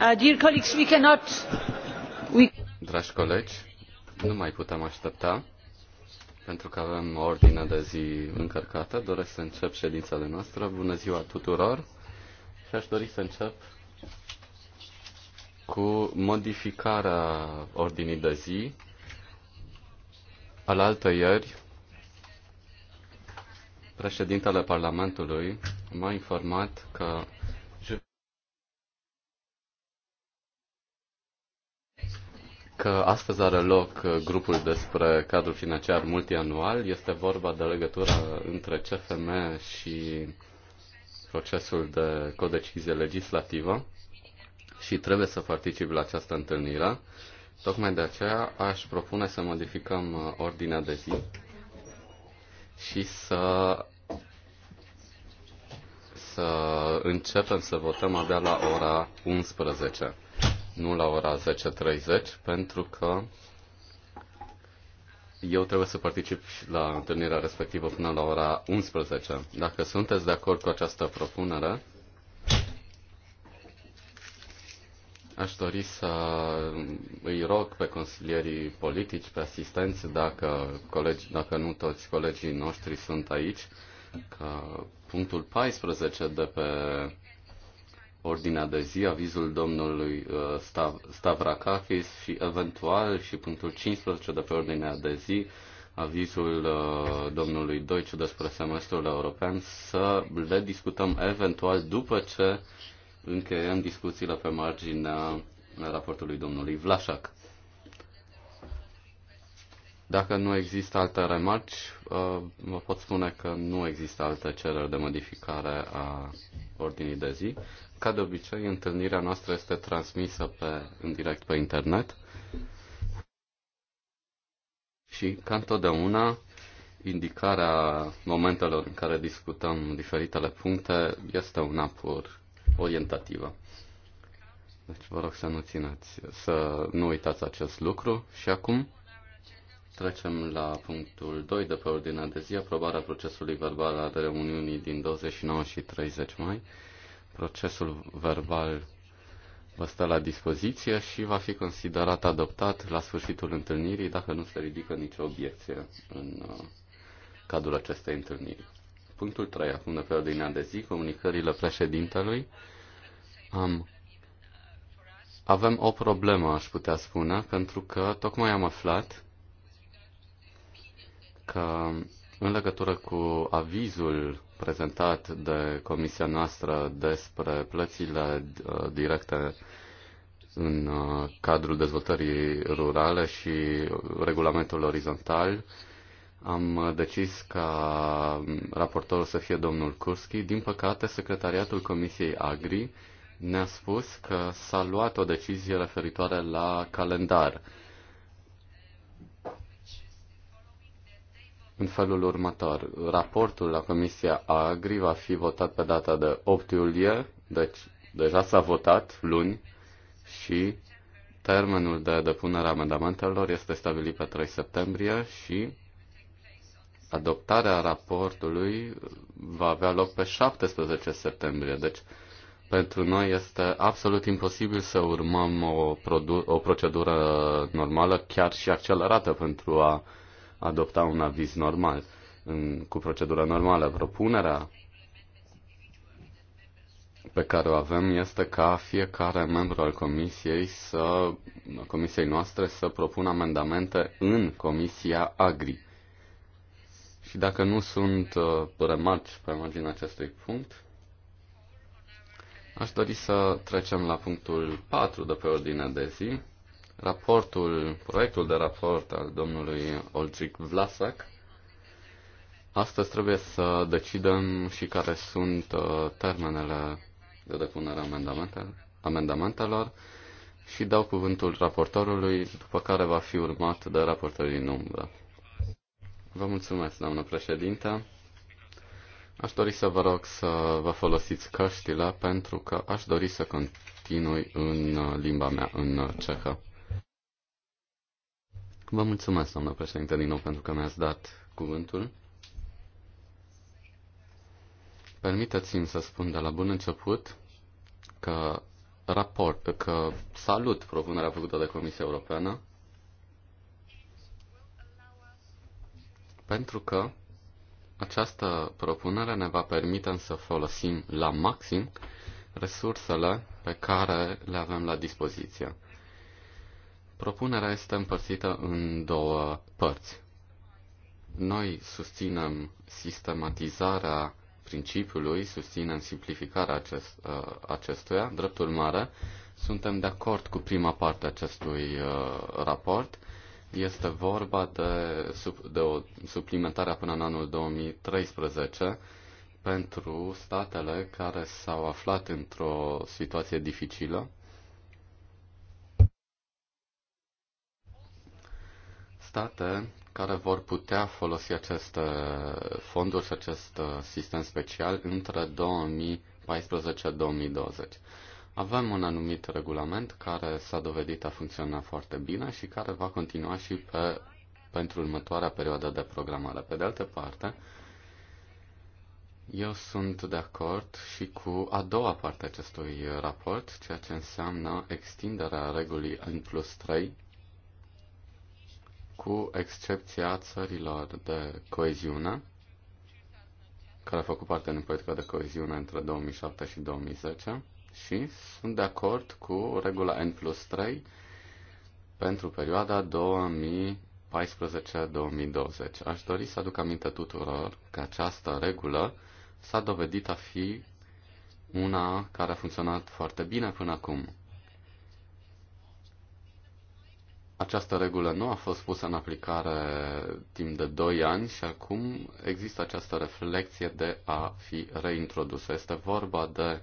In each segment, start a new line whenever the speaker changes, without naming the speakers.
Uh,
Dragi colegi, nu mai putem aștepta pentru că avem o ordine de zi încărcată. Doresc să încep ședința de noastră. Bună ziua tuturor și aș dori să încep cu modificarea ordinii de zi. alaltăieri, ieri, președintele Parlamentului m-a informat că că astăzi are loc uh, grupul despre cadrul financiar multianual. Este vorba de legătura între CFM și procesul de codecizie legislativă și trebuie să particip la această întâlnire. Tocmai de aceea aș propune să modificăm uh, ordinea de zi și să să începem să votăm abia la ora 11 nu la ora 10.30, pentru că eu trebuie să particip la întâlnirea respectivă până la ora 11. Dacă sunteți de acord cu această propunere, aș dori să îi rog pe consilierii politici, pe asistenți, dacă, colegi, dacă nu toți colegii noștri sunt aici, că punctul 14 de pe ordinea de zi, avizul domnului uh, Stav, Stavrakakis și eventual și punctul 15 de pe ordinea de zi, avizul uh, domnului Deutsche despre semestrul european, să le discutăm eventual după ce încheiem discuțiile pe marginea raportului domnului Vlașac. Dacă nu există alte remarci, uh, vă pot spune că nu există alte cereri de modificare a ordinii de zi. Ca de obicei, întâlnirea noastră este transmisă pe, în direct pe internet și, ca întotdeauna, indicarea momentelor în care discutăm diferitele puncte este una pur orientativă. Deci vă rog să nu țineți, să nu uitați acest lucru și acum trecem la punctul 2 de pe ordinea de zi, aprobarea procesului verbal al reuniunii din 29 și 30 mai procesul verbal vă stă la dispoziție și va fi considerat adoptat la sfârșitul întâlnirii dacă nu se ridică nicio obiecție în uh, cadrul acestei întâlniri. Punctul 3, acum de pe ordinea de zi, comunicările președintelui. Am, avem o problemă, aș putea spune, pentru că tocmai am aflat că în legătură cu avizul prezentat de comisia noastră despre plățile uh, directe în uh, cadrul dezvoltării rurale și regulamentul orizontal, am uh, decis ca raportorul să fie domnul Kurski. Din păcate, secretariatul Comisiei Agri ne-a spus că s-a luat o decizie referitoare la calendar în felul următor. Raportul la Comisia Agri va fi votat pe data de 8 iulie, deci deja s-a votat luni și termenul de depunere a amendamentelor este stabilit pe 3 septembrie și adoptarea raportului va avea loc pe 17 septembrie. Deci pentru noi este absolut imposibil să urmăm o, o procedură normală, chiar și accelerată, pentru a adopta un aviz normal, în, cu procedură normală. Propunerea pe care o avem este ca fiecare membru al comisiei să, comisiei noastre să propună amendamente în comisia AGRI. Și dacă nu sunt uh, remarci pe marginea acestui punct, aș dori să trecem la punctul 4 de pe ordinea de zi, raportul, proiectul de raport al domnului Olgic Vlasac. Astăzi trebuie să decidem și care sunt uh, termenele de depunere amendamentelor și dau cuvântul raportorului, după care va fi urmat de raportorii în umbră. Vă mulțumesc, doamnă președinte. Aș dori să vă rog să vă folosiți căștile pentru că aș dori să continui în uh, limba mea, în cehă. Vă mulțumesc, doamnă președinte, din nou pentru că mi-ați dat cuvântul. Permiteți-mi să spun de la bun început că, raport, că salut propunerea făcută de Comisia Europeană pentru că această propunere ne va permite să folosim la maxim resursele pe care le avem la dispoziție. Propunerea este împărțită în două părți. Noi susținem sistematizarea principiului, susținem simplificarea acest, uh, acestuia. dreptul mare. suntem de acord cu prima parte a acestui uh, raport. Este vorba de, de o suplimentare până în anul 2013 pentru statele care s-au aflat într-o situație dificilă state care vor putea folosi aceste fonduri și acest uh, sistem special între 2014-2020. Avem un anumit regulament care s-a dovedit a funcționa foarte bine și care va continua și pe, pentru următoarea perioadă de programare. Pe de altă parte, eu sunt de acord și cu a doua parte a acestui raport, ceea ce înseamnă extinderea regulii N plus 3 cu excepția țărilor de coeziune, care a făcut parte din politica de coeziune între 2007 și 2010 și sunt de acord cu regula N plus 3 pentru perioada 2014-2020. Aș dori să aduc aminte tuturor că această regulă s-a dovedit a fi una care a funcționat foarte bine până acum. Această regulă nu a fost pusă în aplicare timp de 2 ani și acum există această reflexie de a fi reintrodusă. Este vorba de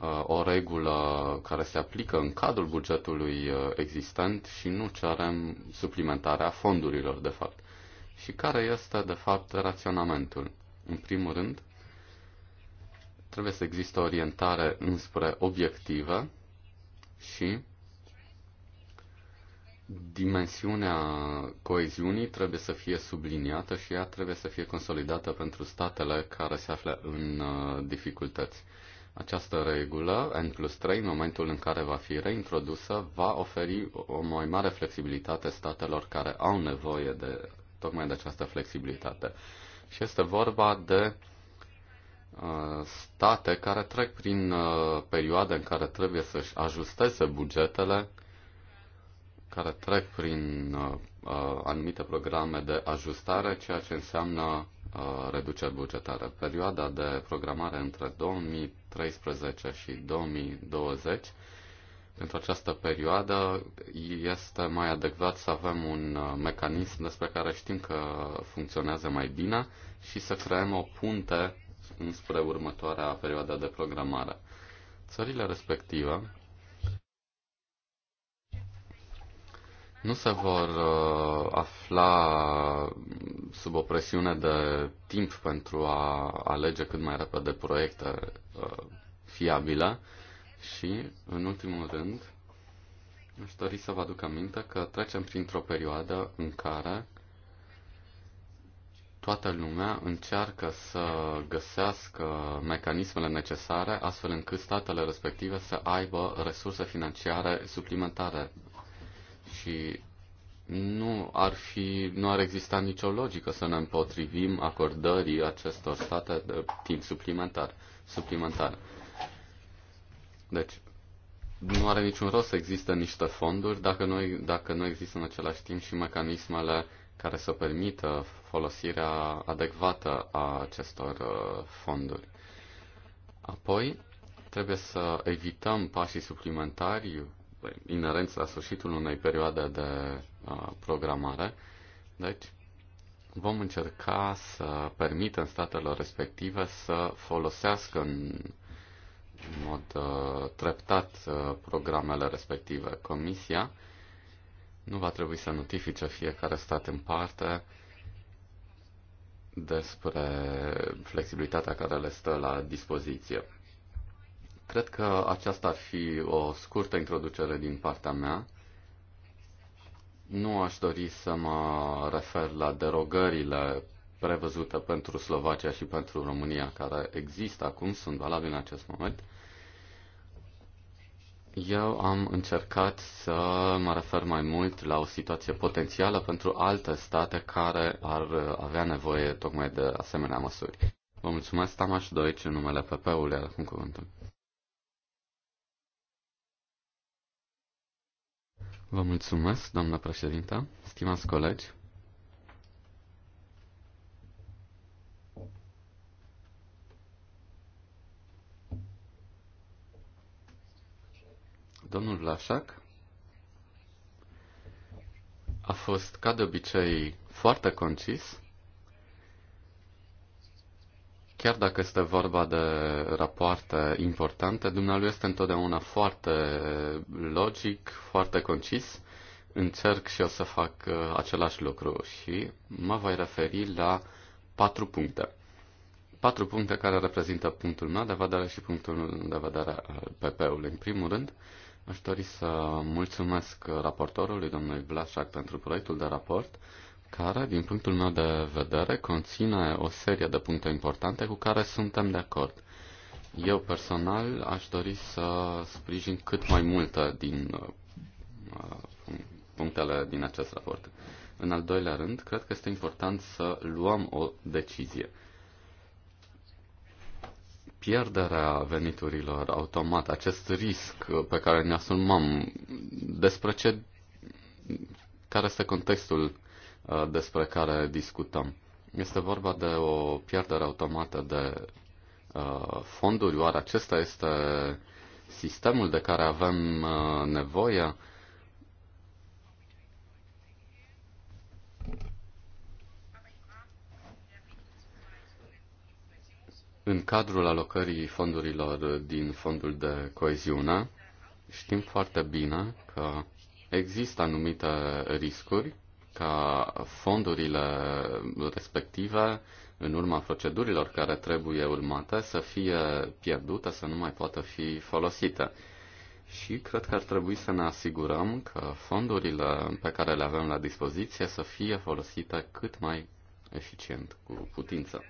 uh, o regulă care se aplică în cadrul bugetului uh, existent și nu cerem suplimentarea fondurilor, de fapt. Și care este, de fapt, raționamentul? În primul rând, trebuie să există orientare înspre obiective și dimensiunea coeziunii trebuie să fie subliniată și ea trebuie să fie consolidată pentru statele care se află în uh, dificultăți. Această regulă, N plus 3, în momentul în care va fi reintrodusă, va oferi o mai mare flexibilitate statelor care au nevoie de tocmai de această flexibilitate. Și este vorba de uh, state care trec prin uh, perioade în care trebuie să-și ajusteze bugetele care trec prin uh, uh, anumite programe de ajustare, ceea ce înseamnă uh, reduceri bugetare. Perioada de programare între 2013 și 2020, pentru această perioadă, este mai adecvat să avem un uh, mecanism despre care știm că funcționează mai bine și să creăm o punte înspre următoarea perioadă de programare. Țările respective nu se vor uh, afla sub o presiune de timp pentru a alege cât mai repede proiecte uh, fiabile și, în ultimul rând, aș dori să vă aduc aminte că trecem printr-o perioadă în care toată lumea încearcă să găsească mecanismele necesare astfel încât statele respective să aibă resurse financiare suplimentare și nu ar, fi, nu ar exista nicio logică să ne împotrivim acordării acestor state de timp suplimentar. suplimentar. Deci, nu are niciun rost să există niște fonduri dacă nu, dacă nu există în același timp și mecanismele care să permită folosirea adecvată a acestor uh, fonduri. Apoi, trebuie să evităm pașii suplimentari Păi, inerenți la sfârșitul unei perioade de uh, programare. Deci, vom încerca să permitem statelor respective să folosească în mod uh, treptat uh, programele respective. Comisia nu va trebui să notifice fiecare stat în parte despre flexibilitatea care le stă la dispoziție. Cred că aceasta ar fi o scurtă introducere din partea mea. Nu aș dori să mă refer la derogările prevăzute pentru Slovacia și pentru România, care există acum, sunt valabile în acest moment. Eu am încercat să mă refer mai mult la o situație potențială pentru alte state care ar avea nevoie tocmai de asemenea măsuri. Vă mulțumesc, Tamaș Doici, în numele PP-ului, acum cuvântul. Vă mulțumesc, doamnă președintă, stimați colegi. Domnul Vlașac a fost, ca de obicei, foarte concis Chiar dacă este vorba de rapoarte importante, dumnealui este întotdeauna foarte logic, foarte concis. Încerc și eu să fac uh, același lucru și mă voi referi la patru puncte. Patru puncte care reprezintă punctul meu de vedere și punctul de vedere al PP-ului. În primul rând, aș dori să mulțumesc raportorului, domnului Vlașac, pentru proiectul de raport care, din punctul meu de vedere, conține o serie de puncte importante cu care suntem de acord. Eu personal aș dori să sprijin cât mai multe din uh, punctele din acest raport. În al doilea rând, cred că este important să luăm o decizie. Pierderea veniturilor automat, acest risc pe care ne asumăm, despre ce, care este contextul Uh, despre care discutăm. Este vorba de o pierdere automată de uh, fonduri, oare acesta este sistemul de care avem uh, nevoie? În cadrul alocării fondurilor din fondul de coeziune, știm foarte bine că există anumite riscuri ca fondurile respective, în urma procedurilor care trebuie urmate, să fie pierdute, să nu mai poată fi folosite. Și cred că ar trebui să ne asigurăm că fondurile pe care le avem la dispoziție să fie folosite cât mai eficient, cu putință.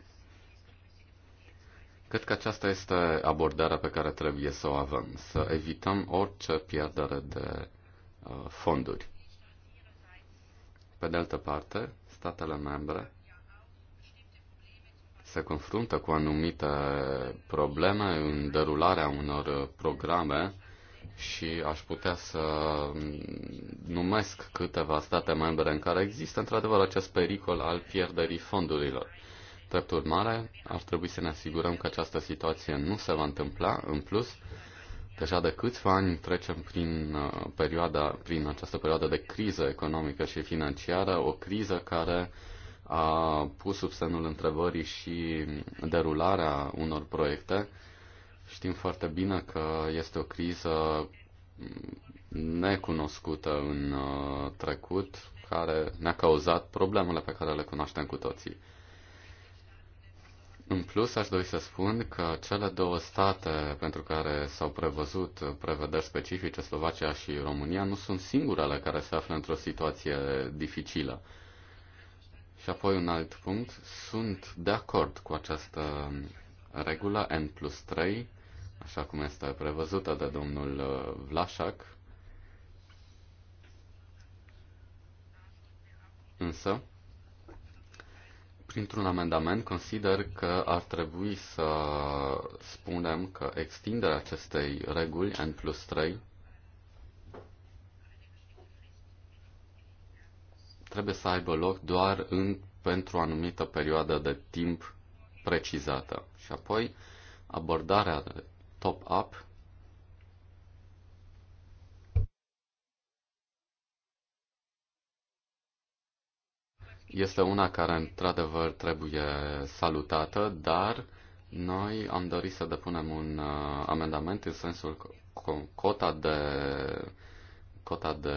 Cred că aceasta este abordarea pe care trebuie să o avem, să evităm orice pierdere de uh, fonduri. Pe de altă parte, statele membre se confruntă cu anumite probleme în derularea unor programe și aș putea să numesc câteva state membre în care există într-adevăr acest pericol al pierderii fondurilor. Drept urmare, ar trebui să ne asigurăm că această situație nu se va întâmpla. În plus, Deja de câțiva ani trecem prin, uh, perioada, prin această perioadă de criză economică și financiară, o criză care a pus sub semnul întrebării și derularea unor proiecte. Știm foarte bine că este o criză mm, necunoscută în uh, trecut, care ne-a cauzat problemele pe care le cunoaștem cu toții. În plus, aș dori să spun că cele două state pentru care s-au prevăzut prevederi specifice, Slovacia și România, nu sunt singurele care se află într-o situație dificilă. Și apoi un alt punct, sunt de acord cu această regulă N plus 3, așa cum este prevăzută de domnul uh, Vlașac. Însă, Printr-un amendament consider că ar trebui să spunem că extinderea acestei reguli N plus 3 trebuie să aibă loc doar în, pentru o anumită perioadă de timp precizată. Și apoi abordarea top-up este una care într-adevăr trebuie salutată, dar noi am dorit să depunem un uh, amendament în sensul că cota de cota de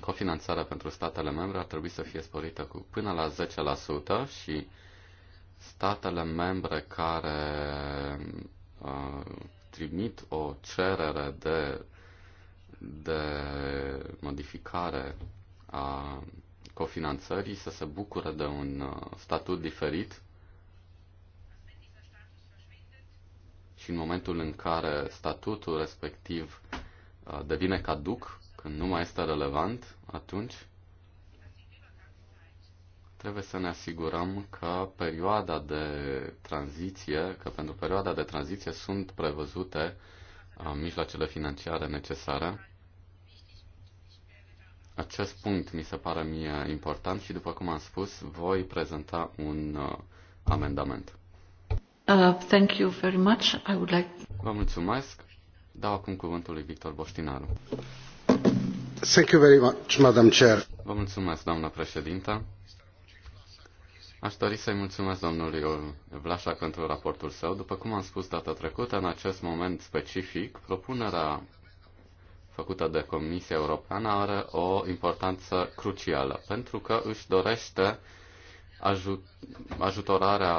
cofinanțare pentru statele membre ar trebui să fie sporită cu până la 10% și statele membre care uh, trimit o cerere de, de modificare a cofinanțării să se bucure de un uh, statut diferit și în momentul în care statutul respectiv uh, devine caduc, când nu mai este relevant, atunci trebuie să ne asigurăm că perioada de tranziție, că pentru perioada de tranziție sunt prevăzute uh, mijloacele financiare necesare acest punct mi se pare mie important și, după cum am spus, voi prezenta un uh, amendament.
Uh, thank you very much. I would like...
Vă mulțumesc. Dau acum cuvântul lui Victor Boștinaru. Thank
you very much, Madam Chair.
Vă mulțumesc, doamna președintă. Aș dori să-i mulțumesc domnului Vlașa pentru raportul său. După cum am spus data trecută, în acest moment specific, propunerea făcută de Comisia Europeană are o importanță crucială, pentru că își dorește ajutorarea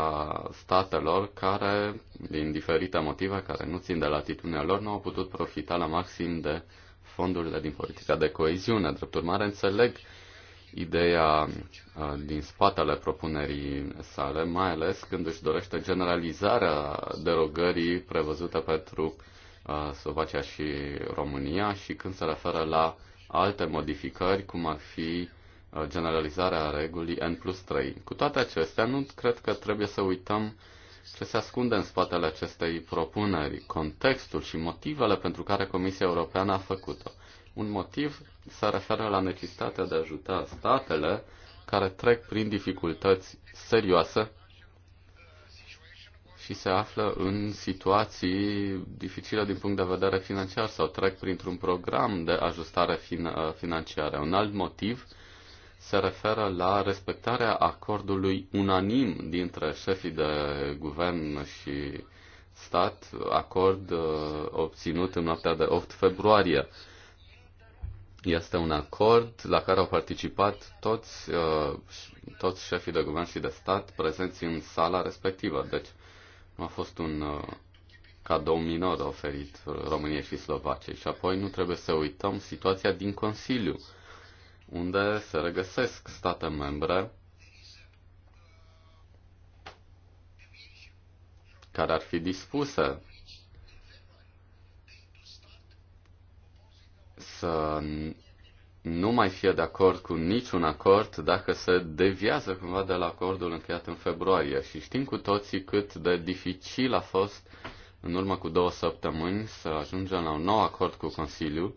statelor care, din diferite motive care nu țin de latitudinea lor, nu au putut profita la maxim de fondurile din politica de coeziune. Drept urmare, înțeleg ideea din spatele propunerii sale, mai ales când își dorește generalizarea derogării prevăzută pentru Slovacia și România și când se referă la alte modificări, cum ar fi generalizarea regulii N plus 3. Cu toate acestea, nu cred că trebuie să uităm ce se ascunde în spatele acestei propuneri, contextul și motivele pentru care Comisia Europeană a făcut-o. Un motiv se referă la necesitatea de a ajuta statele care trec prin dificultăți serioase și se află în situații dificile din punct de vedere financiar sau trec printr-un program de ajustare fin- uh, financiară. Un alt motiv se referă la respectarea acordului unanim dintre șefii de guvern și stat, acord uh, obținut în noaptea de 8 februarie. Este un acord la care au participat toți, uh, toți șefii de guvern și de stat prezenți în sala respectivă. Deci a fost un uh, cadou minor oferit uh, României și Slovaciei. Și apoi nu trebuie să uităm situația din Consiliu, unde se regăsesc state membre care ar fi dispuse să nu mai fie de acord cu niciun acord dacă se deviază cumva de la acordul încheiat în februarie. Și știm cu toții cât de dificil a fost în urmă cu două săptămâni să ajungem la un nou acord cu Consiliul.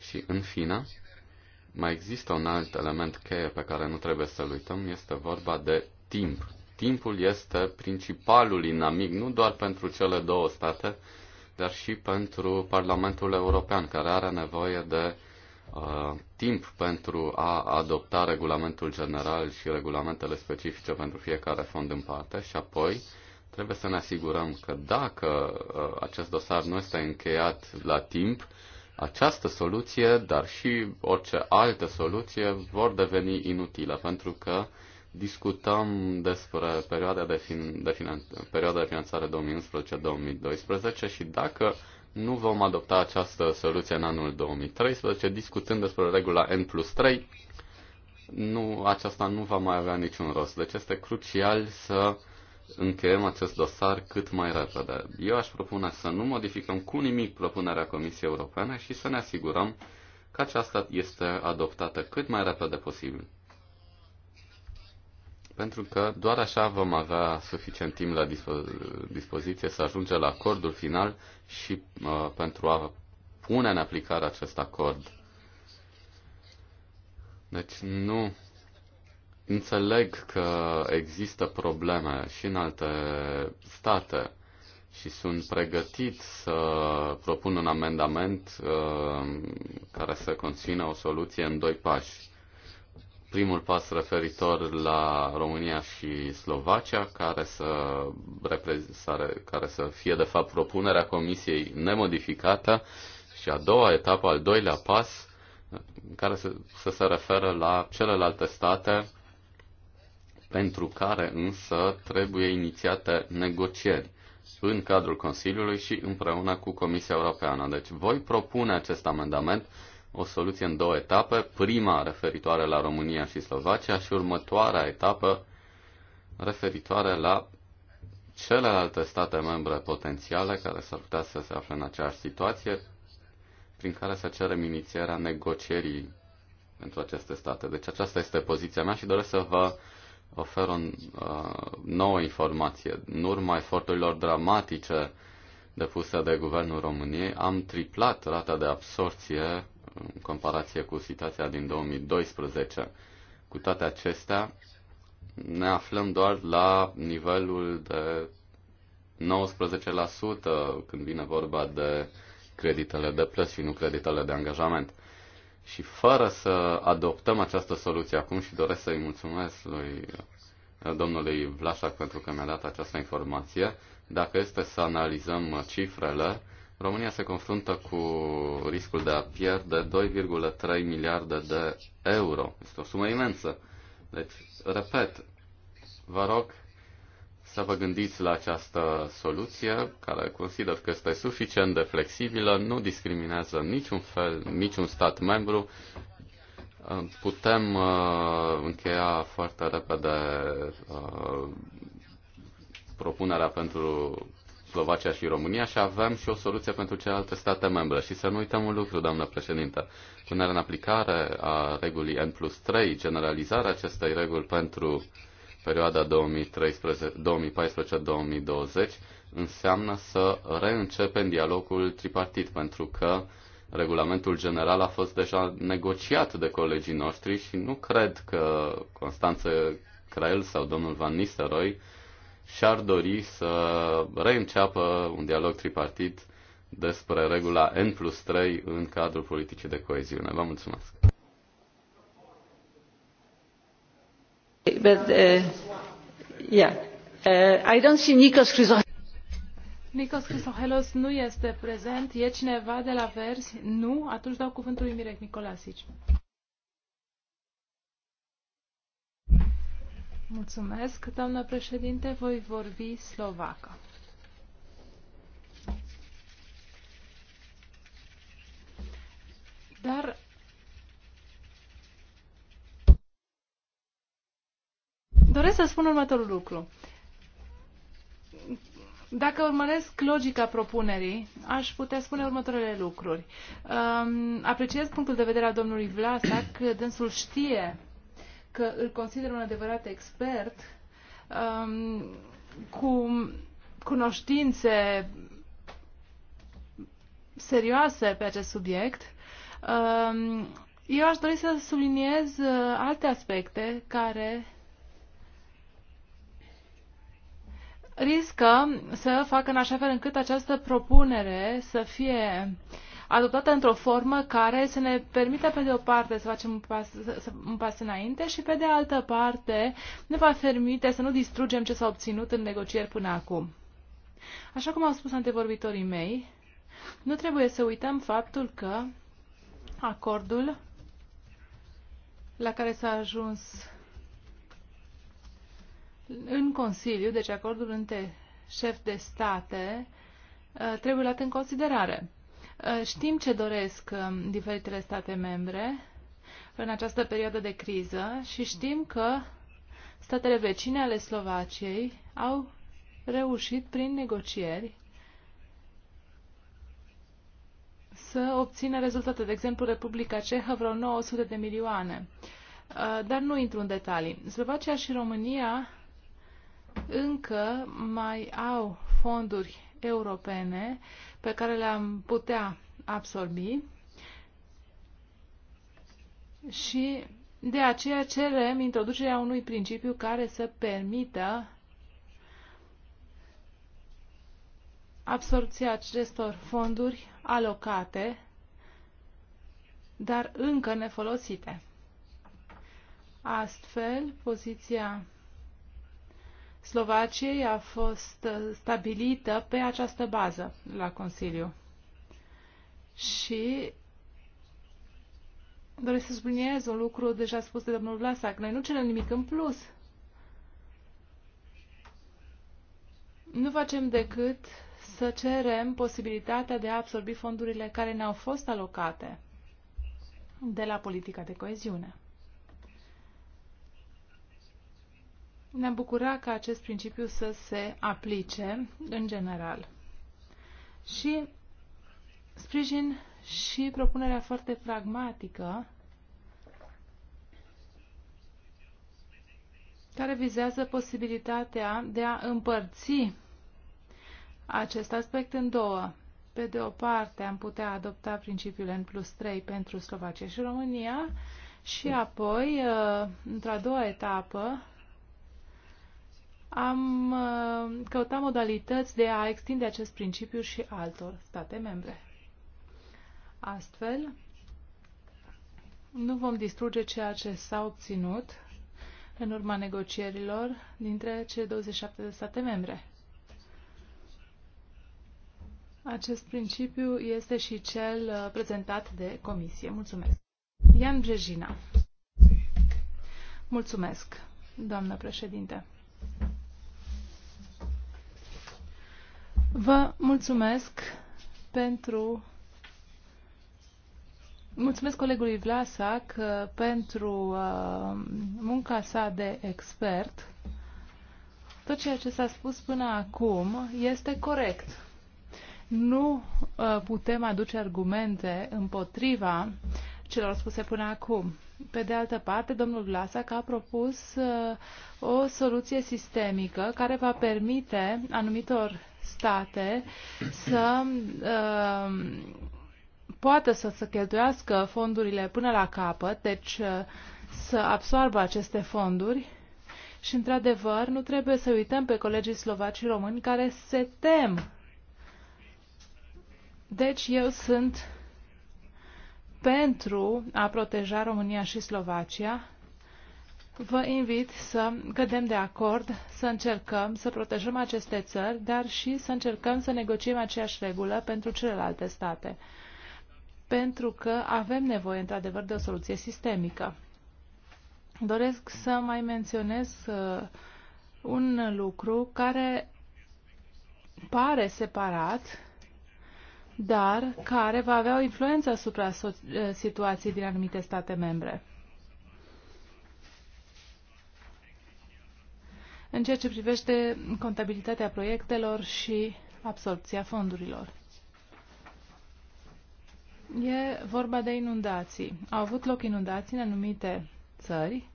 Și în fine, mai există un alt element cheie pe care nu trebuie să-l uităm, este vorba de timp. Timpul este principalul inamic, nu doar pentru cele două state, dar și pentru Parlamentul European, care are nevoie de uh, timp pentru a adopta regulamentul general și regulamentele specifice pentru fiecare fond în parte și apoi trebuie să ne asigurăm că dacă uh, acest dosar nu este încheiat la timp, această soluție, dar și orice altă soluție, vor deveni inutile, pentru că uh, discutăm despre perioada de, fin, de, finan- perioada de finanțare 2011-2012 și dacă nu vom adopta această soluție în anul 2013, discutând despre regula N plus 3, nu, aceasta nu va mai avea niciun rost. Deci este crucial să încheiem acest dosar cât mai repede. Eu aș propune să nu modificăm cu nimic propunerea Comisiei Europene și să ne asigurăm că aceasta este adoptată cât mai repede posibil pentru că doar așa vom avea suficient timp la dispo- dispoziție să ajungem la acordul final și uh, pentru a pune în aplicare acest acord. Deci nu înțeleg că există probleme și în alte state și sunt pregătit să propun un amendament uh, care să conțină o soluție în doi pași primul pas referitor la România și Slovacia, care să, care să fie de fapt propunerea Comisiei nemodificată și a doua etapă, al doilea pas, care să, să se referă la celelalte state pentru care însă trebuie inițiate negocieri în cadrul Consiliului și împreună cu Comisia Europeană. Deci voi propune acest amendament o soluție în două etape, prima referitoare la România și Slovacia și următoarea etapă referitoare la celelalte state membre potențiale care s-ar putea să se afle în aceeași situație, prin care să cerem inițierea negocierii pentru aceste state. Deci aceasta este poziția mea și doresc să vă ofer o uh, nouă informație. În urma eforturilor dramatice depuse de Guvernul României, am triplat rata de absorție în comparație cu situația din 2012. Cu toate acestea, ne aflăm doar la nivelul de 19% când vine vorba de creditele de plăți și nu creditele de angajament. Și fără să adoptăm această soluție acum și doresc să-i mulțumesc lui domnului Vlașac pentru că mi-a dat această informație, dacă este să analizăm cifrele, România se confruntă cu riscul de a pierde 2,3 miliarde de euro. Este o sumă imensă. Deci, repet, vă rog să vă gândiți la această soluție, care consider că este suficient de flexibilă, nu discriminează niciun fel, niciun stat membru. Putem uh, încheia foarte repede uh, propunerea pentru Slovacia și România și avem și o soluție pentru celelalte state membre. Și să nu uităm un lucru, doamnă președintă. Punerea în aplicare a regulii N plus 3, generalizarea acestei reguli pentru perioada 2014-2020, înseamnă să reîncepem dialogul tripartit, pentru că regulamentul general a fost deja negociat de colegii noștri și nu cred că Constanță Crel sau domnul Van Nistelrooy și-ar dori să reînceapă un dialog tripartit despre regula N plus 3 în cadrul politicii de coeziune. Vă mulțumesc!
But, uh, yeah. uh, I don't see Nikos Chrysohelos. Nikos Chrysohelos nu este prezent. E cineva de la Verzi? Nu? Atunci dau cuvântul lui Mirek Nicolasici. Mulțumesc, doamnă președinte. Voi vorbi slovacă. Dar doresc să spun următorul lucru. Dacă urmăresc logica propunerii, aș putea spune următoarele lucruri. Um, apreciez punctul de vedere al domnului Vlasac, că dânsul știe că îl consider un adevărat expert um, cu cunoștințe serioase pe acest subiect. Um, eu aș dori să subliniez uh, alte aspecte care riscă să facă în așa fel încât această propunere să fie uh, adoptată într-o formă care să ne permită, pe de o parte, să facem un pas, să, un pas înainte și, pe de altă parte, ne va permite să nu distrugem ce s-a obținut în negocieri până acum. Așa cum au spus antevorbitorii mei, nu trebuie să uităm faptul că acordul la care s-a ajuns în Consiliu, deci acordul între șef de state, ă, trebuie luat în considerare. Eh, știm ce doresc eh, diferitele state membre în această perioadă de criză și știm că statele vecine ale Slovaciei au reușit prin negocieri să obțină rezultate. De exemplu, Republica Cehă vreo 900 de milioane. Eh, dar nu intru în detalii. Slovacia și România încă mai au fonduri europene pe care le-am putea absorbi și de aceea cerem introducerea unui principiu care să permită absorbția acestor fonduri alocate, dar încă nefolosite. Astfel, poziția Slovaciei a fost uh, stabilită pe această bază la Consiliu. Și doresc să subliniez un lucru deja spus de domnul Vlasac. Noi nu cerem nimic în plus. Nu facem decât să cerem posibilitatea de a absorbi fondurile care ne-au fost alocate de la politica de coeziune. ne-am bucura ca acest principiu să se aplice în general. Și sprijin și propunerea foarte pragmatică care vizează posibilitatea de a împărți acest aspect în două. Pe de o parte, am putea adopta principiul N plus 3 pentru Slovacia și România și apoi, uh, într-a doua etapă, am uh, căutat modalități de a extinde acest principiu și altor state membre. Astfel, nu vom distruge ceea ce s-a obținut în urma negocierilor dintre cele 27 de state membre. Acest principiu este și cel uh, prezentat de Comisie. Mulțumesc. Ian Brejina. Mulțumesc, doamnă președinte. Vă mulțumesc pentru Mulțumesc colegului Vlasac uh, pentru uh, munca sa de expert. Tot ceea ce s-a spus până acum este corect. Nu uh, putem aduce argumente împotriva celor spuse până acum. Pe de altă parte, domnul Vlasac a propus o soluție sistemică care va permite anumitor state să uh, poată să, să cheltuiască fondurile până la capăt, deci uh, să absorbă aceste fonduri. Și, într-adevăr, nu trebuie să uităm pe colegii slovaci și români care se tem. Deci eu sunt pentru a proteja România și Slovacia Vă invit să cădem de acord, să încercăm să protejăm aceste țări, dar și să încercăm să negociem aceeași regulă pentru celelalte state. Pentru că avem nevoie, într-adevăr, de o soluție sistemică. Doresc să mai menționez uh, un lucru care pare separat, dar care va avea o influență asupra uh, situației din anumite state membre. în ceea ce privește contabilitatea proiectelor și absorpția fondurilor. E vorba de inundații. Au avut loc inundații în anumite țări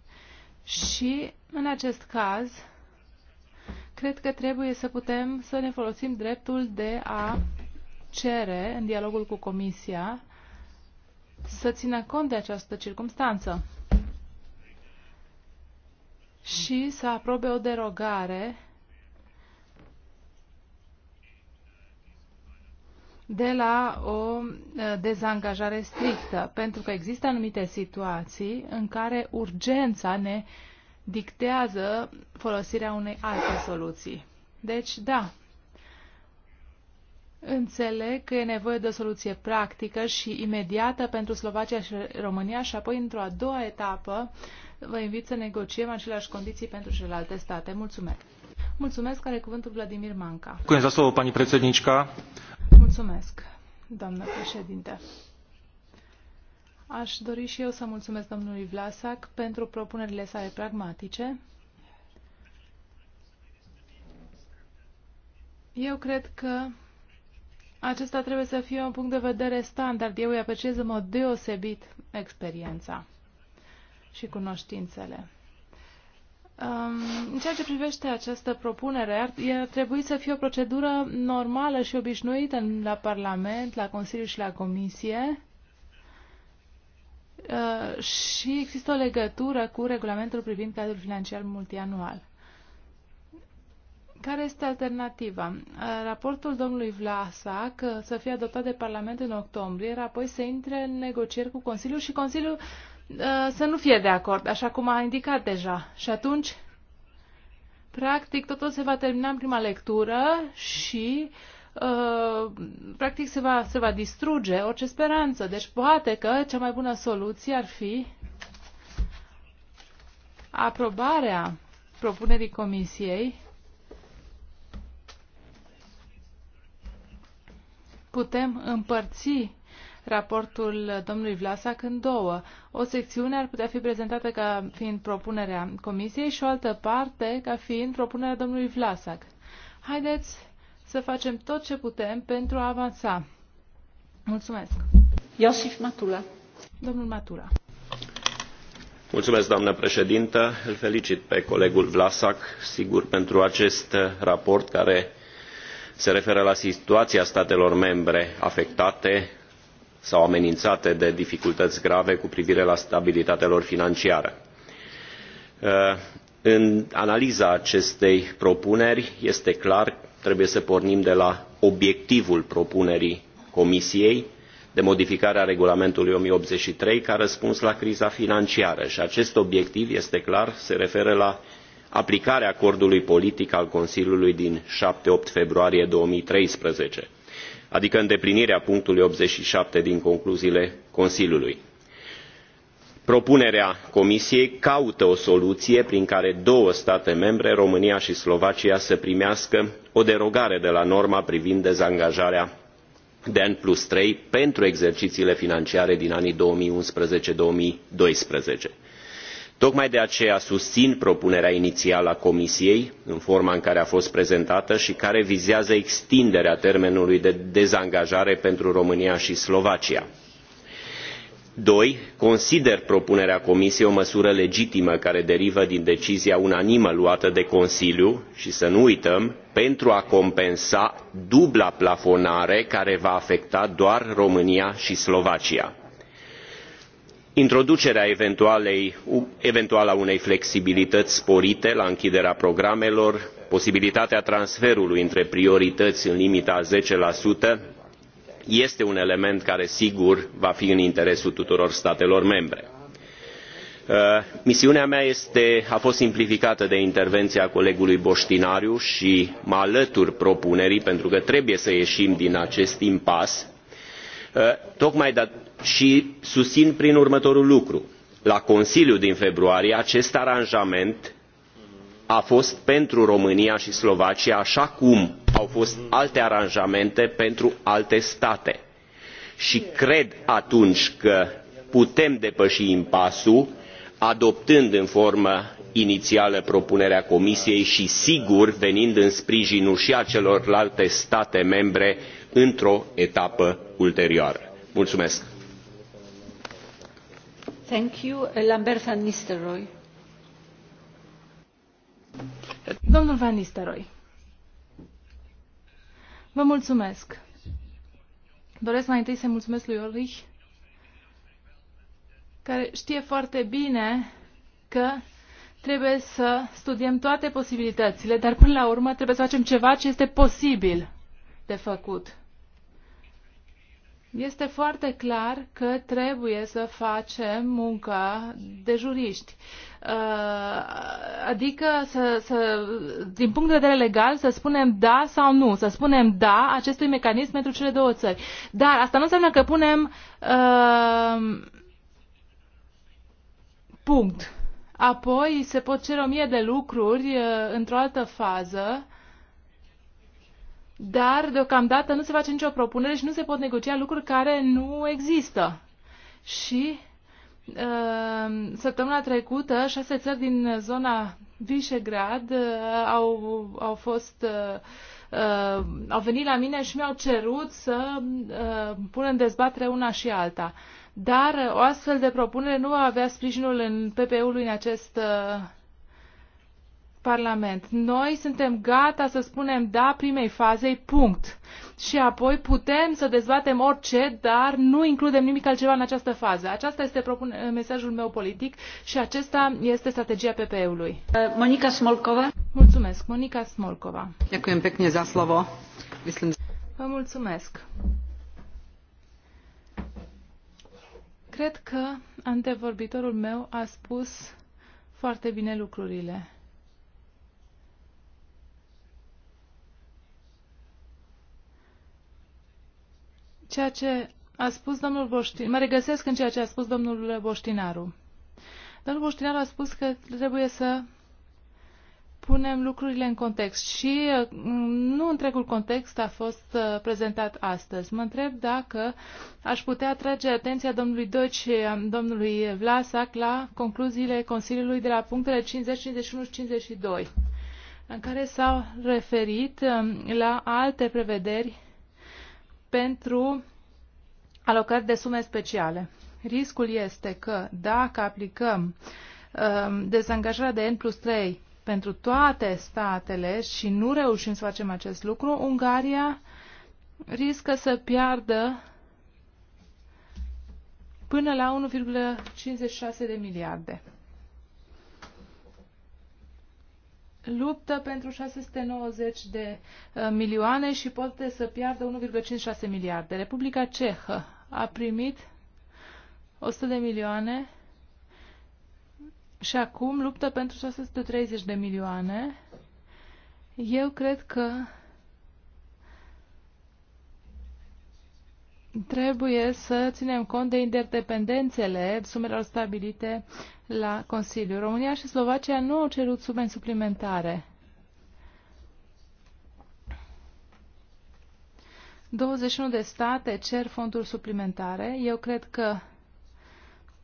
și, în acest caz, cred că trebuie să putem să ne folosim dreptul de a cere, în dialogul cu Comisia, să țină cont de această circumstanță și să aprobe o derogare de la o dezangajare strictă, pentru că există anumite situații în care urgența ne dictează folosirea unei alte soluții. Deci, da, înțeleg că e nevoie de o soluție practică și imediată pentru Slovacia și România și apoi, într-o a doua etapă, uh, vă invit să negociem aceleași condiții pentru celelalte state. Mulțumesc! Mulțumesc, are cuvântul Vladimir Manca. Mulțumesc, doamnă președinte. Aș dori și eu să mulțumesc domnului Vlasac pentru propunerile sale pragmatice. Eu cred că acesta trebuie să fie un punct de vedere standard. Eu îi apreciez în mod deosebit experiența și cunoștințele. În ceea ce privește această propunere, ar, trebui să fie o procedură normală și obișnuită la Parlament, la Consiliu și la Comisie ă, și există o legătură cu regulamentul privind cadrul financiar multianual. Care este alternativa? Ă, raportul domnului Vlasac ă, să fie adoptat de Parlament în octombrie, apoi să intre în negocieri cu Consiliul și Consiliul Uh, să nu fie de acord, așa cum a indicat deja. Și atunci, practic, totul se va termina în prima lectură și uh, practic se va, se va distruge orice speranță. Deci poate că cea mai bună soluție ar fi aprobarea propunerii comisiei putem împărți raportul domnului Vlasac în două. O secțiune ar putea fi prezentată ca fiind propunerea Comisiei și o altă parte ca fiind propunerea domnului Vlasac. Haideți să facem tot ce putem pentru a avansa. Mulțumesc. Iosif Matula. Domnul Matula.
Mulțumesc, doamnă președintă. Îl felicit pe colegul Vlasac, sigur, pentru acest raport care se referă la situația statelor membre afectate sau amenințate de dificultăți grave cu privire la stabilitatea lor financiară. Uh, în analiza acestei propuneri este clar trebuie să pornim de la obiectivul propunerii Comisiei de modificare a regulamentului 1083 ca răspuns la criza financiară și acest obiectiv este clar, se referă la aplicarea acordului politic al Consiliului din 7-8 februarie 2013 adică îndeplinirea punctului 87 din concluziile Consiliului. Propunerea Comisiei caută o soluție prin care două state membre, România și Slovacia, să primească o derogare de la norma privind dezangajarea de an plus 3 pentru exercițiile financiare din anii 2011-2012 tocmai de aceea susțin propunerea inițială a comisiei în forma în care a fost prezentată și care vizează extinderea termenului de dezangajare pentru românia și slovacia. doi consider propunerea comisiei o măsură legitimă care derivă din decizia unanimă luată de consiliu și să nu uităm pentru a compensa dubla plafonare care va afecta doar românia și slovacia introducerea eventuală a unei flexibilități sporite la închiderea programelor posibilitatea transferului între priorități în limita a zece este un element care sigur va fi în interesul tuturor statelor membre. Uh, misiunea mea a fost simplificată de intervenția colegului botinaru și mă alătur propunerii pentru că trebuie să ieșim din acest impas uh, tocmai și susțin prin următorul lucru. La Consiliul din februarie acest aranjament a fost pentru România și Slovacia așa cum au fost alte aranjamente pentru alte state. Și cred atunci că putem depăși impasul adoptând în formă inițială propunerea Comisiei și sigur venind în sprijinul și a celorlalte state membre într-o etapă ulterioară. Mulțumesc!
domnule van nistelrooij Vă mulțumesc. Doresc mai întâi să mulțumesc lui Ulrich, care știe foarte bine că trebuie să studiem toate posibilitățile, dar până la urmă trebuie să facem ceva ce este posibil de făcut. Este foarte clar că trebuie să facem munca de juriști. Uh, adică, să, să, din punct de vedere legal, să spunem da sau nu, să spunem da acestui mecanism pentru cele două țări. Dar asta nu înseamnă că punem uh, punct. Apoi se pot cere o mie de lucruri uh, într-o altă fază dar deocamdată nu se face nicio propunere și nu se pot negocia lucruri care nu există. Și uh, săptămâna trecută, șase țări din zona Visegrad uh, au, au fost uh, uh, au venit la mine și mi-au cerut să uh, pun în dezbatere una și alta. Dar o astfel de propunere nu va avea sprijinul în PPU-ului în acest uh, Parlament. Noi suntem gata să spunem da primei fazei, punct. Și apoi putem să dezbatem orice, dar nu includem nimic altceva în această fază. Aceasta este propun- mesajul meu politic și acesta este strategia PPE-ului. Monica Smolkova. Mulțumesc, Monica Smolkova.
Mulțumesc pekne za slovo.
Vă mulțumesc. Cred că antevorbitorul meu a spus foarte bine lucrurile. ceea ce a spus domnul Boștinaru, mă regăsesc în ceea ce a spus domnul Boștinaru. Domnul Boștinaru a spus că trebuie să punem lucrurile în context și uh, nu întregul context a fost uh, prezentat astăzi. Mă întreb dacă aș putea atrage atenția domnului Doci și uh, domnului Vlasac la concluziile Consiliului de la punctele 50, 51 și 52 în care s-au referit um, la alte prevederi pentru alocări de sume speciale. Riscul este că dacă aplicăm um, dezangajarea de N plus 3 pentru toate statele și nu reușim să facem acest lucru, Ungaria riscă să piardă până la 1,56 de miliarde. luptă pentru 690 de uh, milioane și poate să piardă 1,56 miliarde. Republica Cehă a primit 100 de milioane și acum luptă pentru 630 de milioane. Eu cred că trebuie să ținem cont de interdependențele sumelor stabilite la Consiliu. România și Slovacia nu au cerut sume suplimentare. 21 de state cer fonduri suplimentare. Eu cred că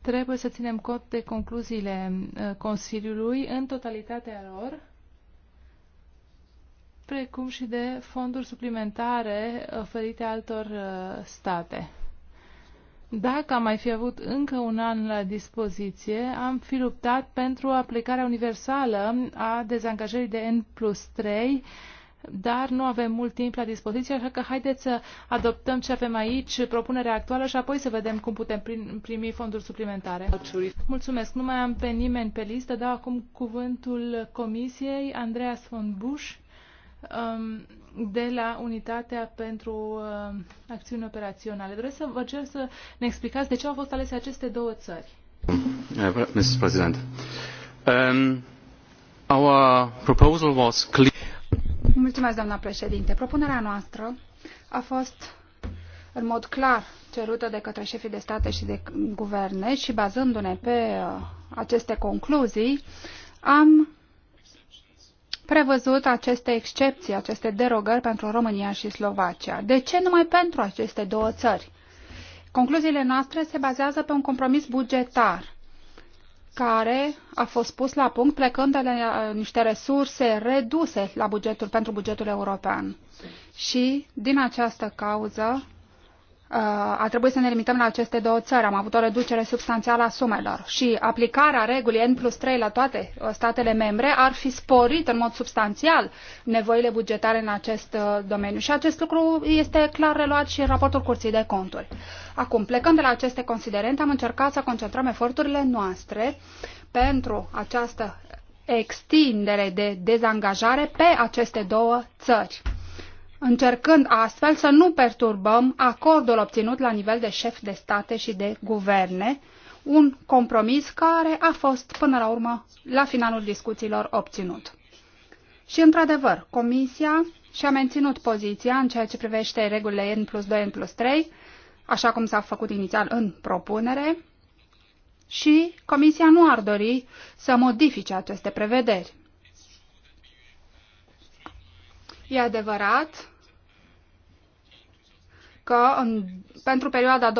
trebuie să ținem cont de concluziile uh, Consiliului în totalitatea lor, precum și de fonduri suplimentare oferite altor uh, state. Dacă am mai fi avut încă un an la dispoziție, am fi luptat pentru aplicarea universală a dezangajării de N plus 3, dar nu avem mult timp la dispoziție, așa că haideți să adoptăm ce avem aici, propunerea actuală și apoi să vedem cum putem primi fonduri suplimentare. Mulțumesc. Nu mai am pe nimeni pe listă, dau acum cuvântul Comisiei, Andreas von Busch. Um, de la Unitatea pentru uh, Acțiuni Operaționale. Doresc să vă cer să ne explicați de ce au fost alese aceste două țări.
Uh, Mr. President, um, our proposal was clear.
Mulțumesc, doamna președinte. Propunerea noastră a fost în mod clar cerută de către șefii de state și de guverne și bazându-ne pe uh, aceste concluzii, am prevăzut aceste excepții, aceste derogări pentru România și Slovacia. De ce numai pentru aceste două țări? Concluziile noastre se bazează pe un compromis bugetar care a fost pus la punct plecând de la niște resurse reduse la bugetul, pentru bugetul european. Și din această cauză Uh, a trebuit să ne limităm la aceste două țări. Am avut o reducere substanțială a sumelor și aplicarea regulii N plus 3 la toate uh, statele membre ar fi sporit în mod substanțial nevoile bugetare în acest uh, domeniu. Și acest lucru este clar reluat și în raportul Curții de Conturi. Acum, plecând de la aceste considerente, am încercat să concentrăm eforturile noastre pentru această extindere de dezangajare pe aceste două țări încercând astfel să nu perturbăm acordul obținut la nivel de șef de state și de guverne, un compromis care a fost până la urmă, la finalul discuțiilor, obținut. Și, într-adevăr, Comisia și-a menținut poziția în ceea ce privește regulile N plus 2, N plus 3, așa cum s-a făcut inițial în propunere, și Comisia nu ar dori să modifice aceste prevederi. E adevărat că în, pentru perioada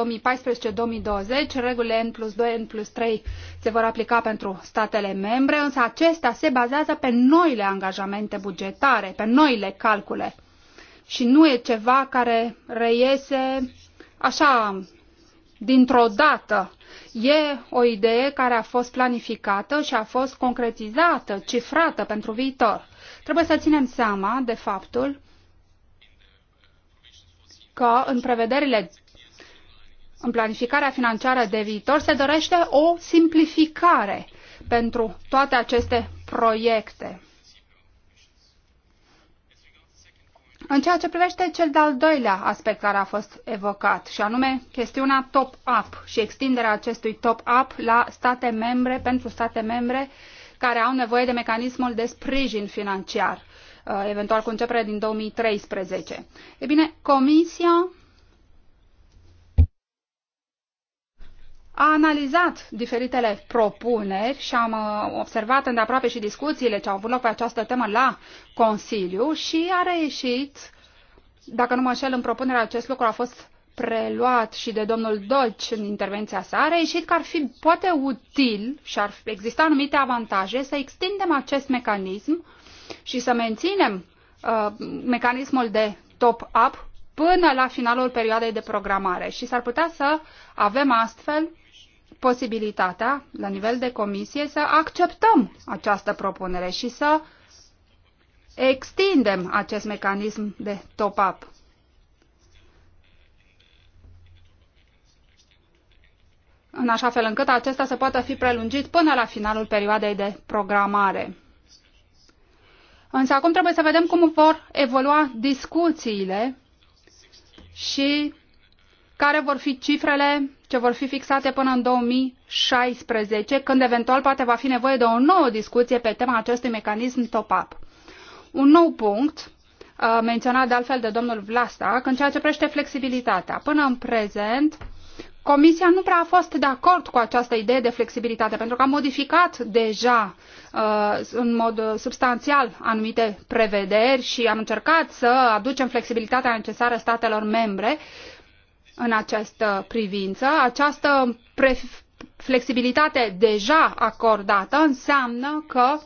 2014-2020 regulile N plus 2, N plus 3 se vor aplica pentru statele membre, însă acestea se bazează pe noile angajamente bugetare, pe noile calcule. Și nu e ceva care reiese așa dintr-o dată. E o idee care a fost planificată și a fost concretizată, cifrată pentru viitor. Trebuie să ținem seama de faptul că în prevederile în planificarea financiară de viitor se dorește o simplificare pentru toate aceste proiecte. În ceea ce privește cel de-al doilea aspect care a fost evocat, și anume chestiunea top-up și extinderea acestui top-up la state membre, pentru state membre care au nevoie de mecanismul de sprijin financiar. Uh, eventual cu începere din 2013. E bine, Comisia a analizat diferitele propuneri și am uh, observat îndeaproape și discuțiile ce au avut loc pe această temă la Consiliu și a reieșit, dacă nu mă înșel în propunerea acest lucru a fost preluat și de domnul Dolci în intervenția sa, a reieșit că ar fi poate util și ar exista anumite avantaje să extindem acest mecanism și să menținem uh, mecanismul de top-up până la finalul perioadei de programare și s-ar putea să avem astfel posibilitatea, la nivel de comisie, să acceptăm această propunere și să extindem acest mecanism de top-up. în așa fel încât acesta să poată fi prelungit până la finalul perioadei de programare. Însă acum trebuie să vedem cum vor evolua discuțiile și care vor fi cifrele ce vor fi fixate până în 2016, când eventual poate va fi nevoie de o nouă discuție pe tema acestui mecanism top-up. Un nou punct uh, menționat de altfel de domnul Vlasta, în ceea ce prește flexibilitatea. Până în prezent, Comisia nu prea a fost de acord cu această idee de flexibilitate, pentru că a modificat deja uh, în mod uh, substanțial anumite prevederi și am încercat să aducem flexibilitatea necesară statelor membre în această privință. Această flexibilitate deja acordată înseamnă că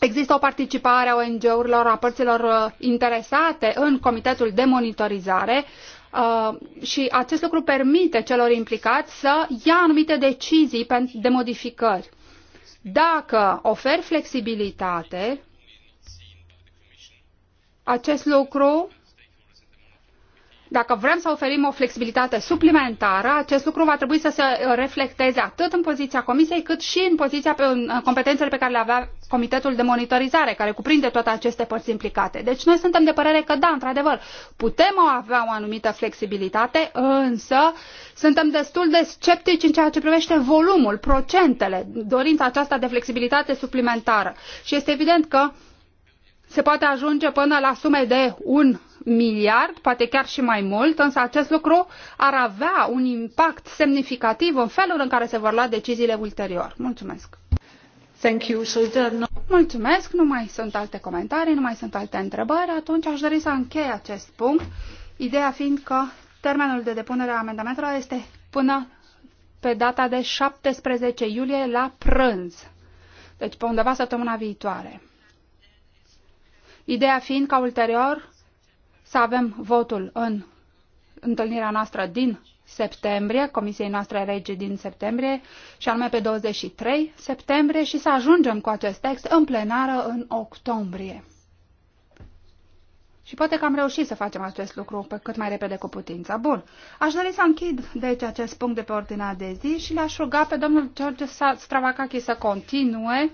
Există o participare a ONG-urilor, a părților uh, interesate în Comitetul de Monitorizare Uh, și acest lucru permite celor implicați să ia anumite decizii de modificări. Dacă oferi flexibilitate, acest lucru dacă vrem să oferim o flexibilitate suplimentară, acest lucru va trebui să se reflecteze atât în poziția Comisiei, cât și în, poziția, în competențele pe care le avea Comitetul de Monitorizare, care cuprinde toate aceste părți implicate. Deci noi suntem de părere că, da, într-adevăr, putem avea o anumită flexibilitate, însă suntem destul de sceptici în ceea ce privește volumul, procentele, dorința aceasta de flexibilitate suplimentară. Și este evident că se poate ajunge până la sume de un miliard, poate chiar și mai mult, însă acest lucru ar avea un impact semnificativ în felul în care se vor lua deciziile ulterior. Mulțumesc! Thank you. So no... Mulțumesc, nu mai sunt alte comentarii, nu mai sunt alte întrebări. Atunci aș dori să închei acest punct, ideea fiind că termenul de depunere a amendamentelor este până pe data de 17 iulie la prânz, deci pe undeva săptămâna viitoare. Ideea fiind ca ulterior să avem votul în întâlnirea noastră din septembrie, comisiei noastre rege din septembrie, și anume pe 23 septembrie, și să ajungem cu acest text în plenară în octombrie. Și poate că am reușit să facem acest lucru pe cât mai repede cu putință. Bun. Aș dori să închid deci acest punct de pe ordinea de zi și le aș ruga pe domnul George Stravakaki să continue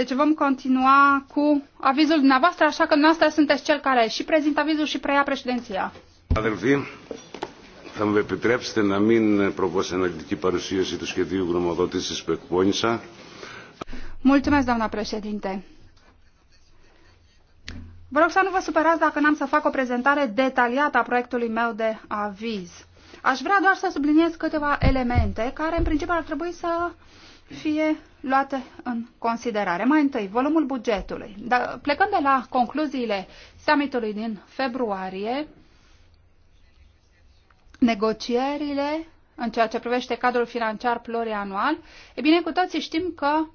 Deci vom continua cu avizul dumneavoastră, așa că dumneavoastră sunteți cel care și prezintă avizul și preia președinția.
Αδελφοί, θα μου επιτρέψετε να μην προβώ σε αναλυτική παρουσίαση του σχεδίου γνωμοδότησης που εκπώνησα.
Mulțumesc, doamna președinte. Vă rog să nu vă supărați dacă n-am să fac o prezentare detaliată a proiectului meu de aviz. Aș vrea doar să subliniez câteva elemente care, în principiu, ar trebui să fie luate în considerare. Mai întâi, volumul bugetului. Da, plecând de la concluziile summitului din februarie, negocierile în ceea ce privește cadrul financiar plurianual, e bine, cu toții știm că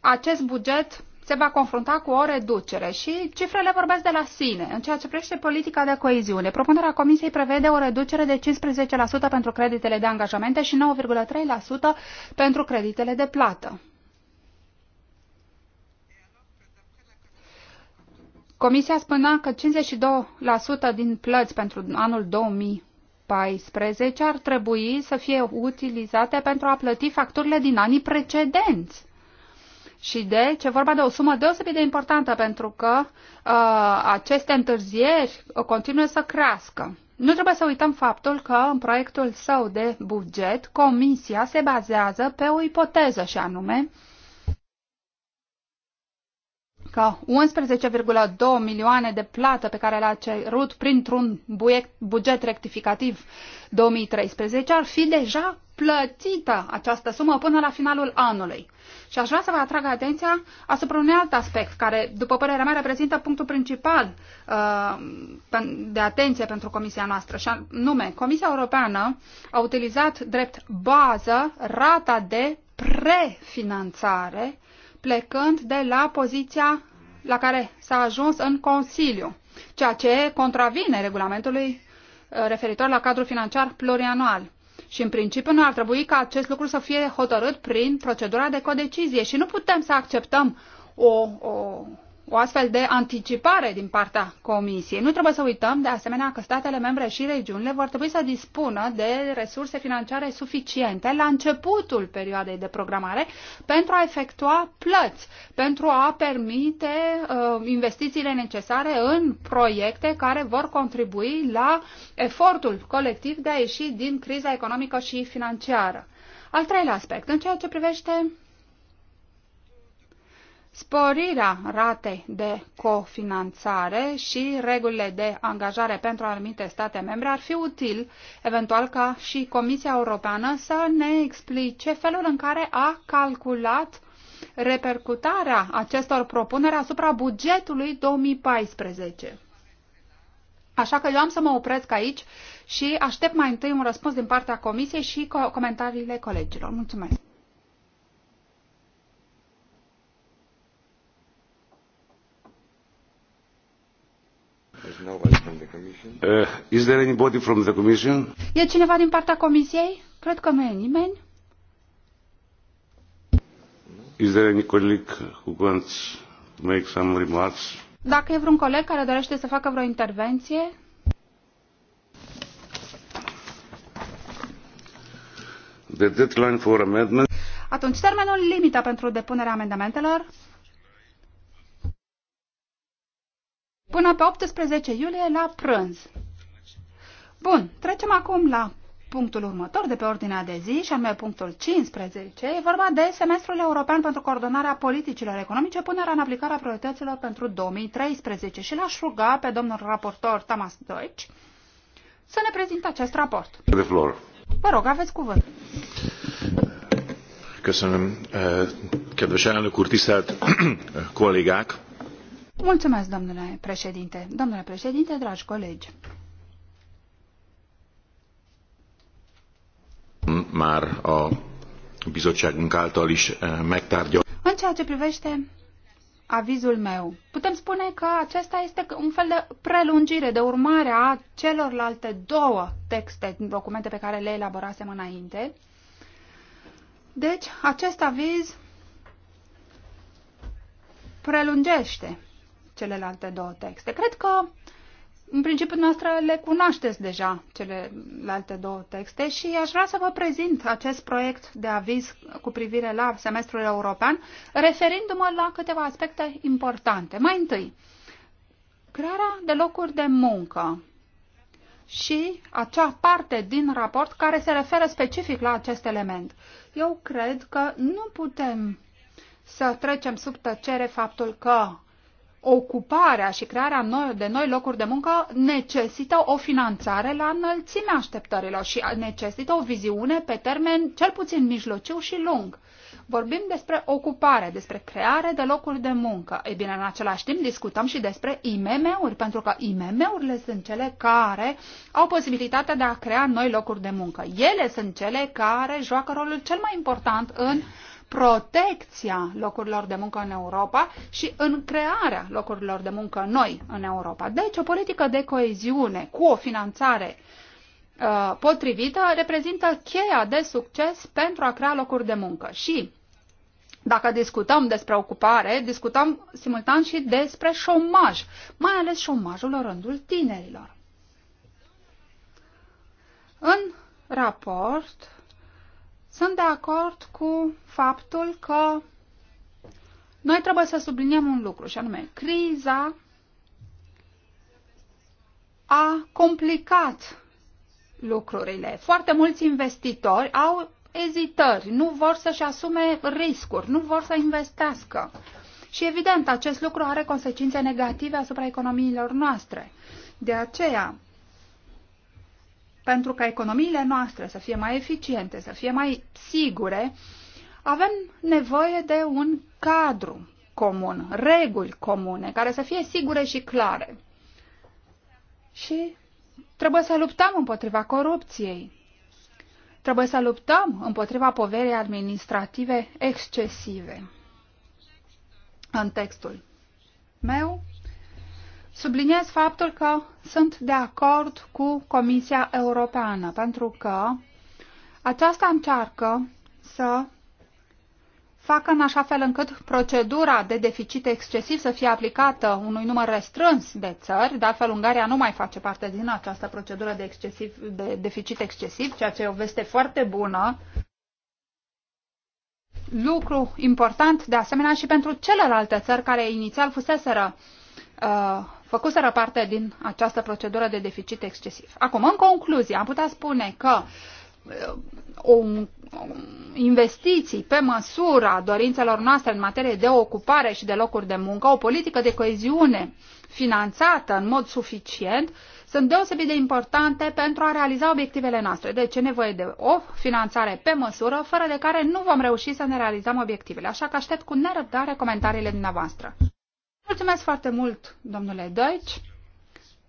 acest buget se va confrunta cu o reducere și cifrele vorbesc de la sine. În ceea ce privește politica de coeziune, propunerea Comisiei prevede o reducere de 15% pentru creditele de angajamente și 9,3% pentru creditele de plată. Comisia spunea că 52% din plăți pentru anul 2014 ar trebui să fie utilizate pentru a plăti facturile din anii precedenți. Și deci e vorba de o sumă deosebit de importantă pentru că uh, aceste întârzieri continuă să crească. Nu trebuie să uităm faptul că în proiectul său de buget, Comisia se bazează pe o ipoteză și anume că 11,2 milioane de plată pe care le-a cerut printr-un buget rectificativ 2013 ar fi deja plătită această sumă până la finalul anului. Și aș vrea să vă atrag atenția asupra unui alt aspect, care, după părerea mea, reprezintă punctul principal uh, de atenție pentru Comisia noastră. Și anume, Comisia Europeană a utilizat drept bază rata de prefinanțare, plecând de la poziția la care s-a ajuns în Consiliu, ceea ce contravine regulamentului uh, referitor la cadrul financiar plurianual. Și în principiu nu ar trebui ca acest lucru să fie hotărât prin procedura de codecizie și nu putem să acceptăm o, o, o astfel de anticipare din partea Comisiei. Nu trebuie să uităm, de asemenea, că statele membre și regiunile vor trebui să dispună de resurse financiare suficiente la începutul perioadei de programare pentru a efectua plăți, pentru a permite uh, investițiile necesare în proiecte care vor contribui la efortul colectiv de a ieși din criza economică și financiară. Al treilea aspect, în ceea ce privește sporirea ratei de cofinanțare și regulile de angajare pentru anumite state membre ar fi util, eventual ca și Comisia Europeană să ne explice felul în care a calculat repercutarea acestor propuneri asupra bugetului 2014. Așa că eu am să mă opresc aici și aștept mai întâi un răspuns din partea Comisiei și comentariile colegilor. Mulțumesc!
Uh, is there anybody from the commission?
E cineva din partea comisiei? Cred că nu e nimeni.
Is there any colleague who wants to make some remarks?
Dacă e vreun coleg care dorește să facă vreo intervenție?
The deadline for amendment.
Atunci, termenul limită pentru depunerea amendamentelor până pe 18 iulie la prânz. Bun, trecem acum la punctul următor de pe ordinea de zi, și anume punctul 15, e vorba de semestrul european pentru coordonarea politicilor economice, punerea în aplicare a priorităților pentru 2013 și l-aș ruga pe domnul raportor Tamas Deutsch să ne prezinte acest raport. The floor. Vă rog, aveți cuvânt.
Köszönöm, eh, kedves elnök úr, tisztelt eh,
Mulțumesc, domnule președinte. Domnule președinte, dragi colegi.
Már a bizottságunk által is eh, megtárgyal.
În ceea ce privește avizul meu, putem spune că acesta este un fel de prelungire, de urmare a celorlalte două texte, documente pe care le elaborasem înainte. Deci, acest aviz prelungește celelalte două texte. Cred că în principiu noastră le cunoașteți deja celelalte două texte și aș vrea să vă prezint acest proiect de aviz cu privire la semestrul european, referindu-mă la câteva aspecte importante. Mai întâi, crearea de locuri de muncă și acea parte din raport care se referă specific la acest element. Eu cred că nu putem să trecem sub tăcere faptul că ocuparea și crearea de noi locuri de muncă necesită o finanțare la înălțimea așteptărilor și necesită o viziune pe termen cel puțin mijlociu și lung. Vorbim despre ocupare, despre creare de locuri de muncă. Ei bine, în același timp discutăm și despre IMM-uri, pentru că IMM-urile sunt cele care au posibilitatea de a crea noi locuri de muncă. Ele sunt cele care joacă rolul cel mai important în uh, protecția locurilor de muncă în Europa și în crearea locurilor de muncă noi în Europa. Deci o politică de coeziune cu o finanțare uh, potrivită reprezintă cheia de succes pentru a crea locuri de muncă. Și dacă discutăm despre ocupare, discutăm simultan și despre șomaj, mai ales șomajul în rândul tinerilor. În raport, sunt de acord cu faptul că noi trebuie să subliniem un lucru, și anume, criza a complicat lucrurile. Foarte mulți investitori au ezitări, nu vor să-și asume riscuri, nu vor să investească. Și evident, acest lucru are consecințe negative asupra economiilor noastre. De aceea, pentru ca economiile noastre să fie mai eficiente, să fie mai sigure, avem nevoie de un cadru comun, reguli comune, care să fie sigure și clare. Și trebuie să luptăm împotriva corupției. Trebuie să luptăm împotriva poverii administrative excesive. În textul meu Subliniez faptul că sunt de acord cu Comisia Europeană, pentru că aceasta încearcă să facă în așa fel încât procedura de deficit excesiv să fie aplicată unui număr restrâns de țări, de altfel Ungaria nu mai face parte din această procedură de, excesiv, de deficit excesiv, ceea ce e o veste foarte bună. Lucru important de asemenea și pentru celelalte țări care inițial fuseseră uh, făcuseră parte din această procedură de deficit excesiv. Acum, în concluzie, am putea spune că o, uh, investiții pe măsura dorințelor noastre în materie de ocupare și de locuri de muncă, o politică de coeziune finanțată în mod suficient, sunt deosebit de importante pentru a realiza obiectivele noastre. Deci e nevoie de o finanțare pe măsură, fără de care nu vom reuși să ne realizăm obiectivele. Așa că aștept cu nerăbdare comentariile dumneavoastră. Mulțumesc foarte mult, domnule Deutsch.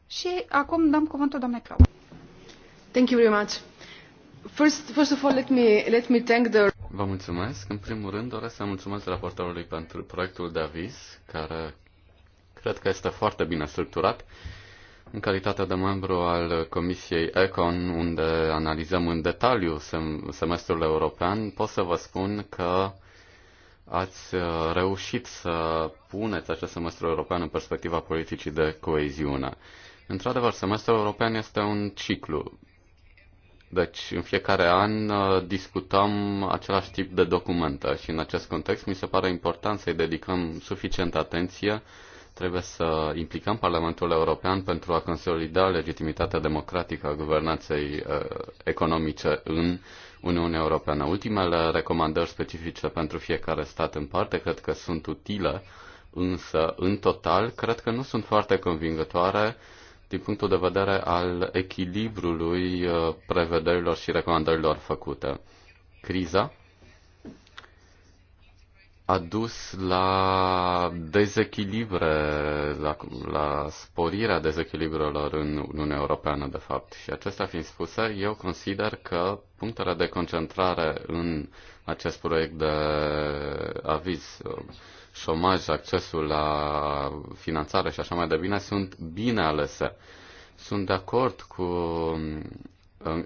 Și acum dăm cuvântul domnului Clau. Thank you very much. First, first of all, let me,
let me thank the...
Vă mulțumesc. În primul rând, doresc să mulțumesc raportorului pentru proiectul de aviz, care cred că este foarte bine structurat. În calitate de membru al Comisiei ECON, unde analizăm în detaliu semestrul european, pot să vă spun că ați uh, reușit să puneți acest semestru european în perspectiva politicii de coeziune. Într-adevăr, semestrul european este un ciclu. Deci, în fiecare an uh, discutăm același tip de documente și în acest context mi se pare important să-i dedicăm suficientă atenție. Trebuie să implicăm Parlamentul European pentru a consolida legitimitatea democratică a guvernanței uh, economice în Uniunea Europeană. Ultimele recomandări specifice pentru fiecare stat în parte cred că sunt utile, însă, în total, cred că nu sunt foarte convingătoare din punctul de vedere al echilibrului uh, prevederilor și recomandărilor făcute. Criza a dus la dezechilibre, la, la sporirea dezechilibrelor în Uniunea Europeană, de fapt. Și acesta fiind spuse, eu consider că punctele de concentrare în acest proiect de aviz, șomaj, accesul la finanțare și așa mai departe, sunt bine alese. Sunt de acord cu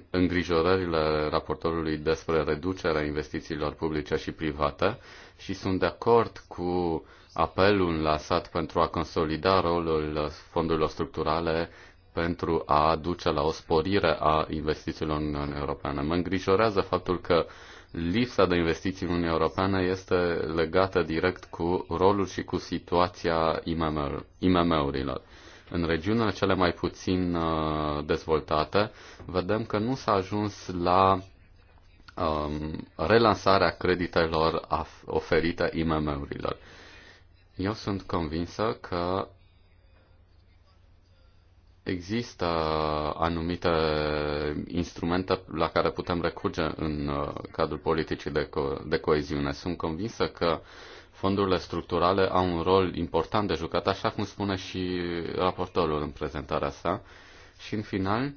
îngrijorările raportorului despre reducerea investițiilor publice și private și sunt de acord cu apelul lansat pentru a consolida rolul fondurilor structurale pentru a duce la o sporire a investițiilor în Uniunea Europeană. Mă îngrijorează faptul că lipsa de investiții în Uniunea Europeană este legată direct cu rolul și cu situația IMM-urilor în regiunile cele mai puțin uh, dezvoltate, vedem că nu s-a ajuns la um, relansarea creditelor oferite IMM-urilor. Eu sunt convinsă că există anumite instrumente la care putem recurge în uh, cadrul politicii de, co- de coeziune. Sunt convinsă că fondurile structurale au un rol important de jucat, așa cum spune și raportorul în prezentarea sa. Și în final,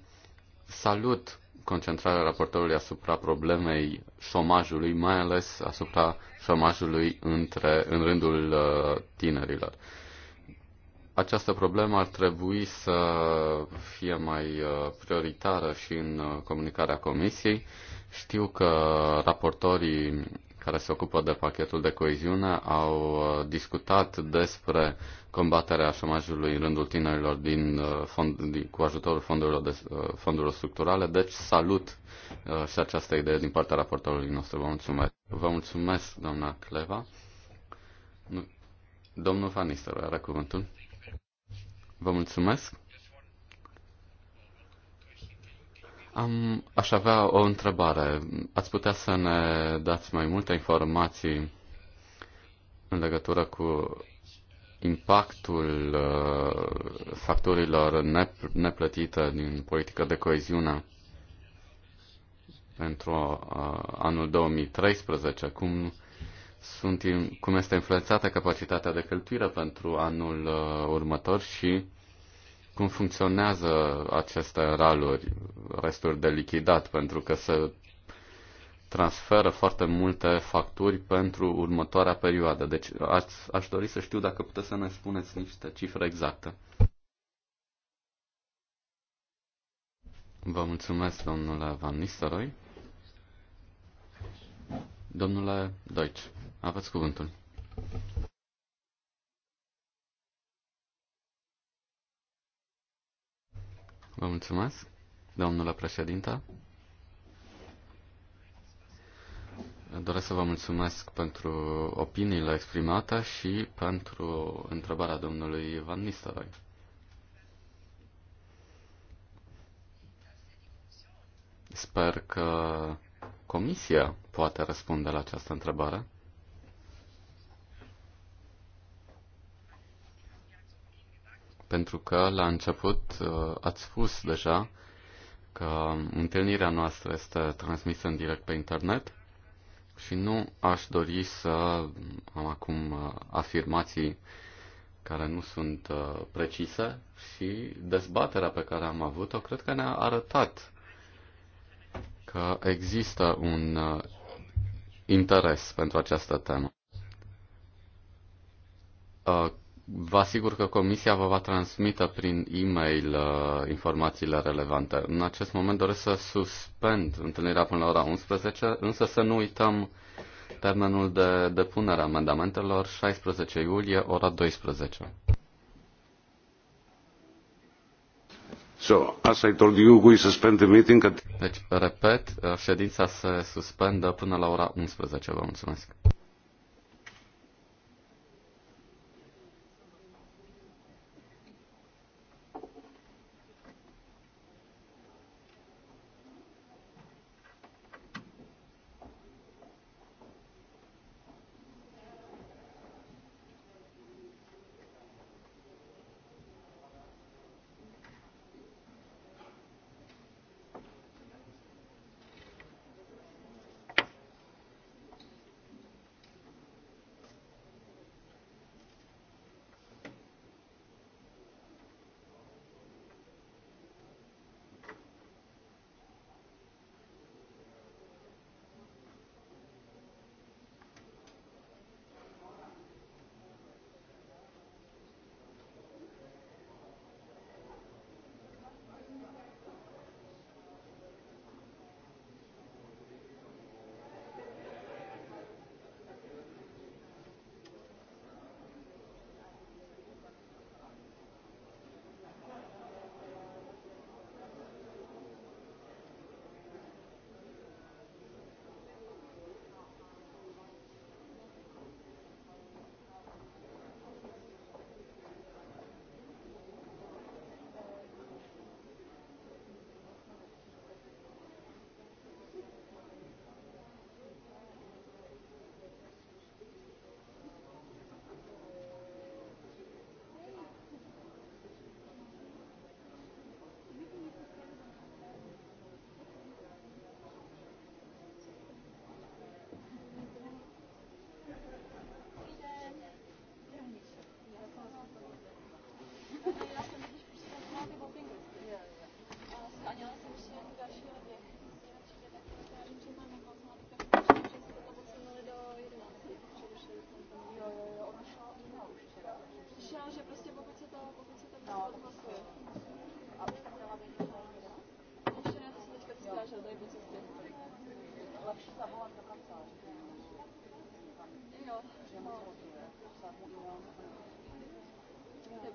salut concentrarea raportorului asupra problemei șomajului, mai ales asupra șomajului între, în rândul uh, tinerilor. Această problemă ar trebui să fie mai uh, prioritară și în uh, comunicarea Comisiei. Știu că raportorii care se ocupă de pachetul de coeziune au uh, discutat despre combaterea șomajului în rândul tinerilor din uh, fond, cu ajutorul fondurilor, de, uh, fondurilor structurale. Deci salut și această idee din partea raportorului nostru. Vă mulțumesc. Vă mulțumesc, doamna Cleva. Domnul Vanister, are cuvântul. Vă mulțumesc. Am, aș avea o întrebare. Ați putea să ne dați mai multe informații în legătură cu impactul uh, factorilor nepl- neplătite din politică de coeziune pentru uh, anul 2013, cum, sunt, cum este influențată capacitatea de cheltuire pentru anul uh, următor și cum funcționează aceste raluri, resturi de lichidat, pentru că se transferă foarte multe facturi pentru următoarea perioadă. Deci aș, aș dori să știu dacă puteți să ne spuneți niște cifre exacte. Vă mulțumesc, domnule Van Nistelrooy. Domnule Deutsch, aveți cuvântul. Vă mulțumesc, domnule președinte. Doresc să vă mulțumesc pentru opiniile exprimate și pentru întrebarea domnului Van Nistelrooy. Sper că Comisia poate răspunde la această întrebare. pentru că la început uh, ați spus deja că întâlnirea noastră este transmisă în direct pe internet și nu aș dori să am acum uh, afirmații care nu sunt uh, precise și dezbaterea pe care am avut-o cred că ne-a arătat că există un interes pentru această temă Vă asigur că Comisia vă va transmite prin e-mail uh, informațiile relevante. În acest moment doresc să suspend întâlnirea până la ora 11, însă să nu uităm termenul de depunere a amendamentelor 16 iulie, ora 12. So, as I told you, we suspend the meeting at... Deci, repet, uh, ședința se suspendă până la ora 11. Vă mulțumesc.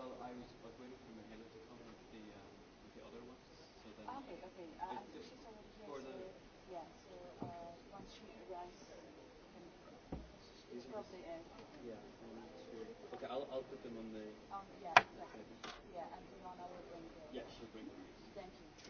Well, I was, like, waiting for Mihaela to come with the, uh, with the other ones. So then ah, okay, okay. Uh, I think she's already here. For the yeah, so uh, once she arrives, uh, then it's probably in. Yeah. Okay, I'll, I'll put them on the... Um, yeah, exactly. Yeah, and Ilana will bring the... Uh, yeah, she'll bring them. Thank you.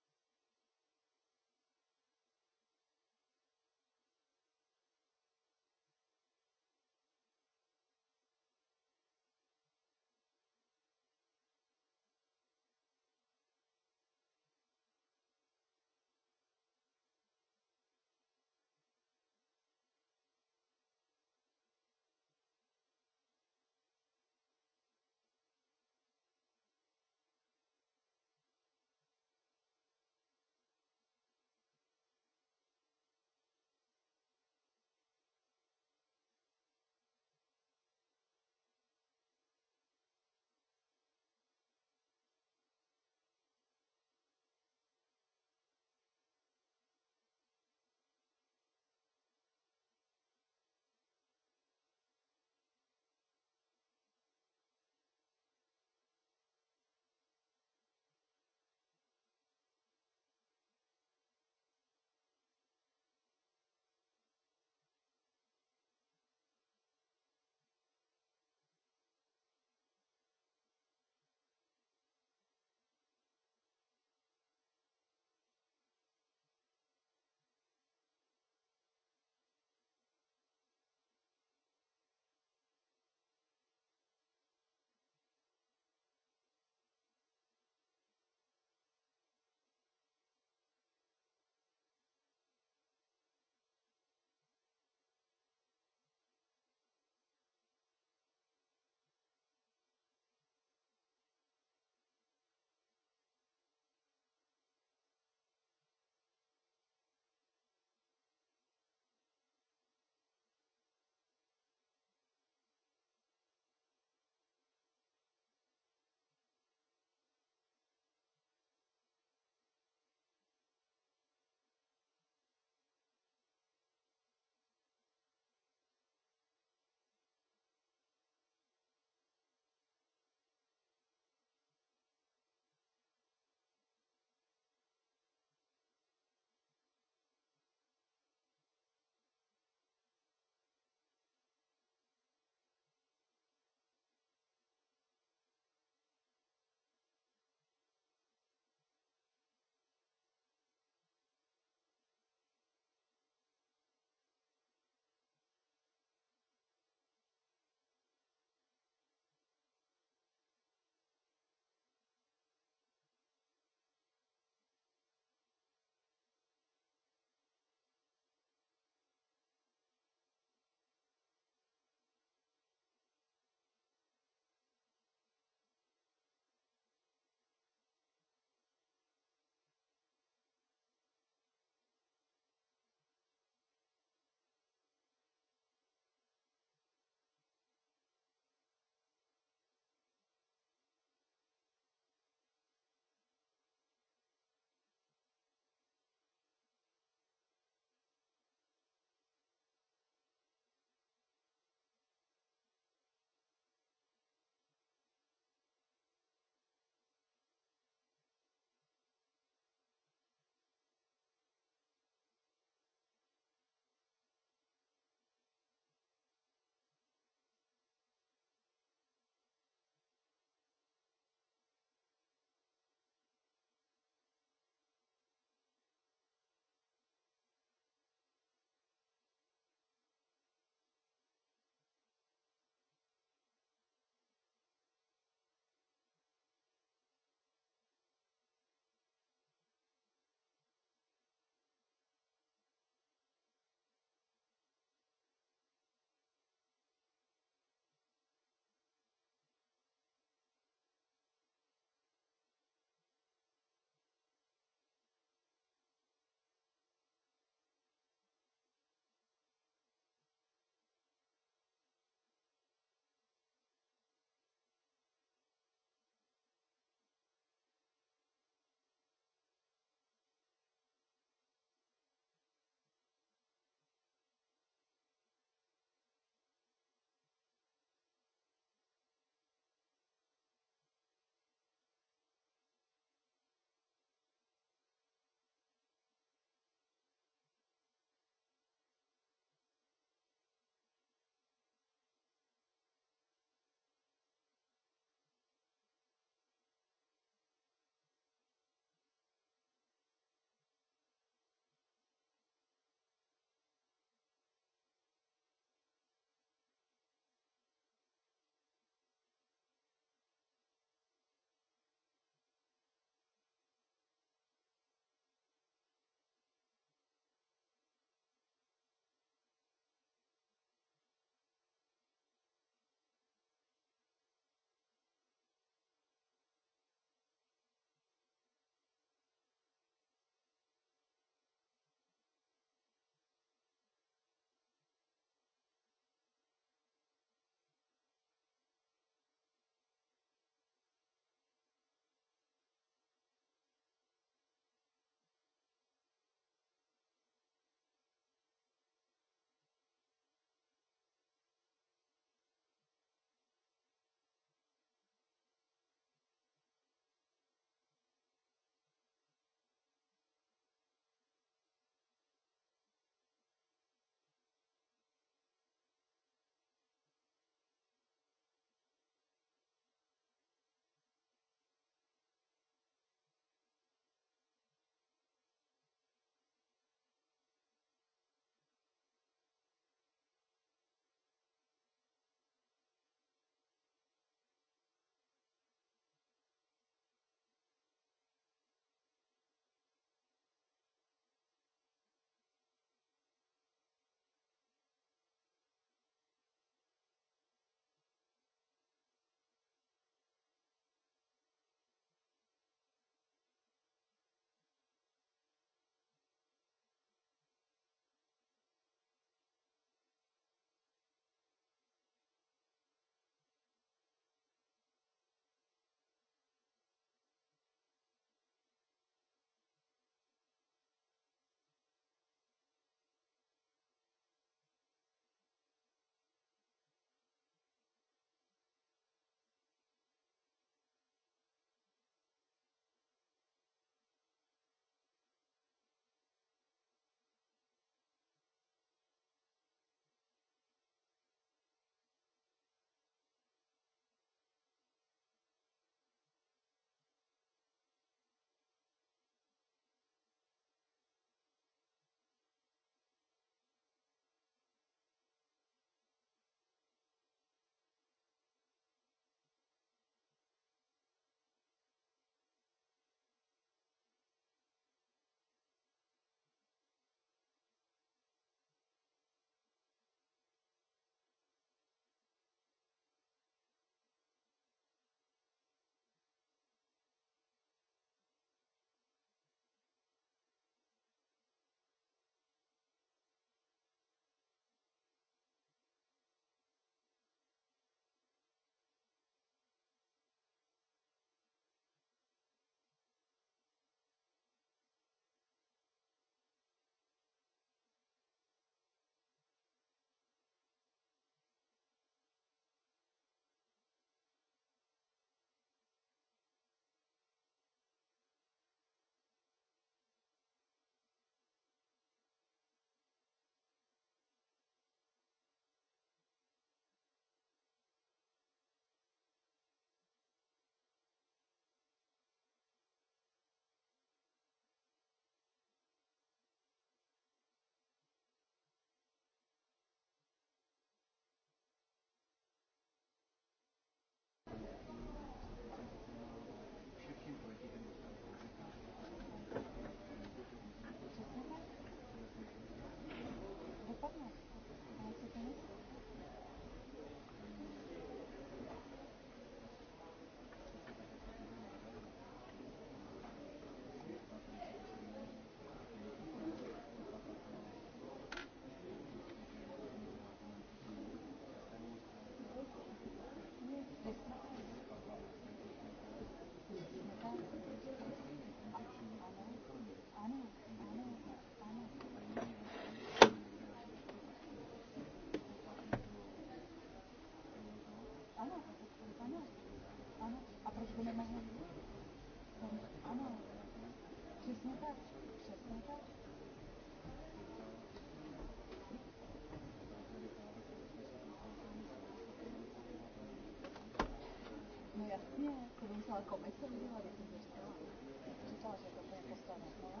No, il commettente aveva detto questo, non so se per me è costata, ma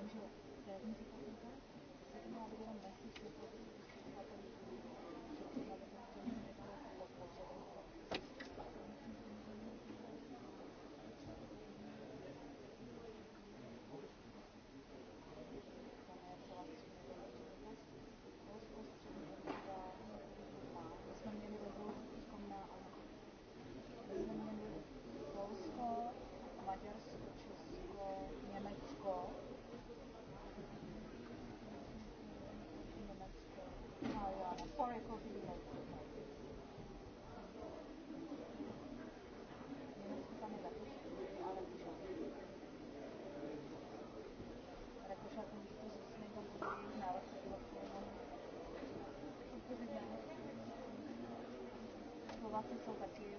non so, per me si può fare, se no, per me si può incompatibil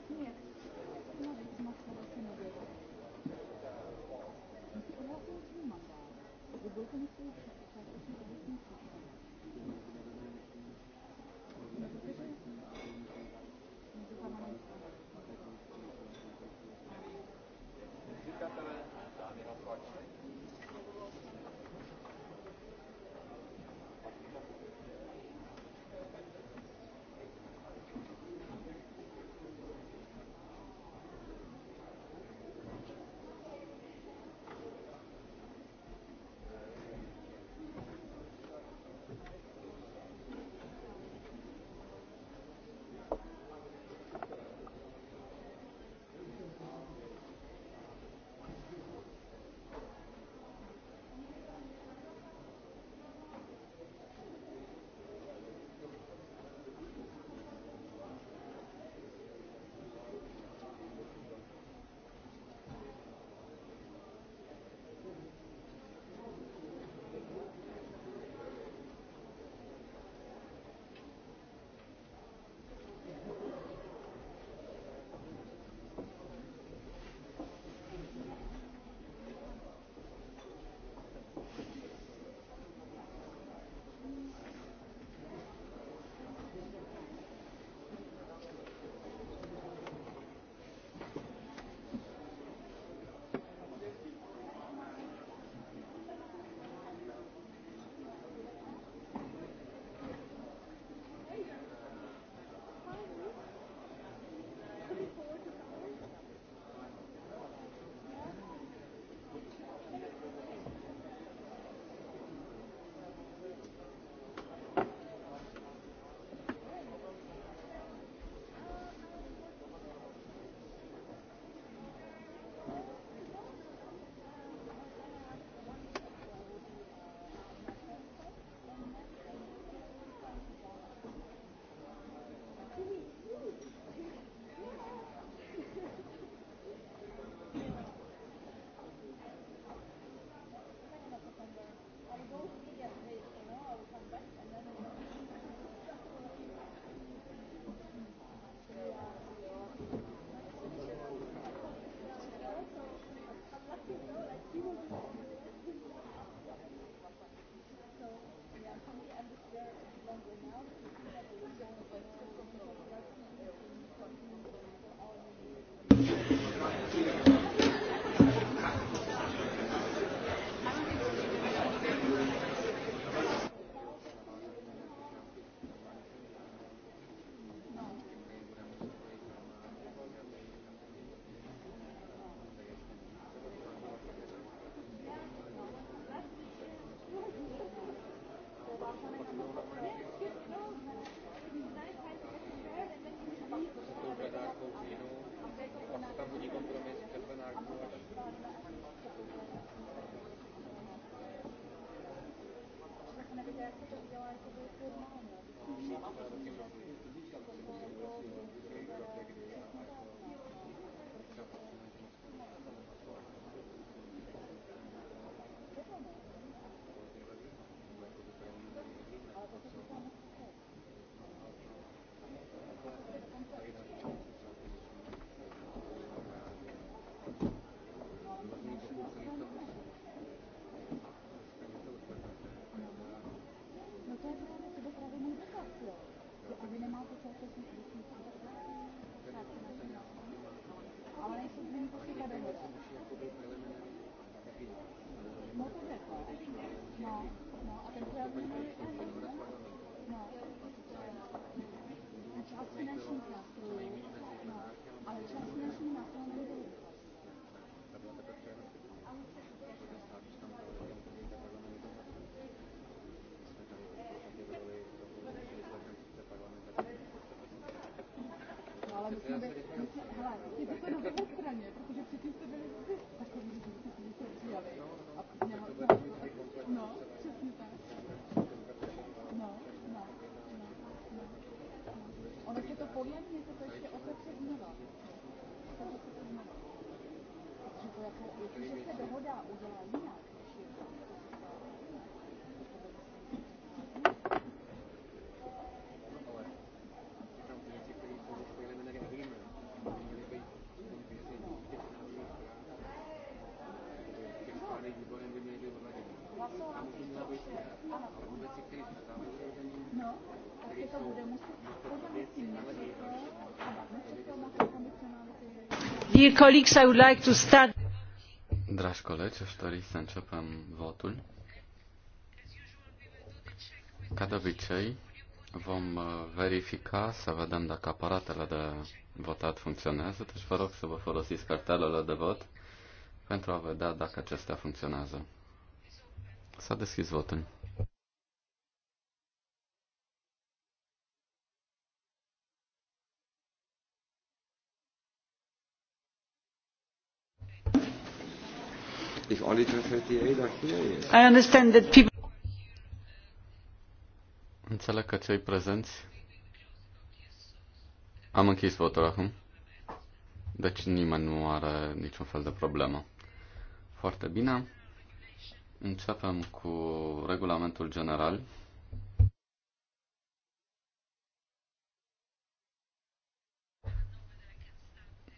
Thank you. obviously, but, but, but, but, but, but,
Dear colleagues, I would like to start.
Dragi colegi, aș dori să începem votul. Ca de obicei, vom uh, verifica să vedem dacă aparatele de votat funcționează, deci vă rog să vă folosiți cartelele de vot pentru a vedea dacă acestea funcționează. S-a deschis votul. If only 238 are here, yes. I understand that people... Înțeleg că cei prezenți... Am închis votul acum. Deci nimeni nu are niciun fel de problemă. Foarte bine. Începem cu regulamentul general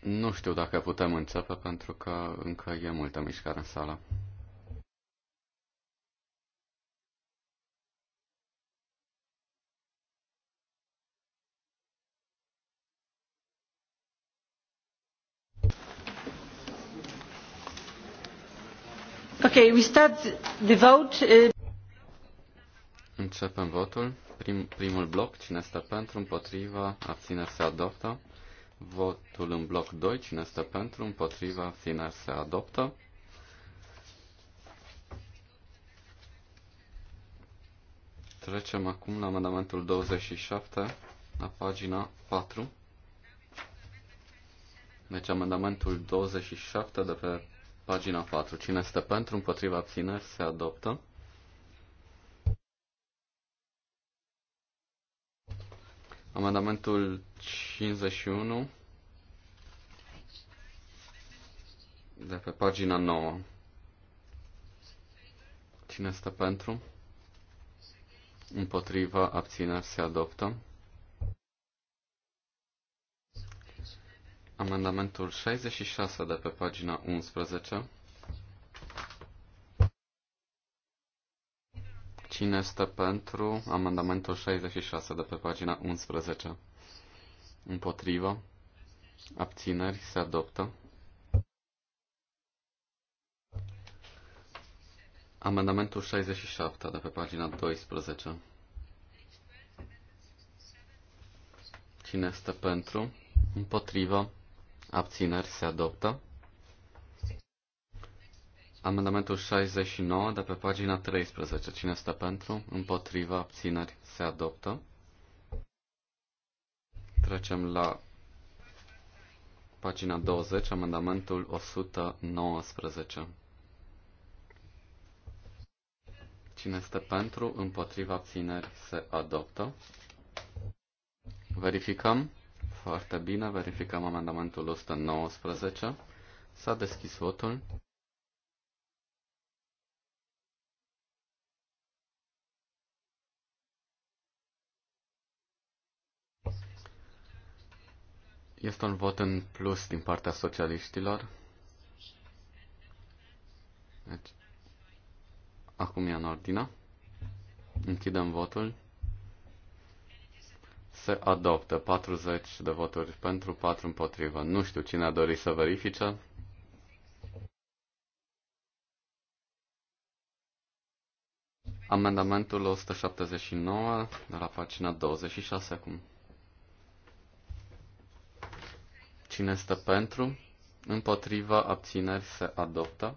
Nu știu dacă putem începe pentru că încă e multă mișcare în sală.
Okay, we start the vote. Uh,
Începem votul. Prim, primul bloc, cine stă pentru, împotriva, abține, se adoptă. Votul în bloc 2, cine este pentru, împotriva, abțineri se adoptă. Trecem acum la amendamentul 27, la pagina 4. Deci amendamentul 27 de pe pagina 4. Cine este pentru, împotriva, abțineri se adoptă. Amendamentul 51 de pe pagina 9. Cine este pentru? Împotriva abțineri se adoptă. Amendamentul 66 de pe pagina 11. Cine este pentru amendamentul 66 de pe pagina 11? Împotrivă. Abțineri se adoptă. Amendamentul 67 de pe pagina 12. Cine este pentru? Împotrivă. Abțineri se adoptă. Amendamentul 69 de pe pagina 13. Cine este pentru? Împotriva abțineri se adoptă. Trecem la pagina 20, amendamentul 119. Cine este pentru, împotriva abțineri se adoptă. Verificăm. Foarte bine, verificăm amendamentul 119. S-a deschis votul. Este un vot în plus din partea socialiștilor. Deci, acum e în ordine. Închidem votul. Se adoptă 40 de voturi pentru, 4 împotrivă. Nu știu cine a dorit să verifice. Amendamentul 179 de la pagina 26 acum. Cine este pentru? Împotriva abțineri se adoptă.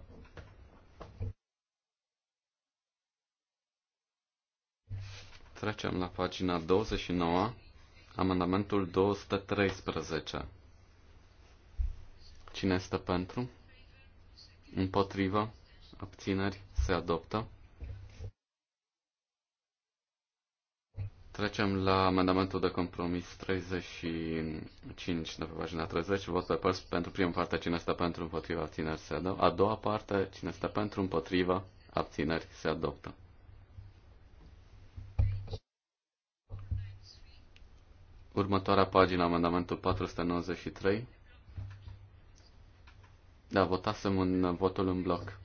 Trecem la pagina 29, amendamentul 213. Cine este pentru? Împotriva abțineri se adoptă. Trecem la amendamentul de compromis 35 de pe pagina 30. Vot pe părți pentru prima parte cine este pentru împotriva abțineri se adoptă. A doua parte cine este pentru împotriva abțineri se adoptă. Următoarea pagină, amendamentul 493. Da, votasem un votul în bloc.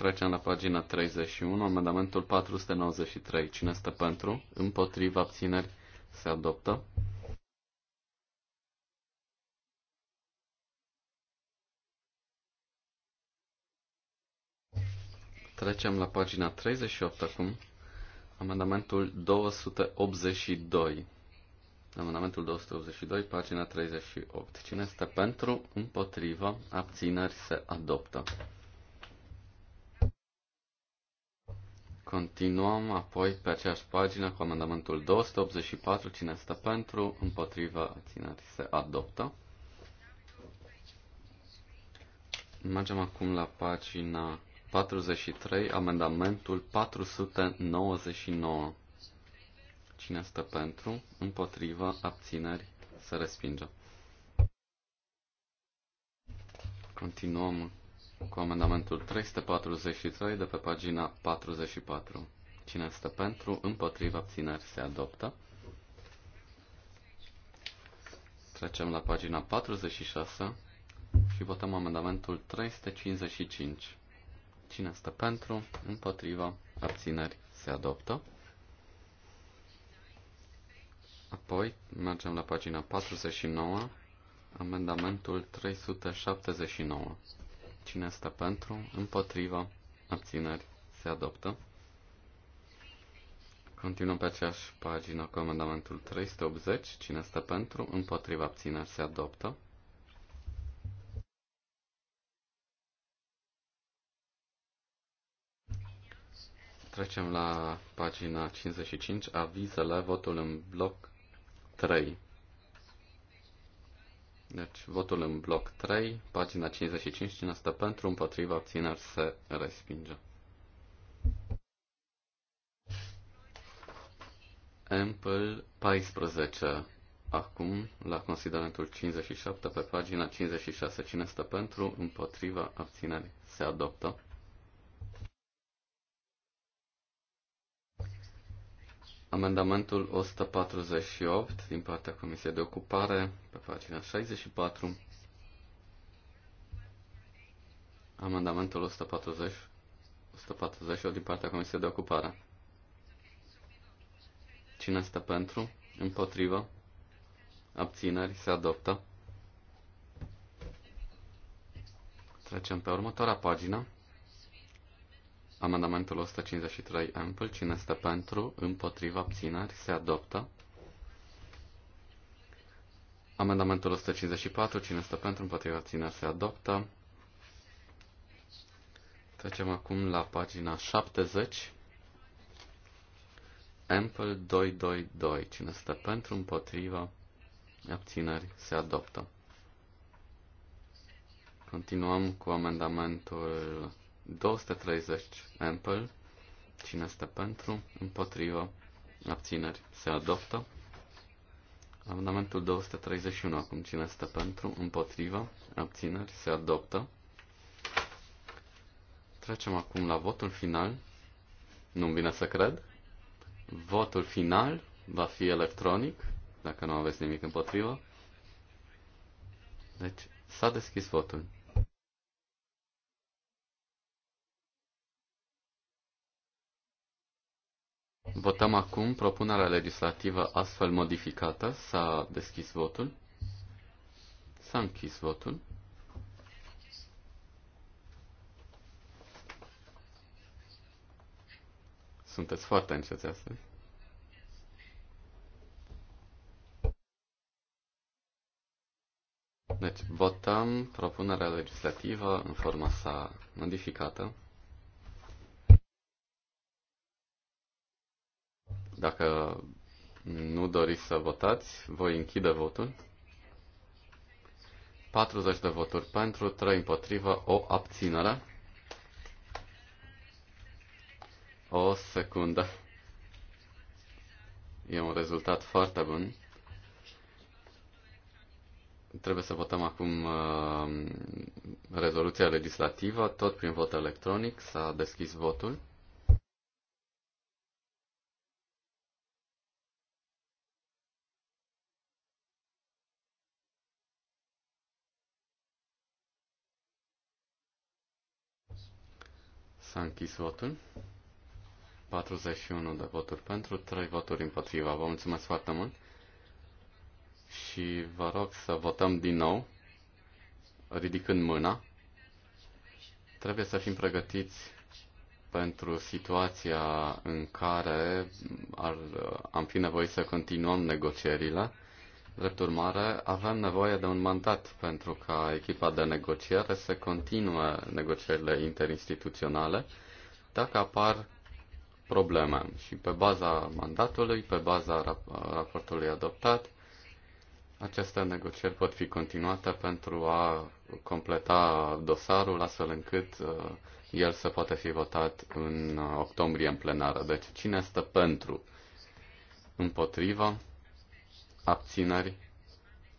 Trecem la pagina 31, amendamentul 493. Cine stă pentru? Împotriva abțineri se adoptă. Trecem la pagina 38 acum. Amendamentul 282. Amendamentul 282, pagina 38. Cine este pentru, împotriva, abțineri se adoptă. Continuăm apoi pe aceeași pagină cu amendamentul 284. Cine stă pentru? Împotriva abținerii se adoptă. Mergem acum la pagina 43, amendamentul 499. Cine stă pentru? Împotriva abțineri se respinge. Continuăm cu amendamentul 343 de pe pagina 44. Cine este pentru, împotriva, abțineri, se adoptă. Trecem la pagina 46 și votăm amendamentul 355. Cine este pentru, împotriva, abțineri, se adoptă. Apoi mergem la pagina 49, amendamentul 379. Cine stă pentru? Împotriva. Abțineri. Se adoptă. Continuăm pe aceeași pagină cu amendamentul 380. Cine stă pentru? Împotriva. Abțineri. Se adoptă. Trecem la pagina 55, avizele, votul în bloc 3. Deci, votul în bloc 3, pagina 55, cine stă pentru, împotriva, abțineri, se respinge. Ampel 14. Acum, la considerentul 57, pe pagina 56, cine stă pentru, împotriva, abținerii, se adoptă. Amendamentul 148 din partea Comisiei de Ocupare, pe pagina 64. Amendamentul 140, 148 din partea Comisiei de Ocupare. Cine este pentru? Împotrivă? Abțineri? Se adoptă. Trecem pe următoarea pagină. Amendamentul 153 ampl, cine este pentru, împotriva, abțineri, se adoptă. Amendamentul 154, cine este pentru, împotriva, abțineri, se adoptă. Trecem acum la pagina 70. Ample 222, cine este pentru, împotriva, abțineri, se adoptă. Continuăm cu amendamentul 230 ample. Cine este pentru? Împotriva. Abțineri. Se adoptă. Amendamentul 231. Acum cine este pentru? Împotriva. Abțineri. Se adoptă. Trecem acum la votul final. Nu-mi vine să cred. Votul final va fi electronic, dacă nu aveți nimic împotrivă. Deci, s-a deschis votul. Votăm acum propunerea legislativă astfel modificată. S-a deschis votul. S-a închis votul. Sunteți foarte înceți astăzi. Deci votăm propunerea legislativă în forma sa modificată. Dacă nu doriți să votați, voi închide votul. 40 de voturi pentru, 3 împotrivă, o abținere. O secundă. E un rezultat foarte bun. Trebuie să votăm acum uh, rezoluția legislativă, tot prin vot electronic. S-a deschis votul. S-a închis votul. 41 de voturi pentru, 3 voturi împotriva. Vă mulțumesc foarte mult și vă rog să votăm din nou, ridicând mâna. Trebuie să fim pregătiți pentru situația în care ar, am fi nevoie să continuăm negocierile Drept urmare, avem nevoie de un mandat pentru ca echipa de negociere să continue negocierile interinstituționale dacă apar probleme. Și pe baza mandatului, pe baza rap- raportului adoptat, aceste negocieri pot fi continuate pentru a completa dosarul astfel încât uh, el să poate fi votat în octombrie în plenară. Deci cine stă pentru? Împotriva? abțineri.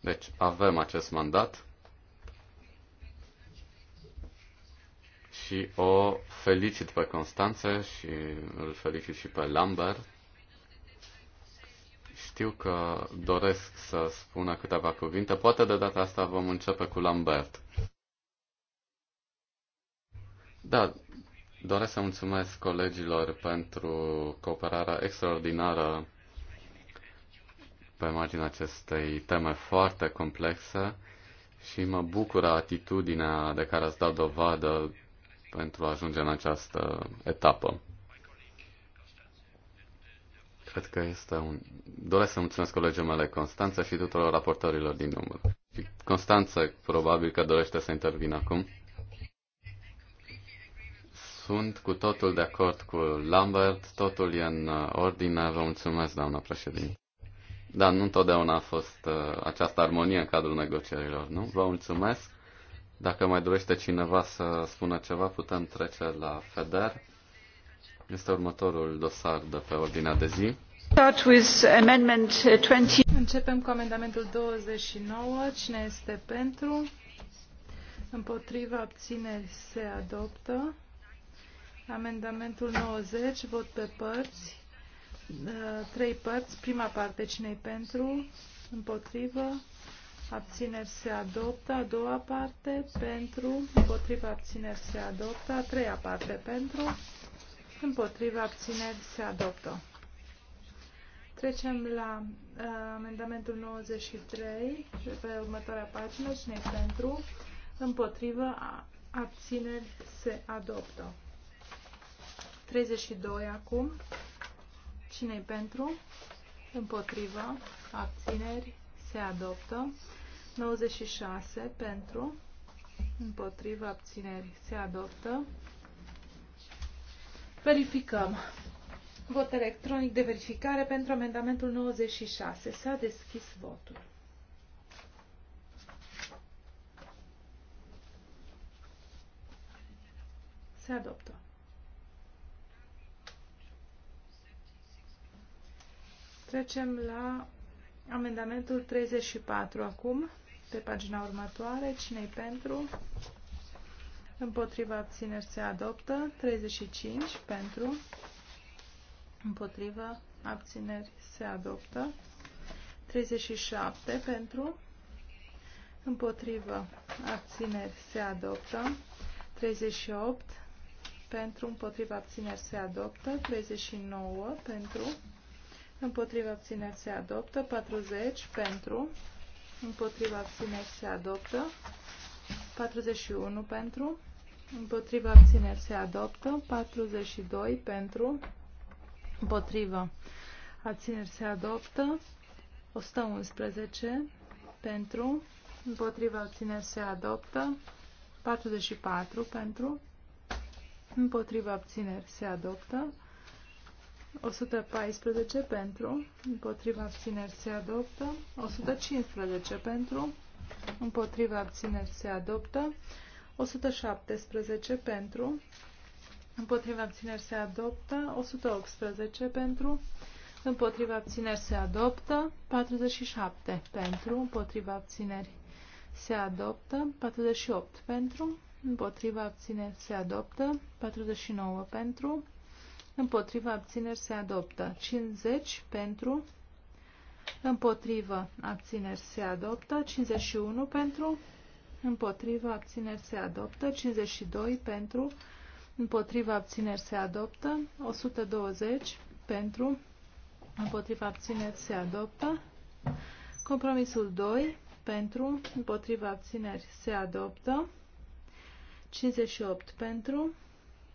Deci avem acest mandat și o felicit pe Constanțe și îl felicit și pe Lambert. Știu că doresc să spună câteva cuvinte. Poate de data asta vom începe cu Lambert. Da, doresc să mulțumesc colegilor pentru cooperarea extraordinară pe marginea acestei teme foarte complexe și mă bucură atitudinea de care ați dat dovadă pentru a ajunge în această etapă. Cred că este un... Doresc să mulțumesc colegii mele Constanța și tuturor raportorilor din număr. Constanța probabil că dorește să intervină acum. Sunt cu totul de acord cu Lambert, totul e în ordine, vă mulțumesc, doamna președinte. Dar nu întotdeauna a fost uh, această armonie în cadrul negocierilor, nu? Vă mulțumesc. Dacă mai dorește cineva să spună ceva, putem trece la FEDER. Este următorul dosar de pe ordinea de zi. Start
with amendment 20. Uh, Începem cu amendamentul 29. Cine este pentru? Împotriva abțineri se adoptă. Amendamentul 90, vot pe părți. Da, trei părți. Prima parte, cine pentru, împotrivă, abțineri se adoptă. A doua parte, pentru, împotrivă, abțineri se adoptă. A treia parte, pentru, împotrivă, abțineri se adoptă. Trecem la uh, amendamentul 93, pe următoarea pagină, cine pentru, împotrivă, abțineri se adoptă. 32 acum, cine pentru? Împotriva. Abțineri. Se adoptă. 96 pentru. Împotriva. Abțineri. Se adoptă. Verificăm. Vot electronic de verificare pentru amendamentul 96. S-a deschis votul. Se adoptă. Trecem la amendamentul 34 acum, pe pagina următoare. Cine-i pentru? Împotriva abțineri se adoptă. 35 pentru. Împotriva abțineri se adoptă. 37 pentru. Împotriva abțineri se adoptă. 38 pentru. Împotriva abțineri se adoptă. 39 pentru. Împotriva abțineri se adoptă. 40 pentru. Împotriva abțineri se adoptă. 41 pentru. Împotriva abțineri se adoptă. 42 pentru. Împotriva abțineri se adoptă. 111 pentru. Împotriva abțineri se adoptă. 44 pentru. Împotriva abțineri se adoptă. 114 pentru, împotriva abțineri se adoptă. 115 pentru, împotriva abțineri se adoptă. 117 pentru, împotriva abțineri se adoptă. 118 pentru, împotriva abțineri se adoptă. 47 pentru, împotriva abțineri se adoptă. 48 pentru, împotriva abțineri se adoptă. 49 pentru, Împotriva abțineri se adoptă. 50 pentru, Împotriva abțineri se adoptă. 51 pentru, Împotriva abțineri se adoptă. 52 pentru, Împotriva abțineri se adoptă. 120 pentru, Împotriva abțineri se adoptă. Compromisul 2 pentru, împotriva abțineri se adoptă. 58 pentru,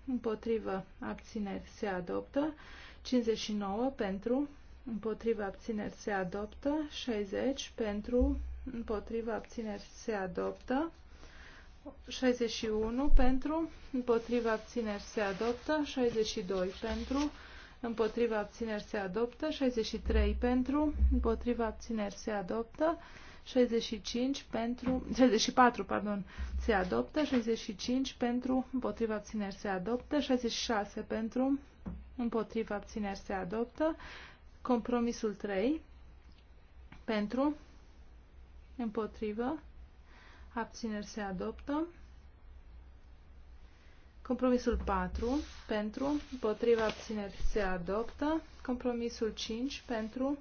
împotrivă, abțineri, se adoptă. 59 pentru, împotrivă, abțineri, se adoptă. 60 pentru, împotrivă, abțineri, se adoptă. 61 pentru, împotrivă abțineri se adoptă, 62 pentru, împotrivă abțineri se adoptă, 63 pentru, împotrivă abțineri se adoptă, 65 pentru, 64 pardon, se adoptă, 65 pentru, împotriva abțineri se adoptă, 66 pentru, împotriva abțineri se adoptă, compromisul 3 pentru, împotrivă, abțineri se adoptă, compromisul 4 pentru, împotriva abțineri se adoptă, compromisul 5 pentru,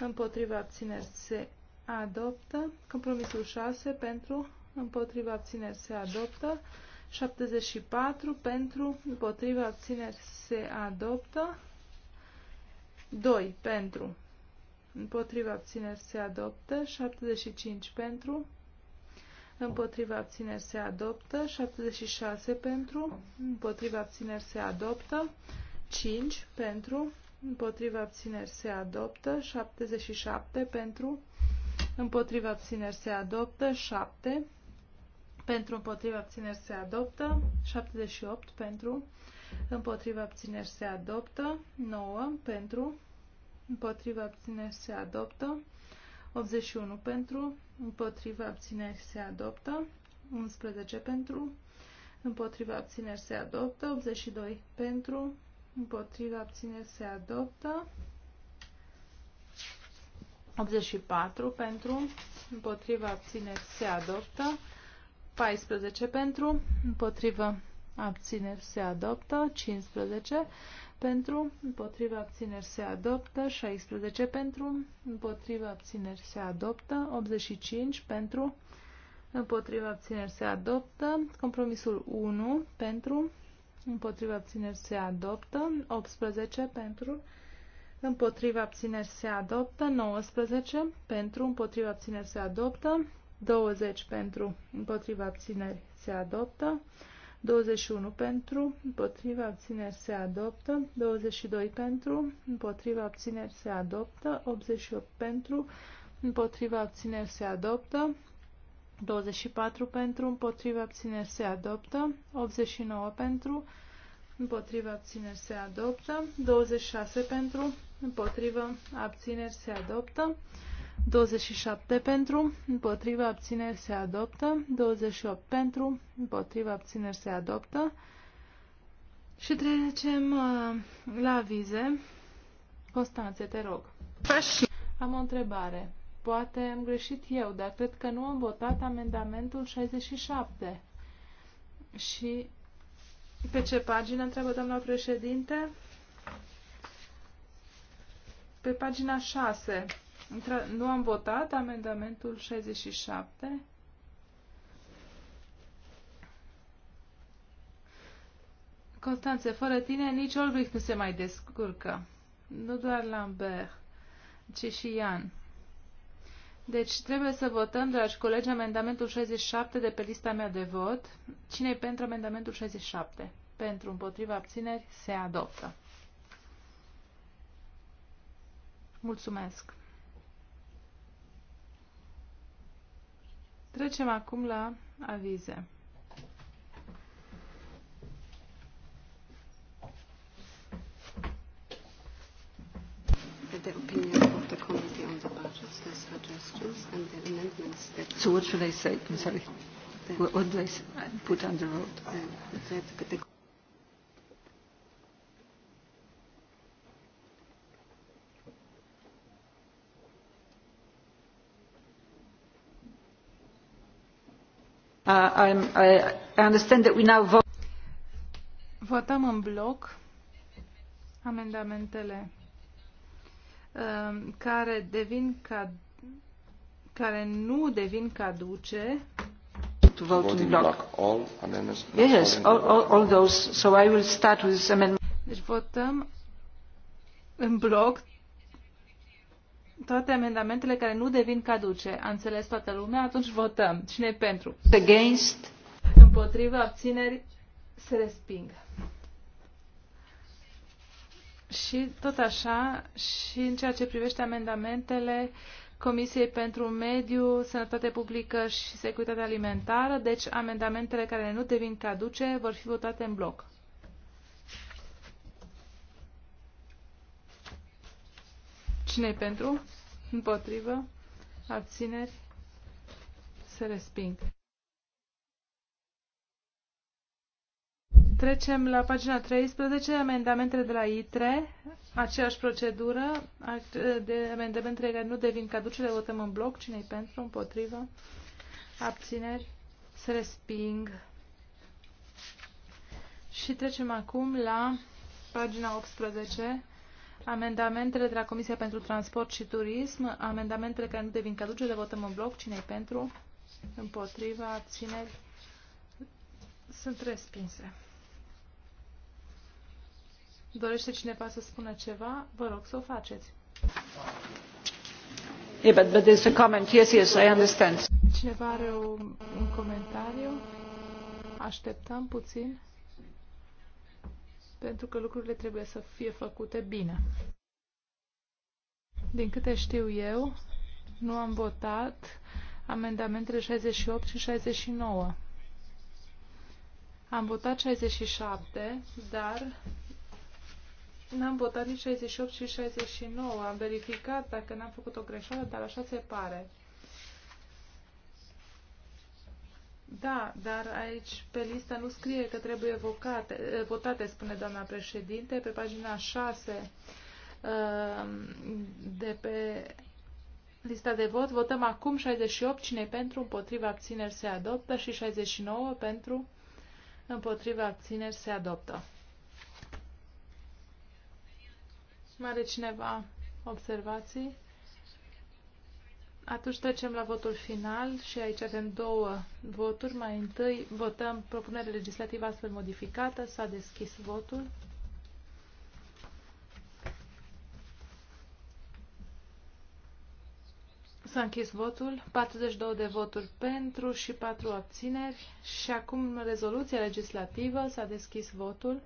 împotriva abțineri se adoptă, adoptă. Compromisul 6 pentru, împotriva abțineri se adoptă. 74 pentru, împotriva abțineri se adoptă. 2 pentru, împotriva abțineri se adoptă. 75 pentru, împotriva abțineri se adoptă. 76 pentru, împotriva abțineri se adoptă. 5 pentru, împotriva abțineri se adoptă. 77 pentru, împotriva abțineri se adoptă, 7 pentru împotriva abțineri se adoptă, 78 pentru împotriva abțineri se adoptă, 9 pentru împotriva abțineri se adoptă, 81 pentru împotriva abțineri se adoptă, 11 pentru împotriva abțineri se adoptă, 82 pentru împotriva abțineri se adoptă, 84 pentru, împotriva abțineri se adoptă, 14 pentru, împotriva abțineri se adoptă, 15 pentru, împotriva abțineri se adoptă, 16 pentru, împotriva abțineri se adoptă, 85 pentru, împotriva abțineri se adoptă, compromisul 1 pentru, împotriva abțineri se adoptă, 18 pentru, împotriva abțineri se adoptă, 19 pentru, împotriva abțineri se adoptă, 20 pentru, împotriva abțineri se adoptă, 21 pentru, împotriva abțineri se adoptă, 22 pentru, împotriva abțineri se adoptă, 88 pentru, împotriva abțineri se adoptă, 24 pentru, împotriva abțineri se adoptă, 89 pentru, împotriva abțineri se adoptă, 26 pentru, împotrivă, abțineri se adoptă. 27 pentru, împotrivă, abțineri se adoptă. 28 pentru, împotrivă, abțineri se adoptă. Și trecem uh, la vize. Constanțe, te rog. Am o întrebare. Poate am greșit eu, dar cred că nu am votat amendamentul 67. Și pe ce pagină întreabă doamna președinte? Pe pagina 6, nu am votat amendamentul 67. Constanțe, fără tine nici Olbrich nu se mai descurcă. Nu doar Lambert, ci și Ian. Deci trebuie să votăm, dragi colegi, amendamentul 67 de pe lista mea de vot. cine e pentru amendamentul 67? Pentru, împotriva, abțineri, se adoptă. Mulțumesc! Trecem acum la avize.
The opinion of the committee on the budgets, the suggestions and the amendments that... So what should I say? I'm sorry. What, what do I put on the road? That the
Uh, votăm în bloc amendamentele um, care devin care nu devin caduce.
To vote in block. All amendments. Yes,
all, all, all those. So I will start with amendment.
Deci votăm în bloc toate amendamentele care nu devin caduce. A înțeles toată lumea? Atunci votăm. Cine e pentru? Against. Împotriva abțineri, se resping. Și tot așa, și în ceea ce privește amendamentele Comisiei pentru Mediu, Sănătate Publică și Securitate Alimentară, deci amendamentele care nu devin caduce vor fi votate în bloc. cine pentru? Împotrivă. Abțineri. Se resping. Trecem la pagina 13, amendamentele de la ITRE, aceeași procedură, de amendamentele care nu devin caduce, le votăm în bloc, cine pentru, împotrivă, abțineri, se resping. Și trecem acum la pagina 18, Amendamentele de la Comisia pentru Transport și Turism, amendamentele care nu devin caduce, le votăm în bloc. cine e pentru? Împotriva, abțineri. Sunt respinse. Dorește cineva să spună ceva? Vă rog să o faceți. Yeah, but, but a comment. Yes, yes,
I
understand.
Cineva are un, un comentariu? Așteptăm puțin pentru că lucrurile trebuie să fie făcute bine. Din câte știu eu, nu am votat amendamentele 68 și 69. Am votat 67, dar n-am votat nici 68 și 69. Am verificat dacă n-am făcut o greșeală, dar așa se pare. Da, dar aici pe lista nu scrie că trebuie vocate, votate, spune doamna președinte, pe pagina 6 uh, de pe lista de vot. Votăm acum 68, cine pentru, împotriva, abțineri se adoptă și 69 pentru, împotriva, abțineri se adoptă. Mai are cineva observații? Atunci trecem la votul final și aici avem două voturi. Mai întâi votăm propunerea legislativă astfel modificată. S-a deschis votul. S-a închis votul, 42 de voturi pentru și 4 abțineri și acum rezoluția legislativă s-a deschis votul.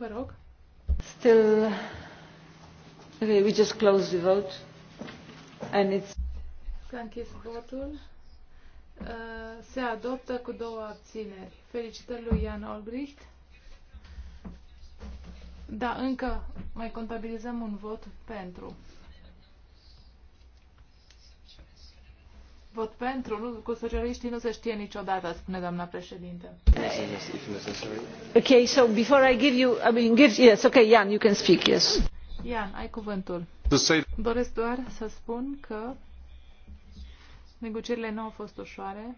Vă rog.
Still, okay, we just close the vote and it's...
S-a închis votul. Uh, se adoptă cu două abțineri. Felicitări lui Ian Olbricht. Da, încă mai contabilizăm un vot pentru. Vot pentru, nu, cu socialiștii nu se știe niciodată, spune doamna președinte. Okay, so before I give you, I mean, give, yes, okay, Jan, you can speak, yes. Jan, ai cuvântul. Doresc doar să spun că negocierile nu au fost ușoare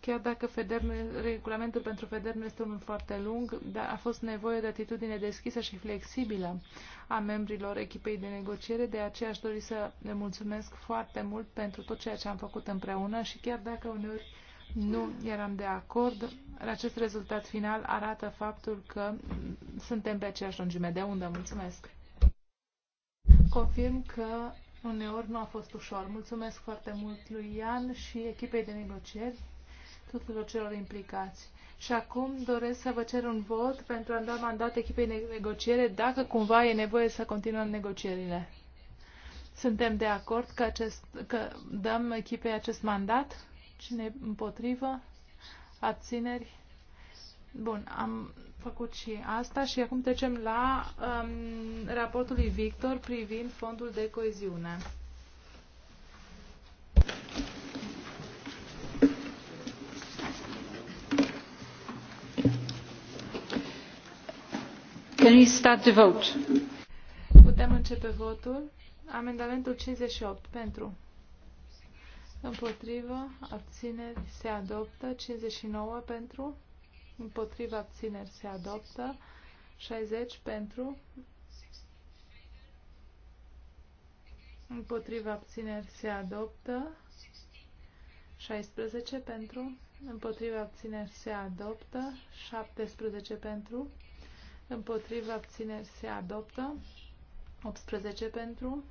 Chiar dacă FEDER nu, regulamentul pentru FEDER nu este unul foarte lung, dar a fost nevoie de atitudine deschisă și flexibilă a membrilor echipei de negociere, de aceea aș dori să le mulțumesc foarte mult pentru tot ceea ce am făcut împreună și chiar dacă uneori nu eram de acord, acest rezultat final arată faptul că suntem pe aceeași lungime de undă. Mulțumesc! Confirm că uneori nu a fost ușor. Mulțumesc foarte mult lui Ian și echipei de negocieri tuturor celor implicați. Și acum doresc să vă cer un vot pentru a da mandat echipei negociere dacă cumva e nevoie să continuăm negocierile. Suntem de acord că, acest, că dăm echipei acest mandat? Cine împotrivă? Abțineri? Bun, am făcut și asta și acum trecem la um, raportul lui Victor privind fondul de coeziune. Putem începe votul. Amendamentul 58 pentru. Împotrivă, abțineri, se adoptă. 59 pentru. Împotrivă, abțineri, se adoptă. 60 pentru. Împotriva abțineri se adoptă. 16 pentru. Împotriva abțineri se adoptă. 17 pentru. Împotriva abțineri se adoptă. 18 pentru.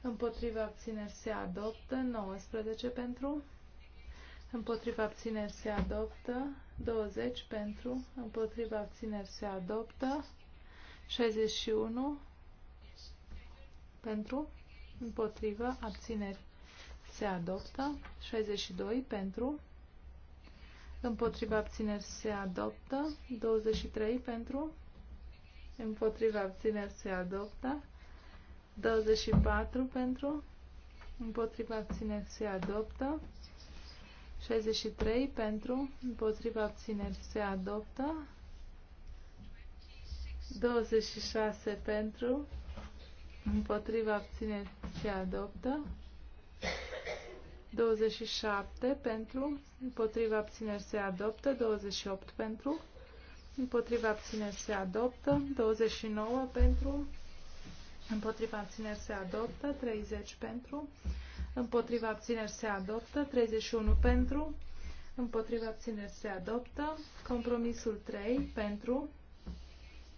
Împotriva abțineri se adoptă. 19 pentru. Împotriva abțineri se adoptă. 20 pentru. Împotriva abțineri se adoptă. 61 pentru. Împotriva abțineri se adoptă. 62 pentru. Împotriva abțineri se adoptă. 23 pentru. Împotriva abțineri se adoptă. 24 pentru. Împotriva abțineri se adoptă. 63 pentru. Împotriva abțineri se adoptă. 26 pentru. Împotriva abțineri se adoptă. 27 pentru, împotriva abțineri se adoptă, 28 pentru, împotriva abțineri se adoptă, 29 pentru, împotriva abțineri se adoptă, 30 pentru, împotriva abțineri se adoptă, 31 pentru, împotriva abțineri se adoptă, compromisul 3 pentru,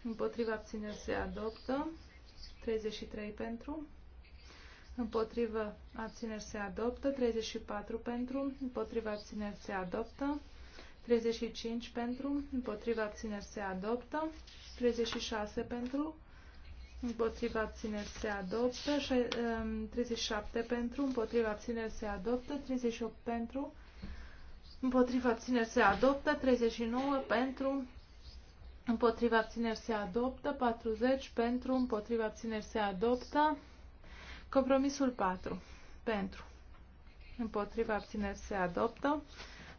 împotriva abțineri se adoptă, 33 pentru, împotrivă abțineri se adoptă, 34 pentru, împotrivă abțineri se adoptă, 35 pentru, Împotrivă abțineri se adoptă, 36 pentru, împotriva abțineri se adoptă, 37 um, pentru, împotriva abțineri se adoptă, 38 pentru, împotriva abțineri se adoptă, 39 pentru, împotriva abțineri se adoptă, 40 pentru, împotriva abțineri se adoptă, Compromisul 4. Pentru. Împotriva abțineri se adoptă.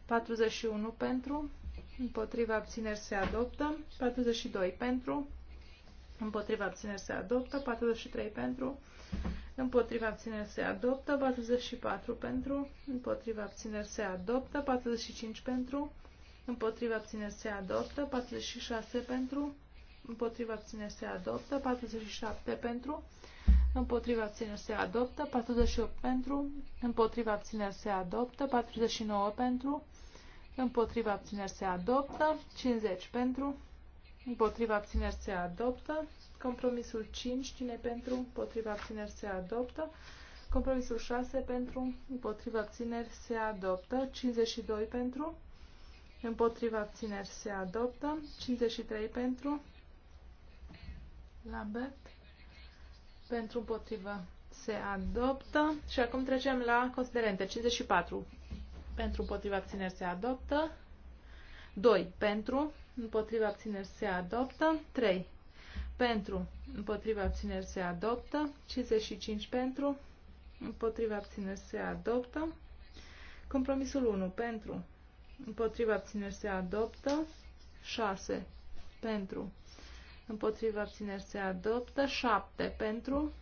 41 pentru. Împotriva abțineri se adoptă. 42 pentru. Împotriva abțineri se adoptă. 43 pentru. Împotriva abțineri se adoptă. 44 pentru. Împotriva abțineri se adoptă. 45 pentru. Împotriva abțineri se adoptă. 46 pentru. Împotriva abțineri se adoptă. 47 pentru împotriva abțineri se adoptă, 48 pentru, împotriva abțineri se adoptă, 49 pentru, împotriva abțineri se adoptă, 50 pentru, împotriva abțineri se adoptă, compromisul 5, cine pentru, împotriva abțineri se adoptă, compromisul 6 pentru, împotriva abțineri se adoptă, 52 pentru, împotriva abțineri se adoptă, 53 pentru, Lambert, pentru împotrivă se adoptă. Și acum trecem la considerente. 54 pentru împotrivă abțineri se adoptă. 2 pentru împotrivă abțineri se adoptă. 3 pentru împotrivă abțineri se adoptă. 55 pentru împotrivă abțineri se adoptă. Compromisul 1 pentru împotrivă abțineri se adoptă. 6 pentru împotriva abțineri se adoptă, 7 pentru,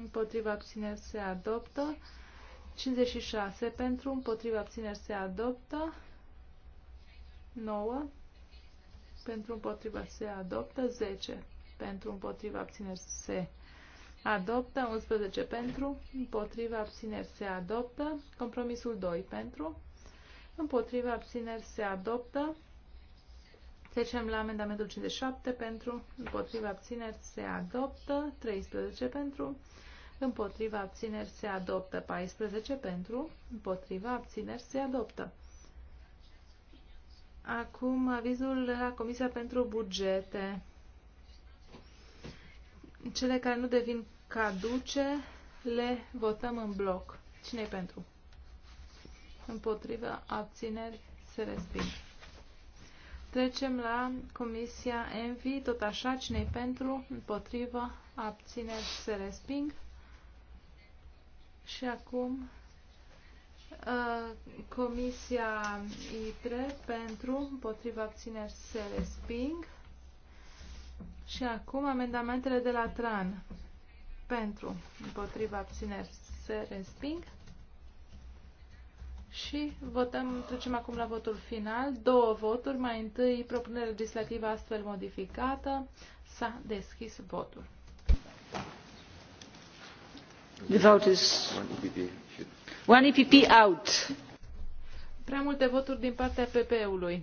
împotriva abțineri se adoptă, 56 pentru, împotriva abțineri se adoptă, 9 pentru împotriva se adoptă, 10 pentru împotriva abțineri se adoptă, 11 pentru, împotriva abțineri se adoptă, compromisul 2 pentru, împotriva abțineri se adoptă, Trecem la amendamentul 57 pentru, împotriva abțineri se adoptă, 13 pentru, împotriva abțineri se adoptă, 14 pentru, împotriva abțineri se adoptă. Acum avizul la Comisia pentru Bugete. Cele care nu devin caduce le votăm în bloc. cine e pentru? Împotriva abțineri se respinge. Trecem la Comisia Envi, tot așa, cine pentru, împotrivă, abțineri, se resping. Și acum ă, Comisia ITRE pentru, împotrivă, abțineri, se resping. Și acum amendamentele de la TRAN pentru, împotrivă, abțineri, se resping. Și votăm, trecem acum la votul final. Două voturi. Mai întâi propunerea legislativă astfel modificată. S-a deschis votul. The vote is one EPP out. Prea multe voturi din partea PP-ului.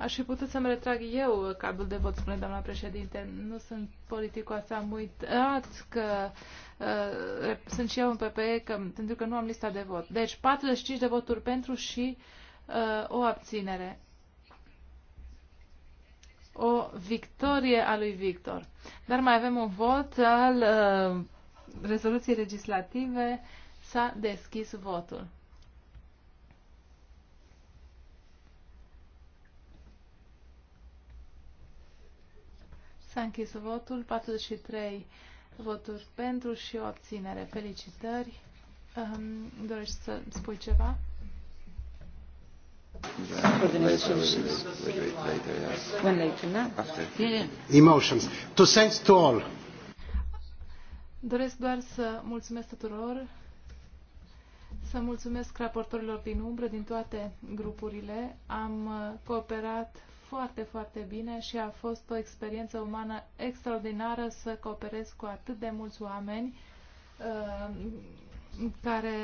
Aș fi putut să-mi retrag eu cablul de vot, spune doamna președinte. Nu sunt politicoasă, am uitat că uh, sunt și eu în PPE, că, pentru că nu am lista de vot. Deci 45 de voturi pentru și uh, o abținere. O victorie a lui Victor. Dar mai avem un vot al uh, rezoluției legislative. S-a deschis votul. S-a închis votul. 43 voturi pentru și o abținere. Felicitări. Um, dorești să spui ceva?
Emotions. To thanks to all.
Doresc doar să mulțumesc tuturor, să mulțumesc raportorilor din umbră, din toate grupurile. Am uh, cooperat foarte, foarte bine și a fost o experiență umană extraordinară să cooperez cu atât de mulți oameni uh, care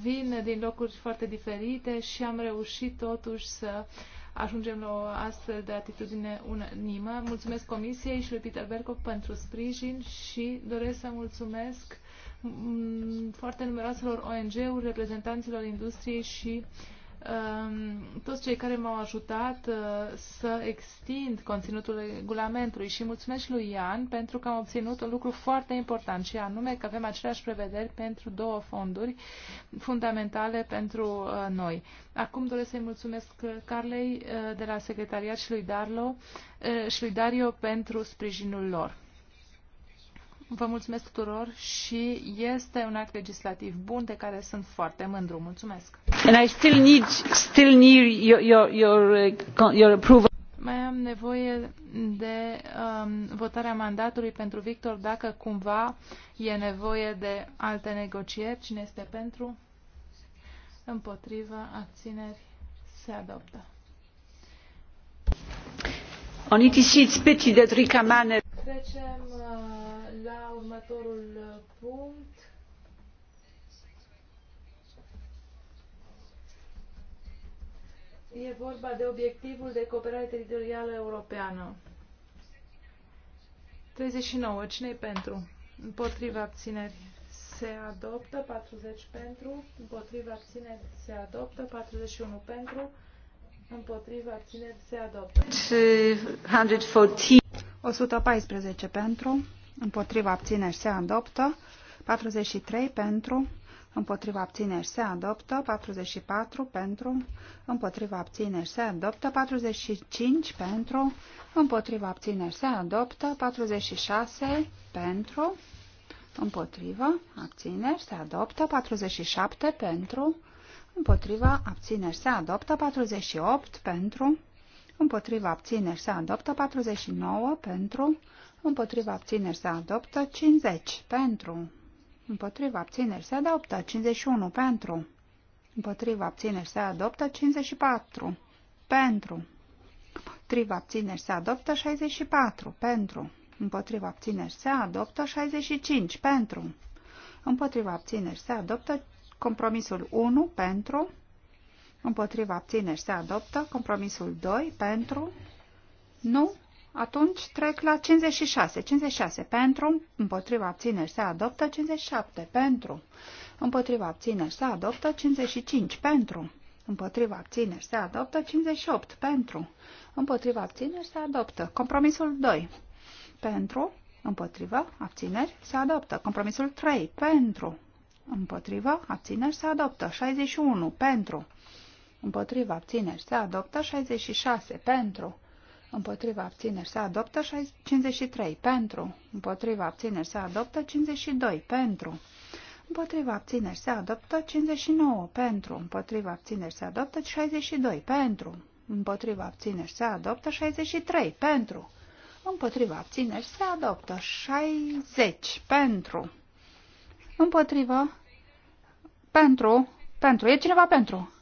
vin din locuri foarte diferite și am reușit totuși să ajungem la o astfel de atitudine unanimă. Mulțumesc Comisiei și lui Peter Berco pentru sprijin și doresc să mulțumesc mm, foarte numeroaselor ONG-uri, reprezentanților industriei și uh, Ehm, toți cei care m-au ajutat eh, să extind conținutul regulamentului și mulțumesc lui Ian pentru că am obținut un lucru foarte important și anume că avem aceleași prevederi pentru două fonduri fundamentale pentru eh, noi. Acum doresc să-i mulțumesc Carlei eh, de la Secretariat și lui Darlo și lui Dario pentru sprijinul lor. Vă mulțumesc tuturor și este un act legislativ bun de care sunt foarte mândru. Mulțumesc. And I still need, still need your,
your, uh, your, approval.
Mai am nevoie de um, votarea mandatului pentru Victor dacă cumva e nevoie de alte negocieri. Cine este pentru? Împotrivă, abțineri, se adoptă.
On is, it's pity that Rika Manner
trecem uh, la următorul uh, punct. E vorba de obiectivul de cooperare teritorială europeană. 39. Cine-i pentru? Împotriva abțineri se adoptă. 40 pentru. Împotriva abțineri se adoptă. 41 pentru. Împotriva abțineri se adoptă.
214. 114 pentru, împotriva abțineri se adoptă, 43 pentru, împotriva abțineri se adoptă, 44 pentru, împotriva abțineri se adoptă, 45 pentru, împotriva abțineri se adoptă, 46 pentru, împotriva abțineri se adoptă, 47 pentru, împotriva abțineri se adoptă, 48 pentru, împotriva abțineri se adoptă, 49 pentru, împotriva abțineri se adoptă, 50 pentru, împotriva abțineri se adoptă, 51 pentru, împotriva abțineri se adoptă, 54 pentru, împotriva abțineri se adoptă, 64 pentru, împotriva abțineri se adoptă, 65 pentru, împotriva abțineri se adoptă, compromisul 1 pentru, împotriva abțineri se adoptă, compromisul 2 pentru, nu, atunci trec la 56, 56 pentru, împotriva abțineri se adoptă, 57 pentru, împotriva abțineri se adoptă, 55 pentru, împotriva abțineri se adoptă, 58 pentru, împotriva abțineri se adoptă, compromisul 2 pentru, împotriva abțineri se adoptă, compromisul 3 pentru, împotriva abțineri se adoptă, 61 pentru, împotriva abțineri se adoptă 66 pentru, împotriva abțineri se adoptă 53 pentru, împotriva abțineri se adoptă 52 pentru, împotriva abțineri se adoptă 59 pentru, împotriva abțineri se adoptă 62 pentru, împotriva abțineri se adoptă 63 pentru, împotriva abțineri se adoptă 60 pentru, împotriva, pentru, pentru, e cineva pentru,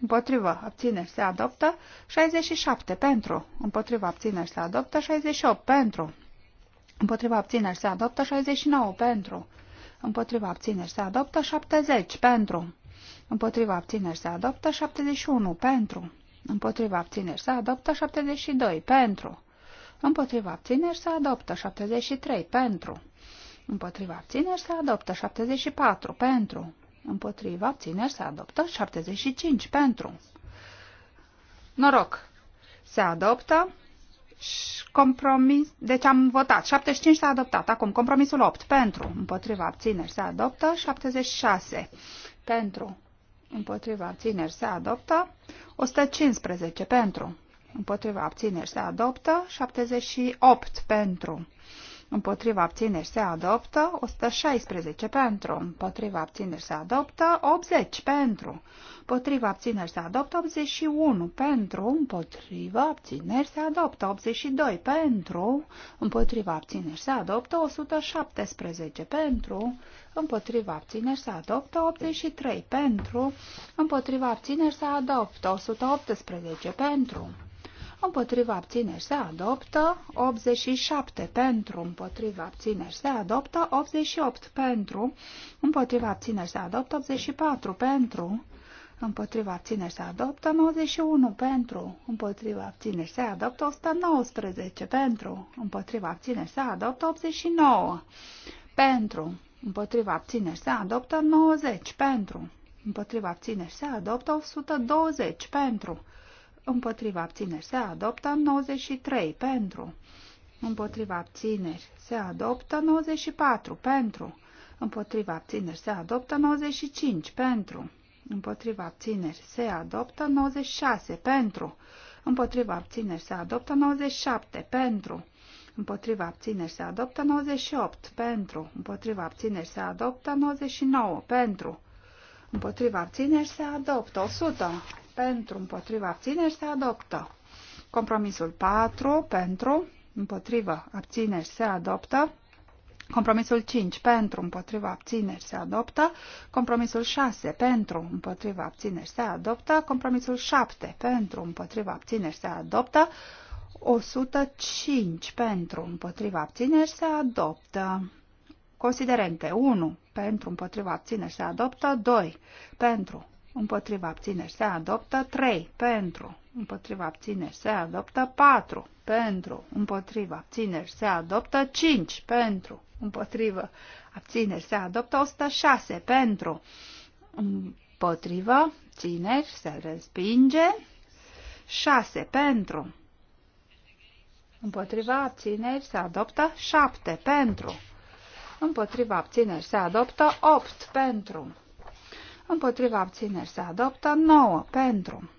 împotrivă, abțineri, se adoptă. 67 pentru, împotrivă, abțineri, se adoptă. 68 pentru, împotrivă, abțineri, se adoptă. 69 pentru, împotrivă, abțineri, se adoptă. 70 pentru, împotrivă, abțineri, se adoptă. 71 pentru, împotrivă, abțineri, se adoptă. 72 pentru, împotrivă, abțineri, se adoptă. 73 pentru, împotrivă, abțineri, se adoptă. 74 pentru, Împotriva abțineri se adoptă 75 pentru. Noroc. Se adoptă și compromis. Deci am votat. 75 s-a adoptat. Acum compromisul 8 pentru. Împotriva abțineri se adoptă 76 pentru. Împotriva abțineri se adoptă 115 pentru. Împotriva abțineri se adoptă 78 pentru împotriva abțineri se adoptă, 116 pentru, împotriva abțineri se adoptă, 80 pentru, împotriva abțineri se adoptă, 81 pentru, împotriva abțineri se adoptă, 82 pentru, împotriva abțineri se adoptă, 117 pentru, împotriva abțineri se adoptă, 83 pentru, împotriva abțineri se adoptă, 118 pentru împotriva abțineri se adoptă, 87 pentru, împotriva abțineri se adoptă, 88 pentru, împotriva abțineri se adoptă, 84 pentru, împotriva abțineri se adoptă, 91 pentru, împotriva abțineri se adoptă, 119 pentru, împotriva abțineri se adoptă, 89 pentru, împotriva abțineri se adoptă, 90 pentru, împotriva abțineri se adoptă, 120 pentru, împotriva abțineri se adoptă, 93 pentru, împotriva abțineri se adoptă, 94 pentru, împotriva abțineri se adoptă, 95 pentru, împotriva abțineri se adoptă, 96 pentru, împotriva abțineri se adoptă, 97 pentru, împotriva abțineri se adoptă, 98 pentru, împotriva abțineri se adoptă, 99 pentru, împotriva abțineri se adoptă, 100 pentru, împotriva, abțineri se adoptă. Compromisul 4 pentru, împotriva, abțineri se adoptă. Compromisul 5 pentru, împotriva, abțineri se adoptă. Compromisul 6 pentru, împotriva, abțineri se adoptă. Compromisul 7 pentru, împotriva, abțineri se adoptă. 105 pentru, împotriva, abțineri se adoptă. Considerente 1. Pentru împotriva abțineri se adoptă. 2. Pentru împotriva abțineri se adoptă 3 pentru, împotriva abțineri se adoptă 4 pentru, împotriva abțineri se adoptă 5 pentru, împotriva abțineri se adoptă 106 pentru, împotriva abțineri se respinge 6 pentru, împotriva abțineri se adoptă 7 pentru, împotriva abțineri se adoptă 8 pentru împotriva abțineri se adoptă 9 pentru,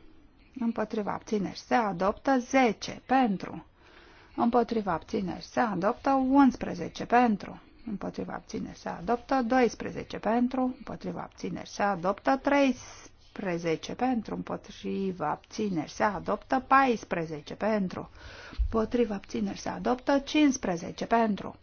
împotriva abțineri se adoptă 10 pentru, împotriva abțineri se adoptă 11 pentru, împotriva abțineri se adoptă 12 pentru, împotriva abțineri se adoptă 13 pentru, împotriva abțineri se adoptă 14 pentru, împotriva abțineri se adoptă 15 pentru,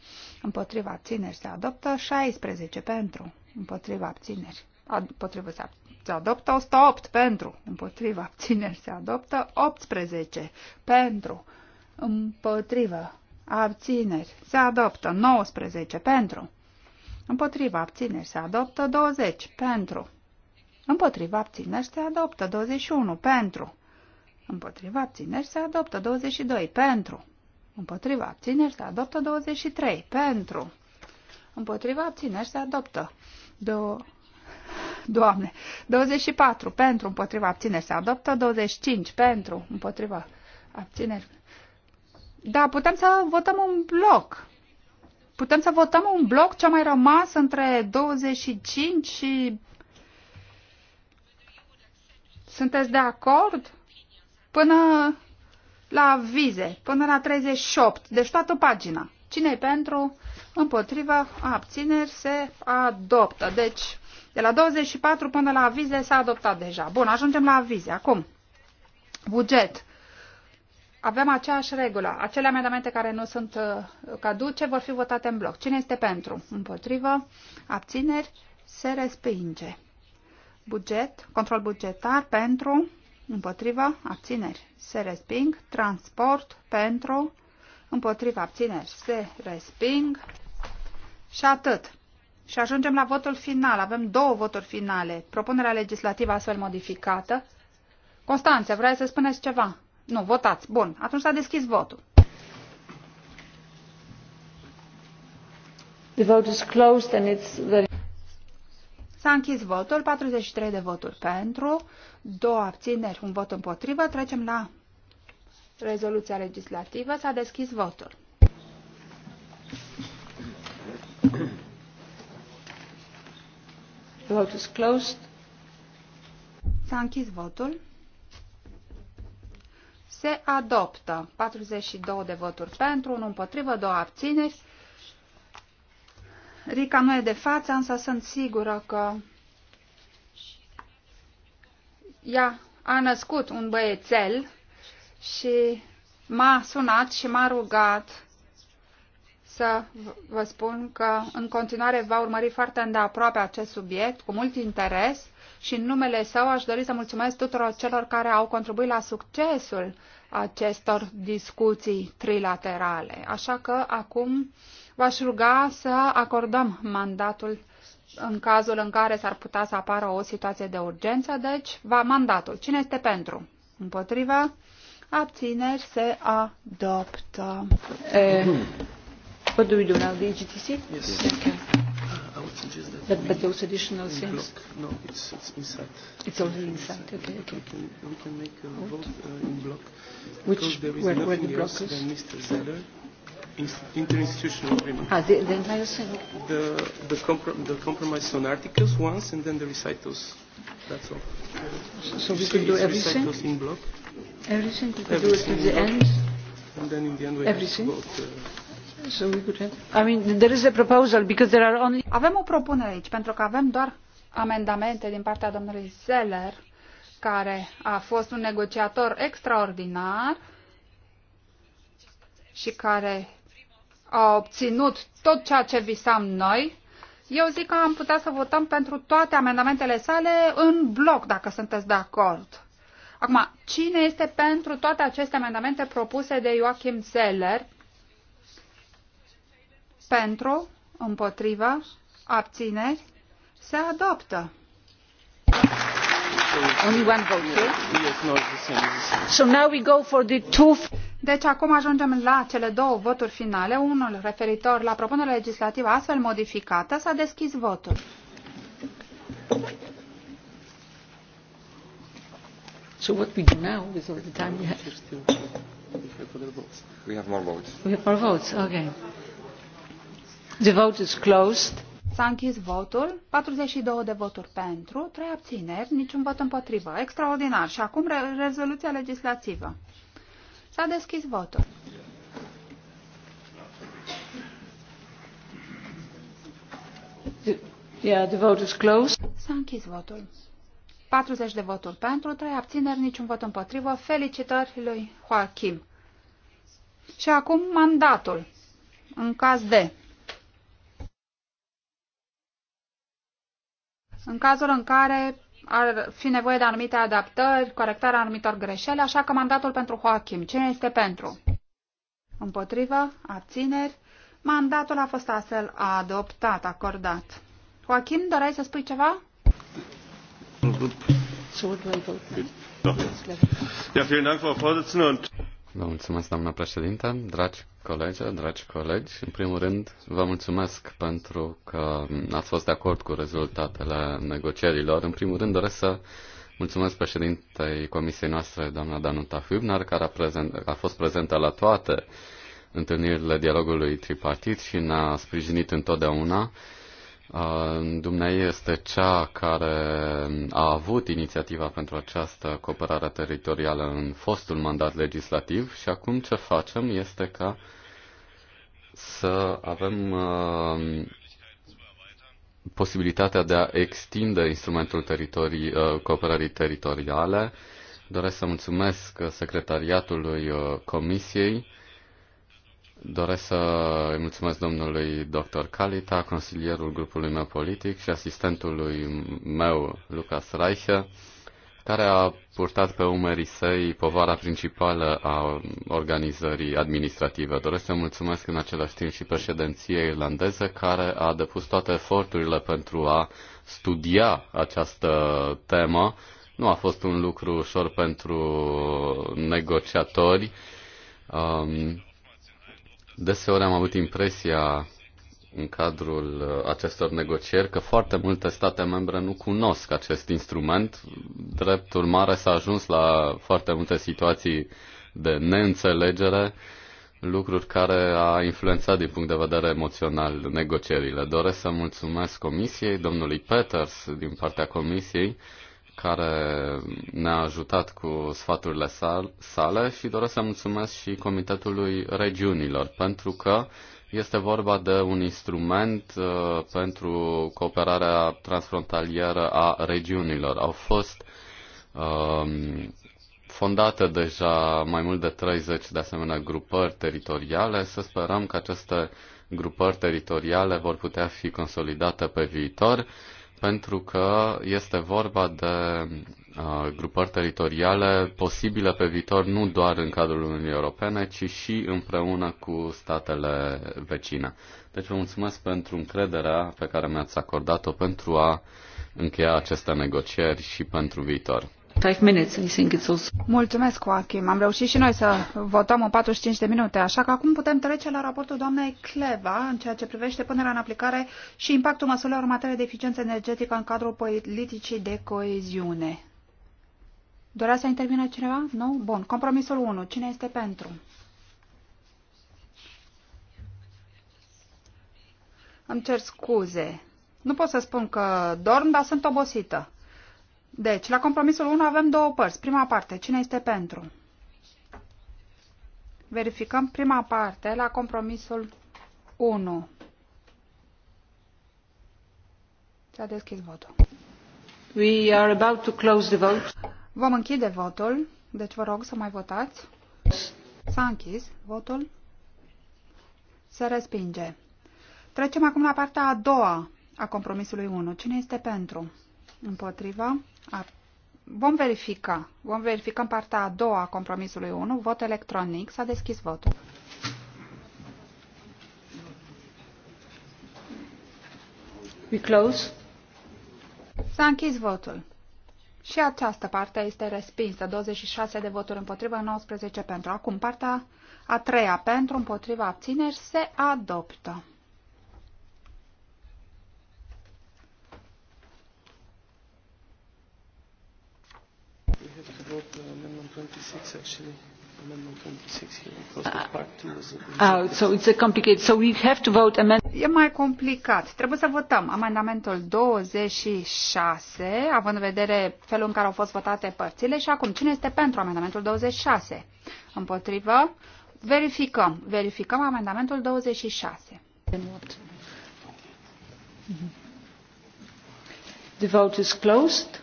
împotriva abțineri se adoptă 16 pentru, împotriva abțineri împotrivă se se adoptă 108 pentru, împotriva abțineri se adoptă 18 pentru, împotriva abțineri se adoptă 19 pentru, împotriva abțineri se adoptă 20 pentru, împotriva abțineri se adoptă 21 pentru, împotriva abțineri se adoptă 22 pentru, împotriva abțineri se adoptă 23 pentru, împotriva abțineri se adoptă 2 Doamne. 24 pentru, împotriva, abțineri se adoptă. 25 pentru, împotriva, abțineri. Da, putem să votăm un bloc. Putem să votăm un bloc ce a mai rămas între 25 și... Sunteți de acord? Până la vize, până la 38, deci toată pagina. cine e pentru? Împotriva abțineri se adoptă. Deci de la 24 până la avize s-a adoptat deja. Bun, ajungem la avize. Acum, buget. Avem aceeași regulă. Acele amendamente care nu sunt uh, caduce vor fi votate în bloc. Cine este pentru? Împotrivă? Abțineri? Se respinge. Buget, control bugetar pentru, împotriva, abțineri, se resping. Transport pentru, împotriva, abțineri, se resping. Și atât. Și ajungem la votul final. Avem două voturi finale. Propunerea legislativă astfel modificată. Constanțe, vrei să spuneți ceva? Nu, votați. Bun. Atunci s-a deschis votul. The vote is closed and it's very... S-a închis votul, 43 de voturi pentru, două abțineri, un vot împotrivă. Trecem la rezoluția legislativă. S-a deschis votul. S-a închis votul. Se adoptă 42 de voturi pentru, 1 împotrivă, două abțineri. Rica nu e de față, însă sunt sigură că ea a născut un băiețel și m-a sunat și m-a rugat să vă spun că în continuare va urmări foarte îndeaproape acest subiect, cu mult interes și în numele său aș dori să mulțumesc tuturor celor care au contribuit la succesul acestor discuții trilaterale. Așa că acum v-aș ruga să acordăm mandatul în cazul în care s-ar putea să apară o situație de urgență, deci va mandatul. Cine este pentru? Împotriva? Abțineri se adoptă. E... Eh, What do we do now? The EGTC? Yes. Thank I would suggest that but, but those additional things?
Block. No, it's, it's inside. It's already inside. inside. Okay, okay. We can, we can make a what? vote uh, in block.
Which, where, nothing where the block is? Mr. Zeller
interinstitutional agreement. Ah, the, the entire thing. The the, comprom the compromise on articles once, and then the recitals. That's all. So, so we can do everything. in block. Everything we can everything do it to the block. end. And then in the end we everything. have to vote.
Uh,
avem o propunere aici, pentru că avem doar amendamente din partea domnului Zeller, care a fost un negociator extraordinar și care a obținut tot ceea ce visam noi. Eu zic că am putea să votăm pentru toate amendamentele sale în bloc, dacă sunteți de acord. Acum, cine este pentru toate aceste amendamente propuse de Joachim Zeller pentru, împotriva, abțineri, se adoptă. So now we go for the two... Deci acum ajungem la cele două voturi finale, unul referitor la propunerea legislativă astfel modificată. S-a deschis votul.
So what we do now is all the time we have.
We have more votes. We have more votes.
Okay. The vote is closed.
S-a închis votul, 42 de voturi pentru, 3 abțineri, niciun vot împotrivă. Extraordinar. Și acum re rezoluția legislativă. S-a deschis votul.
yeah, the vote is closed.
S-a închis votul. 40 de voturi pentru, 3 abțineri, niciun vot împotrivă. Felicitări lui Joachim. Și acum mandatul. În caz de în cazul în care ar fi nevoie de anumite adaptări, corectarea anumitor greșeli, așa că mandatul pentru Joachim. Cine este pentru? Împotrivă? Abțineri? Mandatul a fost astfel adoptat, acordat. Joachim, doreai să spui ceva? So what do I vote now?
Ja, vielen Dank, Frau Vorsitzende. Vă mulțumesc, doamna președinte, dragi colegi, dragi colegi. În primul rând, vă mulțumesc pentru că ați fost de acord cu rezultatele negocierilor. În primul rând, doresc să mulțumesc președintei comisiei noastre, doamna Danuta Hübner, care a, prezent, a fost prezentă la toate întâlnirile dialogului tripartit și ne-a sprijinit întotdeauna Uh, Dumnezeu este cea care a avut inițiativa pentru această cooperare teritorială în fostul mandat legislativ și acum ce facem este ca să avem uh, posibilitatea de a extinde instrumentul teritorii, uh, cooperării teritoriale. Doresc să mulțumesc secretariatului Comisiei Doresc să îi mulțumesc domnului dr. Calita, consilierul grupului meu politic și asistentului meu, Lucas Reiche, care a purtat pe umerii săi povara principală a organizării administrative. Doresc să mulțumesc în același timp și președinției irlandeze, care a depus toate eforturile pentru a studia această temă. Nu a fost un lucru ușor pentru negociatori. Um, Deseori am avut impresia în cadrul uh, acestor negocieri că foarte multe state membre nu cunosc acest instrument. Drept urmare s-a ajuns la foarte multe situații de neînțelegere, lucruri care a influențat din punct de vedere emoțional negocierile. Doresc să mulțumesc Comisiei, domnului Peters din partea Comisiei, care ne-a ajutat cu sfaturile sale și doresc să mulțumesc și Comitetului Regiunilor, pentru că este vorba de un instrument uh, pentru cooperarea transfrontalieră a regiunilor. Au fost um, fondate deja mai mult de 30 de asemenea grupări teritoriale. Să sperăm că aceste grupări teritoriale vor putea fi consolidate pe viitor pentru că este vorba de uh, grupări teritoriale posibile pe viitor nu doar în cadrul Uniunii Europene, ci și împreună cu statele vecine. Deci vă mulțumesc pentru încrederea pe care mi-ați acordat-o pentru a încheia aceste negocieri și pentru viitor.
Mulțumesc, Joachim. Am reușit și noi să votăm în 45 de minute, așa că acum putem trece la raportul doamnei Cleva în ceea ce privește punerea în aplicare și impactul măsurilor în materie de eficiență energetică în cadrul politicii de coeziune. Dorea să intervină cineva? Nu? Bun. Compromisul 1. Cine este pentru? Îmi cer scuze. Nu pot să spun că dorm, dar sunt obosită. Deci, la compromisul 1 avem două părți. Prima parte, cine este pentru? Verificăm prima parte la compromisul 1. S-a deschis votul.
We are about to close the vote.
Vom închide votul, deci vă rog să mai votați. S-a închis votul. Se respinge. Trecem acum la partea a doua a compromisului 1. Cine este pentru? Împotriva? Vom verifica. Vom verifica în partea a doua a compromisului 1, vot electronic. S-a deschis votul. We close. S-a închis votul. Și această parte este respinsă. 26 de voturi împotriva, 19 pentru. Acum partea a treia pentru, împotriva abțineri, se adoptă.
26 actually. Uh,
e mai complicat. Trebuie să votăm amendamentul 26, având în vedere felul în care au fost votate părțile și acum cine este pentru amendamentul 26? Împotrivă? Verificăm. Verificăm amendamentul 26. The vote is closed.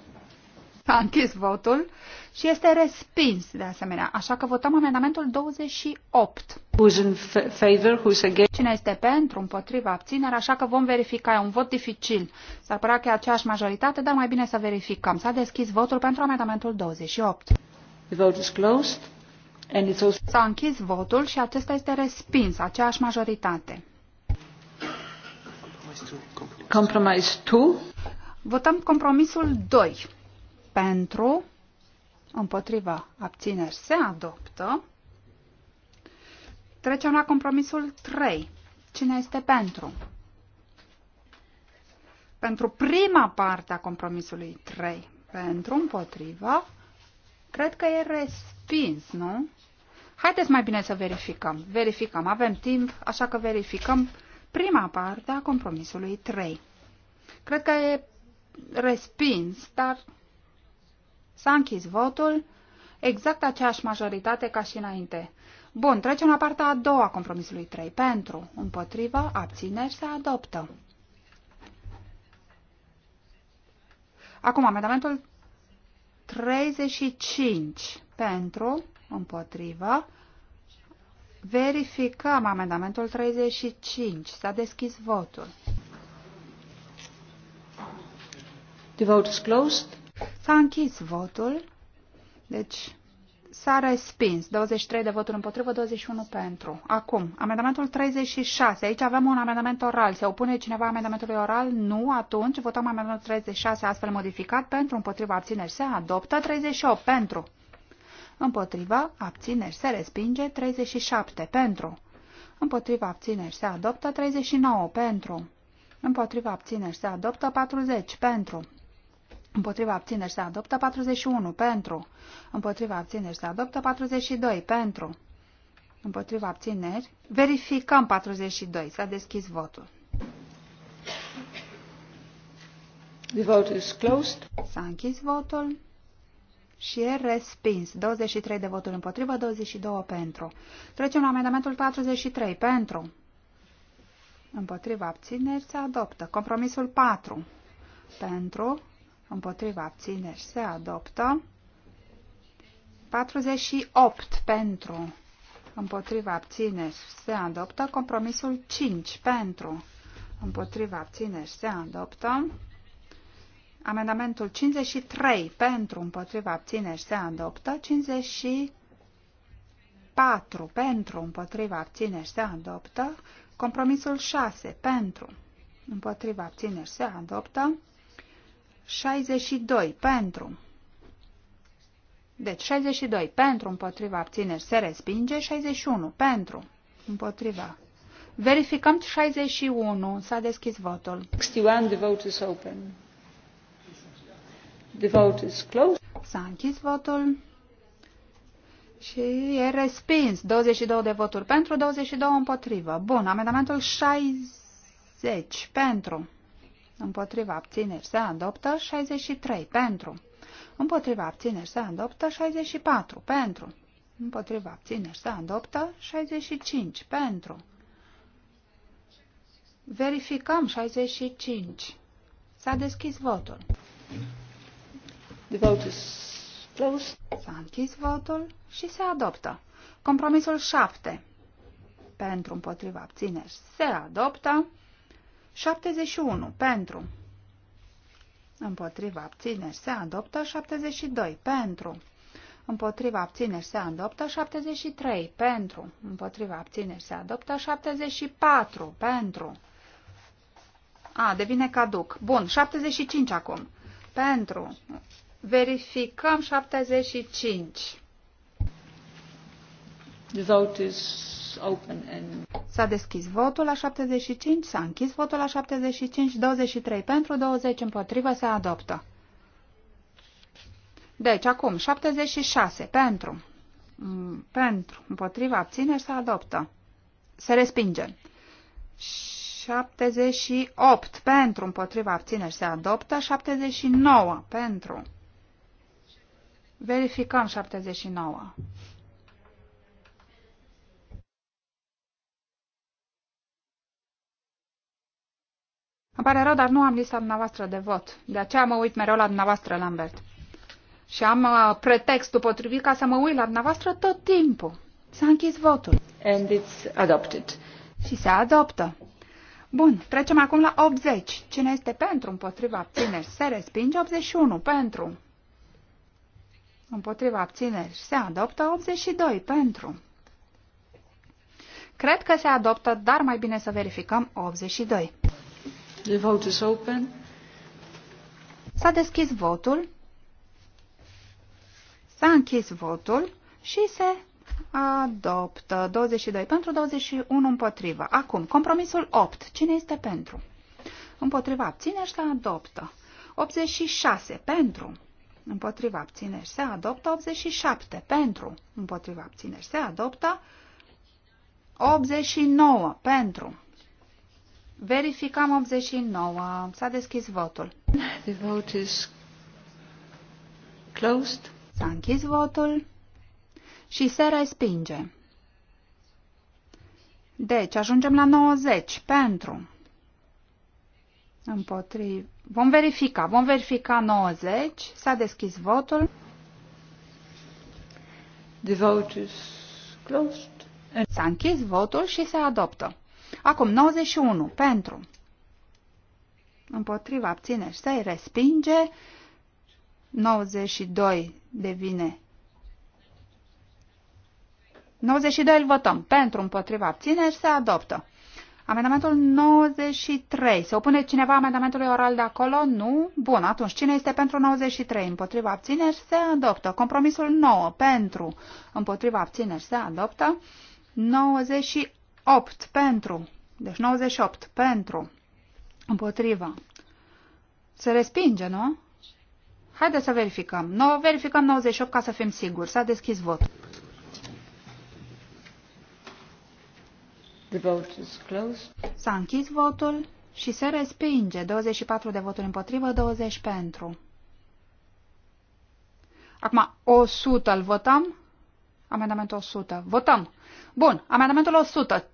A închis votul și este respins de asemenea. Așa că votăm amendamentul 28. Who's in favor, who's against? Cine este pentru, împotriva, abținere, așa că vom verifica. E un vot dificil. S-ar părea că e aceeași majoritate, dar mai bine să verificăm. S-a deschis votul pentru amendamentul 28. The vote is closed. And it's also... S-a închis votul și acesta este respins, aceeași majoritate. Compromise 2. Votăm compromisul 2. Pentru, împotriva, abțineri, se adoptă. Trecem la compromisul 3. Cine este pentru? Pentru prima parte a compromisului 3. Pentru, împotriva, cred că e respins, nu? Haideți mai bine să verificăm. Verificăm, avem timp, așa că verificăm prima parte a compromisului 3. Cred că e respins, dar S-a închis votul. Exact aceeași majoritate ca și înainte. Bun, trecem la partea a doua a compromisului 3. Pentru, împotrivă, abțineri, se adoptă. Acum, amendamentul 35. Pentru, împotrivă, verificăm amendamentul 35. S-a deschis votul. The vote is closed. S-a închis votul. Deci s-a respins. 23 de voturi împotrivă, 21 pentru. Acum, amendamentul 36. Aici avem un amendament oral. Se opune cineva amendamentului oral? Nu. Atunci votăm amendamentul 36 astfel modificat. Pentru, împotriva, abțineri se adoptă. 38 pentru. Împotriva, abțineri se respinge. 37 pentru. Împotriva, abțineri se adoptă. 39 pentru. Împotriva, abțineri se adoptă. 40 pentru. Împotriva abțineri se adoptă 41 pentru. Împotriva abțineri se adoptă 42 pentru. Împotriva abțineri. Verificăm 42. S-a deschis votul. The vote is closed. S-a închis votul și e respins. 23 de voturi împotriva, 22 pentru. Trecem la amendamentul 43. Pentru. Împotriva abțineri se adoptă. Compromisul 4. Pentru împotriva abțineri se adoptă. 48 pentru, împotriva abțineri se adoptă. Compromisul 5 pentru, împotriva abțineri se adoptă. Amendamentul 53 pentru, împotriva abțineri se adoptă. 54 pentru, împotriva abțineri se adoptă. Compromisul 6 pentru, împotriva abțineri se adoptă. 62 pentru. Deci 62 pentru împotriva abțineri se respinge, 61 pentru împotriva. Verificăm 61. S-a deschis votul. 61, the vote is open. The vote is closed. S-a închis votul și e respins. 22 de voturi pentru, 22 împotrivă. Bun, amendamentul 60 pentru împotriva abțineri se adoptă 63 pentru, împotriva abțineri se adoptă 64 pentru, împotriva abțineri se adoptă 65 pentru. Verificăm 65. S-a deschis votul. The vote is closed. S-a închis votul și se adoptă. Compromisul 7. Pentru împotriva abțineri se adoptă. 71. Pentru. Împotriva abțineri se adoptă 72. Pentru. Împotriva abțineri se adoptă 73. Pentru. Împotriva abțineri se adoptă 74. Pentru. A, devine caduc. Bun, 75 acum. Pentru. Verificăm 75. The vote is S-a deschis votul la 75, s-a închis votul la 75, 23 pentru, 20 împotrivă, se adoptă. Deci, acum, 76 pentru, pentru, împotriva, abțineri, se adoptă. Se respinge. 78 pentru, împotriva, abțineri, se adoptă. 79 pentru. Verificăm 79. Îmi pare rău, dar nu am lista dumneavoastră de vot. De aceea mă uit mereu la dumneavoastră, Lambert. Și am uh, pretextul potrivit ca să mă uit la dumneavoastră tot timpul. S-a închis votul. And it's adopted. Și se adoptă. Bun, trecem acum la 80. Cine este pentru, împotriva, abțineri, se respinge 81. Pentru. Împotriva abțineri se adoptă 82. Pentru. Cred că se adoptă, dar mai bine să verificăm 82. The vote is open. S-a deschis votul. S-a închis votul și se adoptă 22 pentru 21 împotriva. Acum, compromisul 8. Cine este pentru? Împotriva și se adoptă. 86 pentru. Împotriva și se adoptă. 87 pentru. Împotriva și se adoptă. 89 pentru. Verificăm 89. S-a deschis votul. The vote is closed. S-a închis votul și se respinge. Deci, ajungem la 90 pentru. Împotriv. Vom verifica. Vom verifica 90. S-a deschis votul. The vote is closed. S-a închis votul și se adoptă. Acum, 91 pentru. Împotriva abțineri se respinge. 92 devine. 92 îl votăm. Pentru, împotriva abțineri se adoptă. Amendamentul 93. Se opune cineva amendamentului oral de acolo? Nu? Bun, atunci cine este pentru 93? Împotriva abțineri se adoptă. Compromisul 9. Pentru. Împotriva abțineri se adoptă. 98. 8 pentru. Deci 98 pentru. Împotriva. Se respinge, nu? Haideți să verificăm. No, verificăm 98 ca să fim siguri. S-a deschis votul. The vote is closed. S-a închis votul și se respinge. 24 de voturi împotrivă, 20 pentru. Acum 100 îl votăm. Amendamentul 100. Votăm. Bun. Amendamentul 100.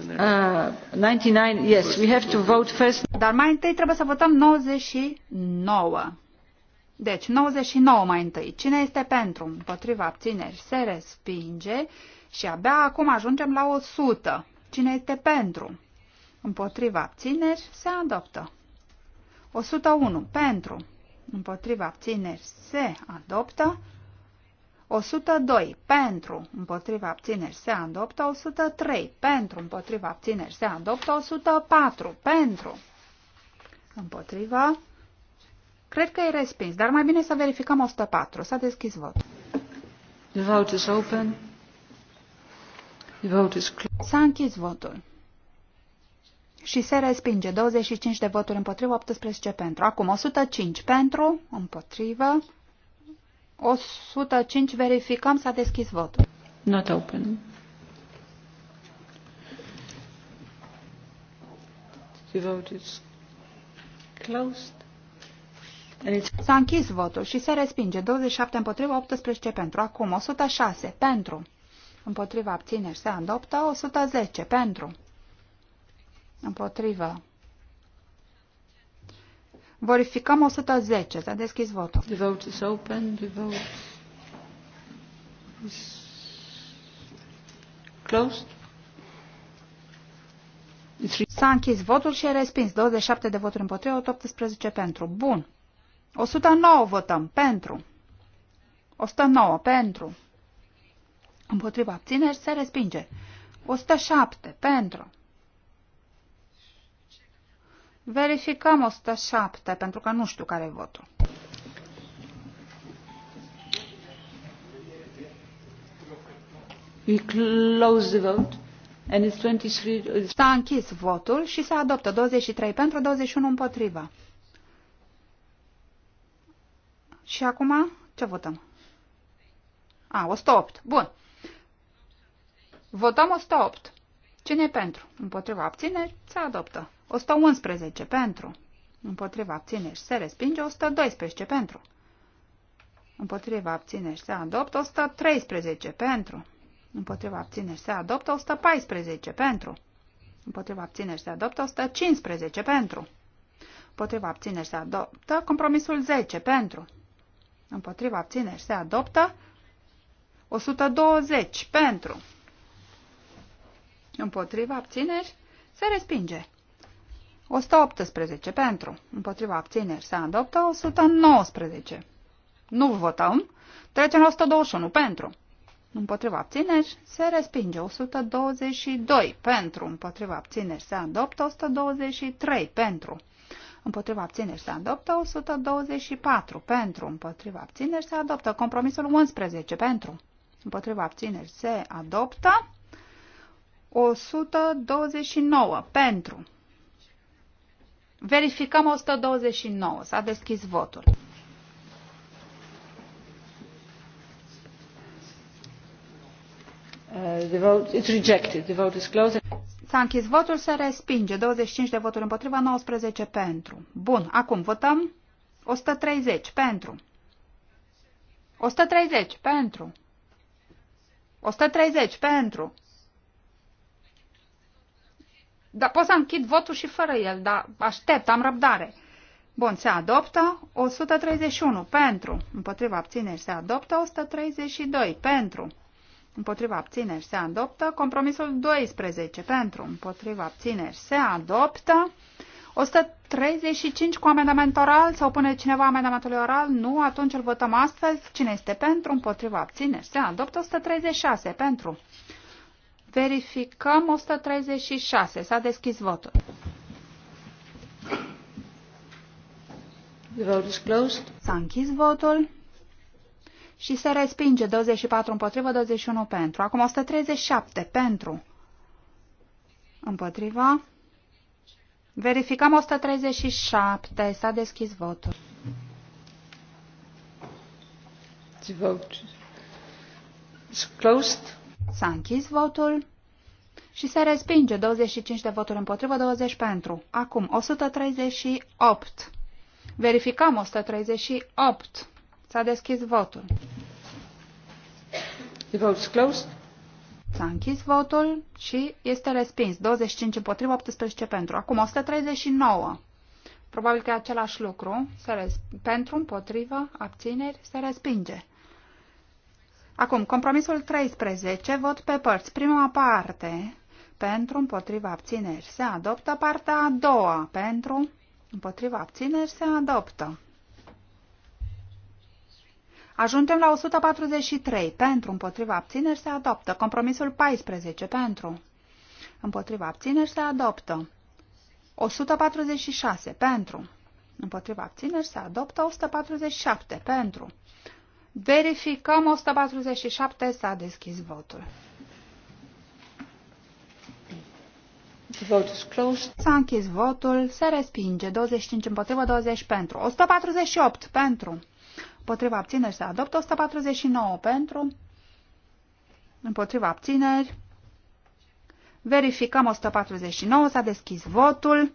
99, uh, yes, we have to vote first. Dar mai întâi trebuie să votăm 99. Deci, 99 mai întâi. Cine este pentru? Împotriva abțineri se respinge și abia acum ajungem la 100. Cine este pentru? Împotriva abțineri se adoptă. 101. Pentru. Împotriva abțineri se adoptă. 102 pentru împotriva abțineri se adoptă, 103 pentru împotriva abțineri se adoptă, 104 pentru împotriva. Cred că e respins, dar mai bine să verificăm 104. S-a deschis vot. The vote is open. The vote is closed. S-a închis votul. Și se respinge 25 de voturi împotriva, 18 pentru. Acum 105 pentru, împotriva 105 verificăm, s-a deschis votul. Not open. The vote is closed. S-a închis votul și se respinge 27 împotriva 18 pentru. Acum 106 pentru. Împotriva abțineri se adoptă 110 pentru. Împotriva Verificăm 110. S-a deschis votul. The vote is open. The vote is closed. S-a închis votul și e respins. 27 de voturi împotriva, 18 pentru. Bun. 109 votăm. Pentru. 109 pentru. Împotriva abțineri se respinge. 107 pentru. Verificăm 107, pentru că nu știu care e votul. We close the vote. And it's 23... Uh, S-a închis votul și se adoptă 23 pentru 21 împotriva. Și acum ce votăm? A, 108. Bun. Votăm 108. Cine e pentru? Împotriva abțineri? Se adoptă. 111 pentru. Împotriva abțineri se respinge 112 pentru. Împotriva abțineri se adoptă 113 pentru. Împotriva abțineri se adoptă 114 pentru. Împotriva abțineri se adoptă 115 pentru. Împotriva abțineri se adoptă compromisul 10 pentru. Împotriva abțineri se adoptă 120 pentru. Împotriva abțineri se respinge. 118 pentru, împotriva abțineri se adoptă 119. Nu votăm. Trecem la 121 pentru. Împotriva abțineri se respinge 122 pentru. Împotriva abțineri se adoptă 123 pentru. Împotriva abțineri se adoptă 124 pentru. Împotriva abțineri se adoptă compromisul 11 pentru. Împotriva abțineri se adoptă 129 pentru. Verificăm 129. S-a deschis votul. Uh, S-a închis votul, se respinge. 25 de voturi împotriva, 19 pentru. Bun, acum votăm 130 pentru. 130 pentru. 130 pentru. Dar pot să închid votul și fără el, dar aștept, am răbdare. Bun, se adoptă 131 pentru, împotriva abțineri se adoptă 132 pentru, împotriva abțineri se adoptă compromisul 12 pentru, împotriva abțineri se adoptă 135 cu amendament oral sau pune cineva amendamentului oral? Nu, atunci îl votăm astfel. Cine este pentru, împotriva abțineri se adoptă 136 pentru, Verificăm 136. S-a deschis votul. The vote is closed. S-a închis votul și se respinge 24 împotrivă, 21 pentru. Acum 137 pentru. Împotriva. Verificăm 137. S-a deschis votul. The vote is closed. S-a închis votul și se respinge 25 de voturi împotrivă, 20 pentru. Acum 138. Verificăm 138. S-a deschis votul. The vote's closed. S-a închis votul și este respins. 25 împotriva, 18 pentru. Acum 139. Probabil că e același lucru. Se res- pentru, împotrivă, abțineri, se respinge. Acum, compromisul 13, vot pe părți. Prima parte, pentru, împotriva, abțineri, se adoptă. Partea a doua, pentru, împotriva, abțineri, se adoptă. Ajungem la 143. Pentru, împotriva, abțineri, se adoptă. Compromisul 14, pentru, împotriva, abțineri, se adoptă. 146, pentru, împotriva, abțineri, se adoptă. 147, pentru, Verificăm 147, s-a deschis votul. S-a închis votul, se respinge 25 împotriva 20 pentru, 148 pentru, împotriva abțineri se adoptă 149 pentru, împotriva abțineri, verificăm 149, s-a deschis votul.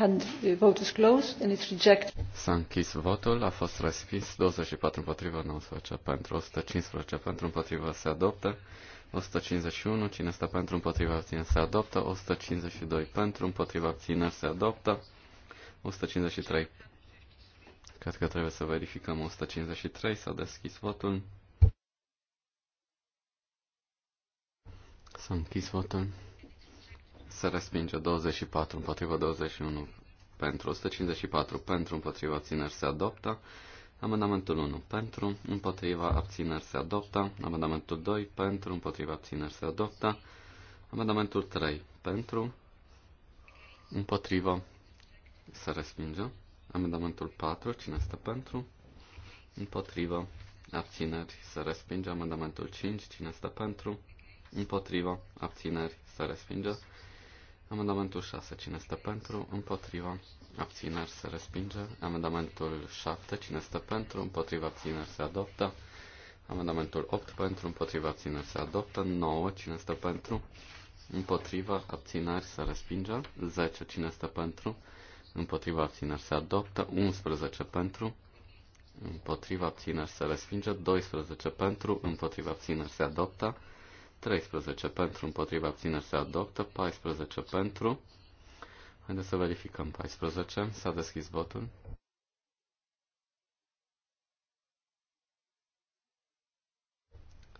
And the vote is closed and it's rejected.
S-a închis votul, a fost respins, 24 împotriva, 19 pentru, 115 pentru, împotriva se adoptă, 151, cine stă pentru, împotriva abține se adoptă, 152 pentru, împotriva abține se adoptă, 153. Cred că trebuie să verificăm 153, s-a deschis votul. S-a închis votul se respinge 24 împotriva 21 pentru 154 pentru împotriva țineri se adoptă amendamentul 1 pentru împotriva abțineri se adoptă amendamentul 2 pentru împotriva abțineri se adoptă amendamentul 3 pentru împotriva se respinge amendamentul 4 cine este pentru împotriva abțineri se respinge amendamentul 5 cine este pentru împotriva abțineri se respinge Amendamentul 6. Cine stă pentru? Împotriva. Abțineri se respinge. Amendamentul 7. Cine stă pentru? Împotriva. Abțineri se adoptă. Amendamentul 8. Pentru. Împotriva. Abțineri se adoptă. 9. Cine stă pentru? Împotriva. Abțineri se respinge. 10. Cine stă pentru? Împotriva. Abțineri se adoptă. 11. Pentru. Împotriva. Abțineri se respinge. 12. Pentru. Împotriva. Abțineri se adoptă. 13 pentru, împotriva abțineri se adoptă, 14 pentru. Haideți să verificăm 14. S-a deschis votul.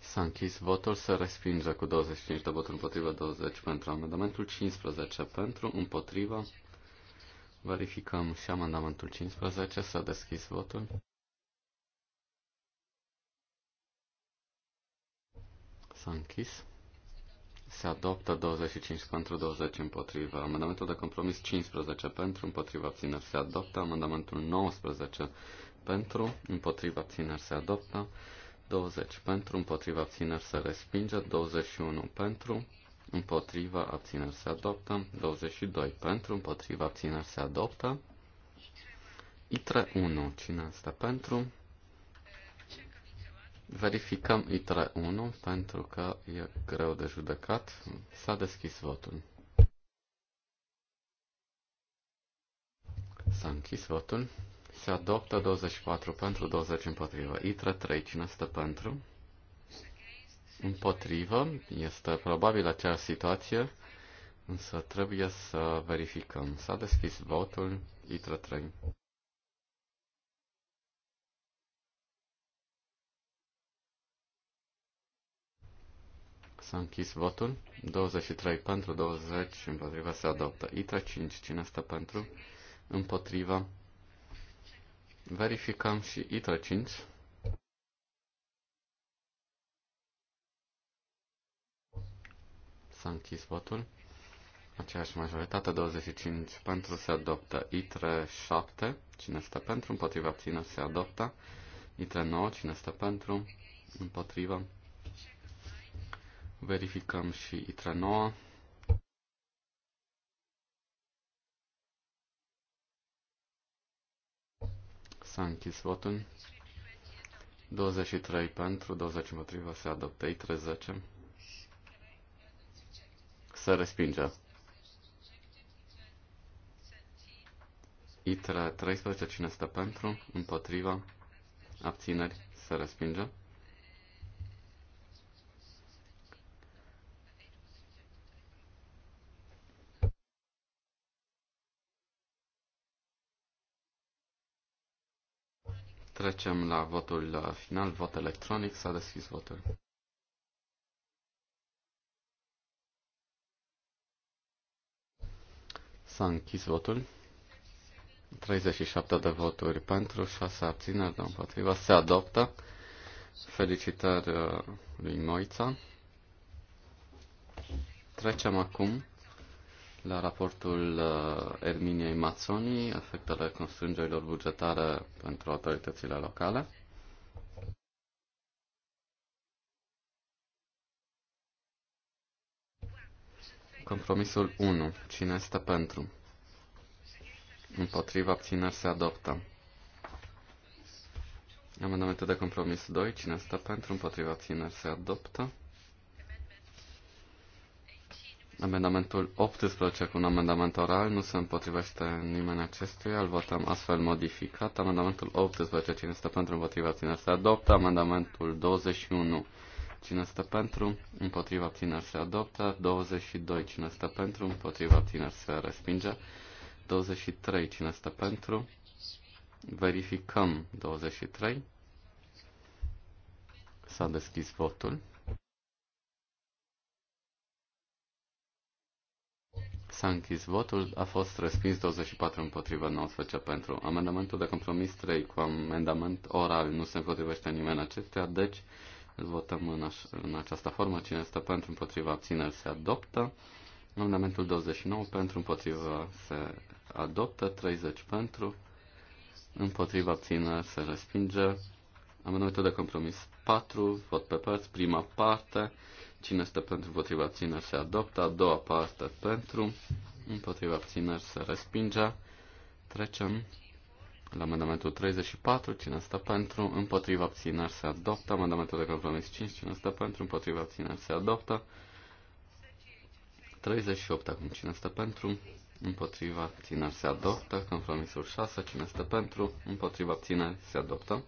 S-a închis votul, se respinge cu 25 de voturi împotriva, 20 pentru amendamentul 15 pentru, împotriva. Verificăm și amendamentul 15, s-a deschis votul. S-a închis. Se adoptă 25 pentru 20 împotriva. Amendamentul de compromis 15 pentru împotriva abțineri se adoptă. Amendamentul 19 pentru împotriva abțineri se adoptă. 20 pentru împotriva abțineri se respinge. 21 pentru împotriva abțineri se adoptă. 22 pentru împotriva abțineri se adoptă. I3 1 cine este pentru? Verificăm ITRE 1 pentru că e greu de judecat. S-a deschis votul. S-a închis votul. Se adoptă 24 pentru 20 împotrivă. ITRE 3, cine stă pentru? Împotrivă. Este probabil aceeași situație, însă trebuie să verificăm. S-a deschis votul. ITRE 3. S-a închis votul. 23 pentru, 20 împotriva se adoptă. ITRA 5, cine stă pentru? Împotriva. Verificăm și ITRA 5. S-a închis votul. Aceeași majoritate, 25 pentru se adoptă. ITRE 7, cine stă pentru? Împotriva, abține, se adoptă. ITRE 9, cine stă pentru? Împotriva Verificăm și ITRA 9. S-a închis votul. 23 pentru, 20 împotriva, se adoptă I30. Se respinge. ITRA 13, cine stă pentru, împotriva, abțineri, se respinge. Trecem la votul uh, final, vot electronic, s-a deschis votul. S-a închis votul. 37 de voturi pentru, 6 abțineri, dar împotriva. Se adoptă. Felicitări uh, lui Moița. Trecem acum la raportul uh, Erminiei Mazzoni, efectele constrângerilor bugetare pentru autoritățile locale. Compromisul 1. Cine este pentru? Împotriva abțineri se adoptă. Amendamentul de compromis 2. Cine este pentru? Împotriva abțineri se adoptă. Amendamentul 18 cu un amendament oral nu se împotrivește nimeni acestuia. Îl votăm astfel modificat. Amendamentul 18. Cine este pentru împotriva abțineri se adoptă. Amendamentul 21. Cine este pentru împotriva abțineri se adoptă. 22. Cine este pentru împotriva abțineri se respinge. 23. Cine este pentru? Verificăm 23. S-a deschis votul. S-a închis votul, a fost respins 24 împotriva 19 pentru. Amendamentul de compromis 3 cu amendament oral nu se împotrivește nimeni acestea, deci îl votăm în, aș- în această formă. Cine este pentru împotriva abțineri se adoptă. Amendamentul 29 pentru împotriva se adoptă, 30 pentru, împotriva abțineri se respinge. Amendamentul de compromis 4, vot pe părți, prima parte Cine este pentru împotriva abțineri se adoptă. A doua parte pentru împotriva abțineri se respinge. Trecem la amendamentul 34, cine stă pentru, împotriva abțineri se adoptă. Amendamentul de compromis 5, cine stă pentru, împotriva abțineri se adoptă. 38 acum, cine stă pentru, împotriva abțineri se adoptă. Compromisul 6, cine stă pentru, împotriva abțineri se adoptă.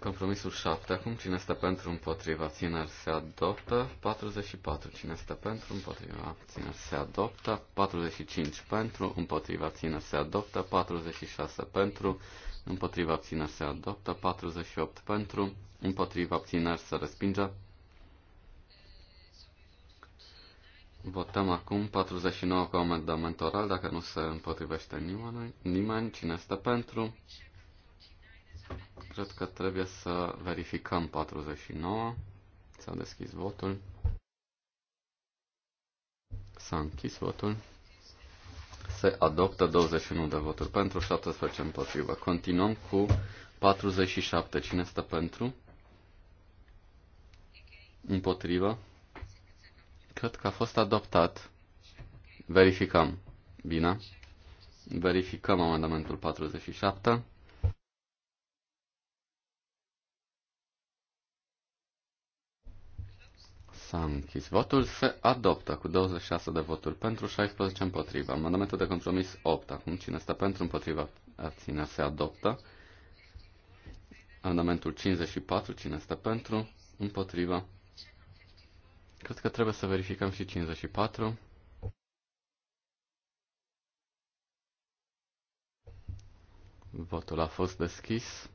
Compromisul 7. Acum cine este pentru împotriva țineri se adoptă. 44. Cine este pentru împotriva țineri se adoptă. 45. Pentru împotriva țineri se adoptă. 46. Pentru împotriva țineri se adoptă. 48. Pentru împotriva țineri se respinge. Votăm acum 49 cu amendament oral, dacă nu se împotrivește nimeni, nimeni cine este pentru, Cred că trebuie să verificăm 49. S-a deschis votul. S-a închis votul. Se adoptă 21 de voturi pentru, 17 împotrivă. Continuăm cu 47. Cine stă pentru? Împotrivă. Cred că a fost adoptat. Verificăm. Bine. Verificăm amendamentul 47. S-a închis votul. Se adoptă cu 26 de voturi pentru, 16 împotriva. Amendamentul de compromis 8. Acum cine stă pentru împotriva abține se adoptă. Amendamentul 54. Cine stă pentru împotriva. Cred că trebuie să verificăm și 54. Votul a fost deschis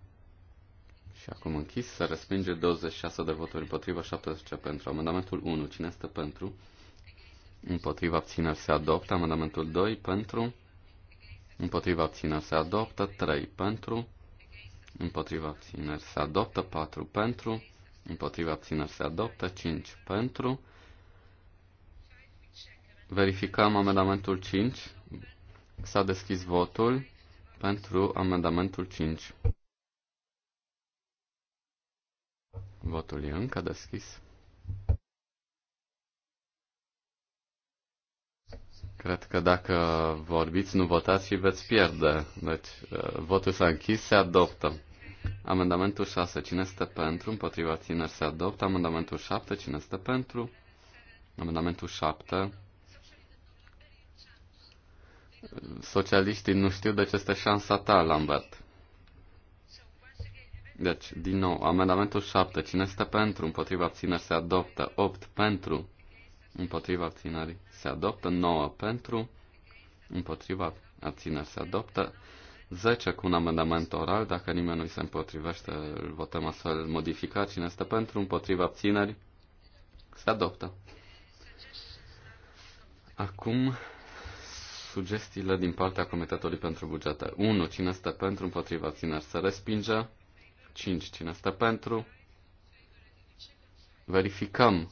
și acum închis, se respinge 26 de voturi împotriva, 17 pentru. Amendamentul 1, cine este pentru? Împotriva abțineri se adoptă. Amendamentul 2, pentru. Împotriva abțineri se adoptă. 3, pentru. Împotriva abțineri se adoptă. 4, pentru. Împotriva abțineri se adoptă. 5, pentru. Verificăm amendamentul 5. S-a deschis votul pentru amendamentul 5. Votul e încă deschis. Cred că dacă vorbiți, nu votați și veți pierde. Deci, uh, votul s-a închis, se adoptă. Amendamentul 6, cine este pentru? Împotriva țineri se adoptă. Amendamentul 7, cine este pentru? Amendamentul 7. Socialiștii nu știu, ce deci este șansa ta, Lambert. Deci, din nou, amendamentul 7. Cine este pentru? Împotriva abțineri se adoptă. 8. Pentru. Împotriva abținerii se adoptă. 9. Pentru. Împotriva abținerii, se adoptă. 10 cu un amendament oral. Dacă nimeni nu se împotrivește, îl votăm astfel modificat. Cine este pentru? Împotriva abținerii, se adoptă. Acum sugestiile din partea Comitetului pentru Bugete. 1. Cine este pentru? Împotriva abținerii, se respinge. 5. Cine stă pentru? Verificăm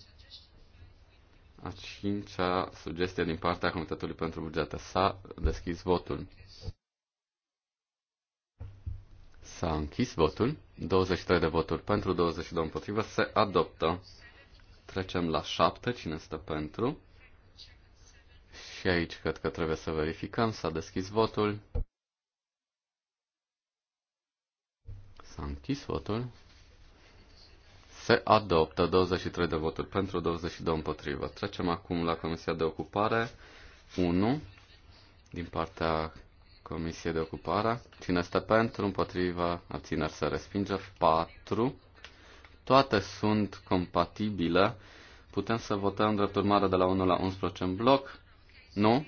a cincea sugestie din partea Comitetului pentru Bugete. S-a deschis votul. S-a închis votul. 23 de voturi pentru, 22 împotrivă. Se adoptă. Trecem la 7. Cine stă pentru? Și aici cred că trebuie să verificăm. S-a deschis votul. închis votul. Se adoptă 23 de voturi pentru, 22 împotrivă. Trecem acum la Comisia de Ocupare 1 din partea Comisiei de Ocupare. Cine este pentru, împotriva, abțineri se respinge. 4. Toate sunt compatibile. Putem să votăm drept urmare de la 1 la 11 în bloc. Nu?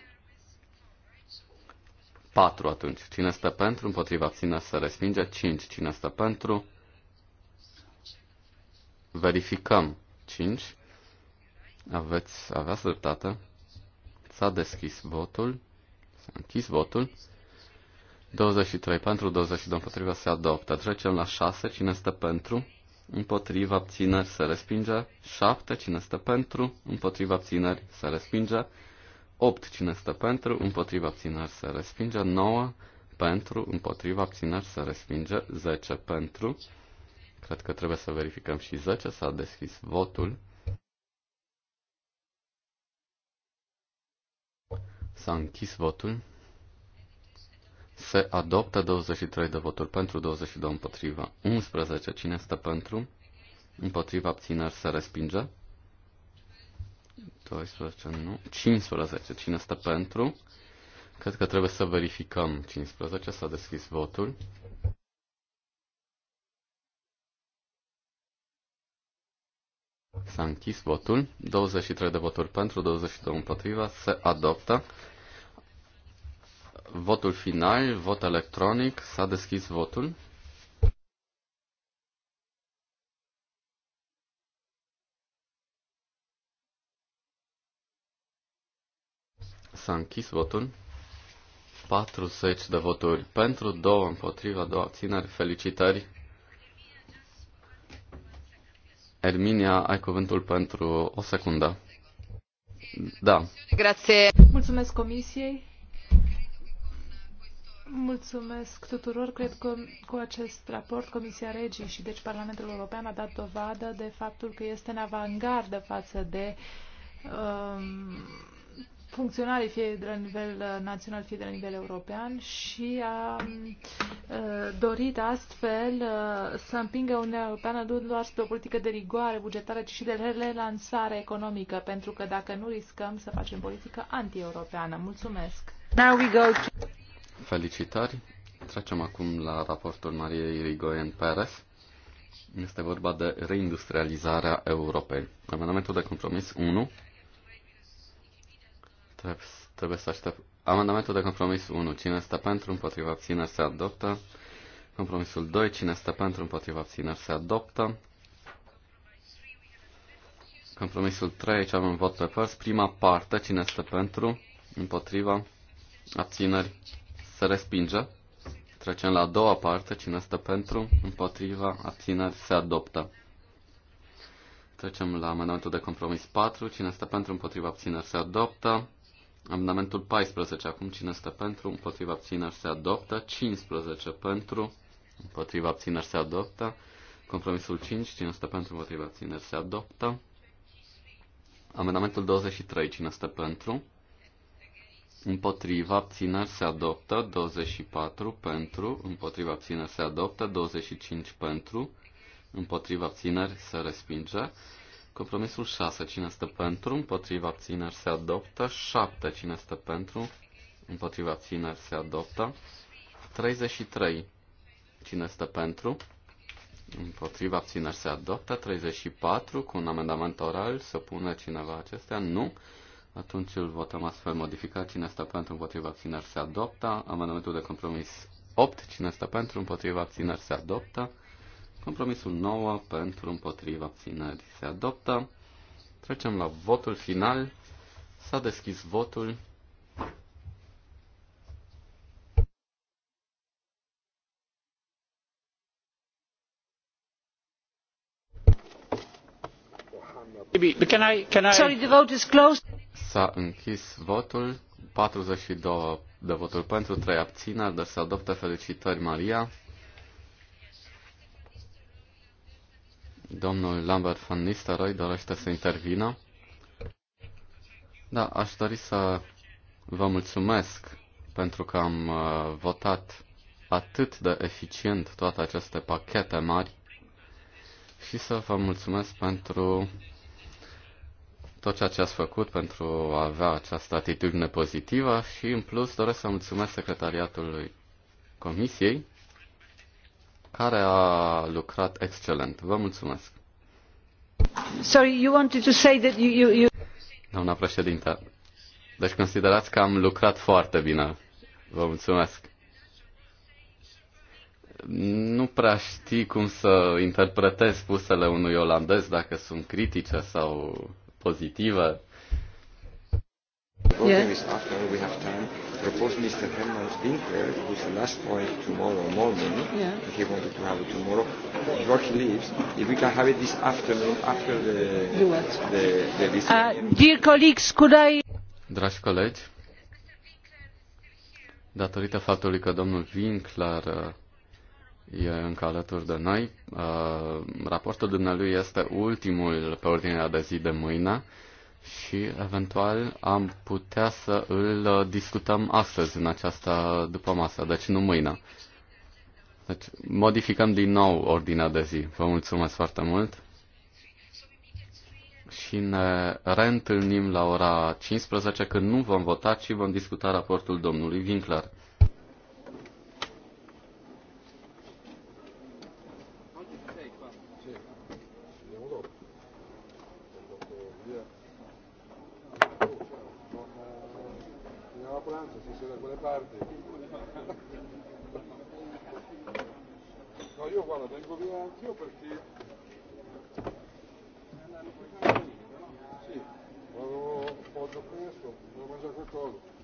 4 atunci. Cine stă pentru? Împotriva ține să respinge. 5. Cine stă pentru? Verificăm. 5. Aveți, aveați dreptate. S-a deschis votul. S-a închis votul. 23 pentru, 22 împotriva se adoptă. Trecem la 6. Cine stă pentru? Împotriva abțineri se respinge. 7. Cine stă pentru? Împotriva abțineri se respinge. 8. Cine stă pentru, împotriva abțineri se respinge. 9. Pentru, împotriva abțineri se respinge. 10. Pentru. Cred că trebuie să verificăm și 10. S-a deschis votul. S-a închis votul. Se adoptă 23 de voturi pentru, 22 împotriva. 11. Cine stă pentru? Împotriva abțineri se respinge. 12, nu. 15. Cine stă pentru? Cred că trebuie să verificăm. 15. S-a deschis votul. S-a închis votul. 23 de voturi pentru, 22 împotriva. Se adoptă. Votul final, vot electronic. S-a deschis votul. S-a închis votul. 40 de voturi pentru, 2 împotriva, 2 abțineri. Felicitări! Erminia, ai cuvântul pentru o secundă. Da.
Grazie. Mulțumesc Comisiei. Mulțumesc tuturor. Cred că cu acest raport Comisia Regii și deci Parlamentul European a dat dovadă de faptul că este în avangardă față de um, funcționare fie de la nivel uh, național, fie de la nivel european și a uh, dorit astfel uh, să împingă Uniunea Europeană nu doar spre o politică de rigoare bugetară, ci și de relansare economică, pentru că dacă nu riscăm să facem politică anti-europeană. Mulțumesc!
Now we go to...
Felicitări! Trecem acum la raportul Mariei Rigoyen Perez. Este vorba de reindustrializarea Europei. Amendamentul de compromis 1 Trebuie să aștept. Amendamentul de compromis 1. Cine este pentru, împotriva abțineri se adoptă. Compromisul 2. Cine este pentru, împotriva abțineri se adoptă. Compromisul 3. Aici avem vot pe părți. Prima parte. Cine este pentru, împotriva abțineri se respinge. Trecem la a doua parte. Cine este pentru, împotriva abțineri se adoptă. Trecem la amendamentul de compromis 4. Cine este pentru, împotriva abțineri se adoptă. Amendamentul 14. Acum cine este pentru? Împotriva abțineri se adoptă. 15 pentru. Împotriva abțineri se adoptă. Compromisul 5. Cine este pentru? Împotriva abțineri se adoptă. Amendamentul 23. Cine este pentru? Împotriva abțineri se adoptă. 24 pentru. Împotriva abțineri se adoptă. 25 pentru. Împotriva abțineri se respinge. Compromisul 6. Cine este pentru? Împotriva țineri se adoptă. 7. Cine este pentru? Împotriva țineri se adoptă. 33. Cine este pentru? Împotriva țineri se adoptă. 34. Cu un amendament oral se opune cineva acestea? Nu. Atunci îl votăm astfel modificat. Cine este pentru? Împotriva țineri se adoptă. Amendamentul de compromis 8. Cine este pentru? Împotriva țineri se adoptă. Compromisul 9 pentru împotriva abținerii se adoptă. Trecem la votul final. S-a deschis votul.
Sorry, the
vote is closed.
S-a închis votul. 42 de voturi pentru, 3 abțineri, dar deci se adoptă felicitări Maria. Domnul Lambert van Nistelrooy dorește să intervină. Da, aș dori să vă mulțumesc pentru că am uh, votat atât de eficient toate aceste pachete mari și să vă mulțumesc pentru tot ceea ce ați făcut pentru a avea această atitudine pozitivă și în plus doresc să mulțumesc secretariatului Comisiei care a lucrat excelent. Vă mulțumesc.
Sorry, you wanted to say that you, you, you...
Doamna președintă, deci considerați că am lucrat foarte bine. Vă mulțumesc. Nu prea știi cum să interpretez spusele unui olandez, dacă sunt critice sau pozitive. Yeah. is after we have
time. Proposed
Mr. Herman Winkler, who's
the last point tomorrow morning. Yeah. He wanted to have it tomorrow. Before leaves, if we can have it this afternoon after the the, the, the
uh, Dear colleagues, could I?
Dragi colegi, datorită faptului că domnul Winkler uh, e încă alături de noi, uh, raportul dumnealui este ultimul pe ordinea de zi de mâine și eventual am putea să îl uh, discutăm astăzi în această după masă, deci nu mâine. Deci modificăm din nou ordinea de zi. Vă mulțumesc foarte mult și ne reîntâlnim la ora 15 când nu vom vota, ci vom discuta raportul domnului Winkler.
farlo anch'io perché sì, vado un po' già
devo mangiare qualcosa.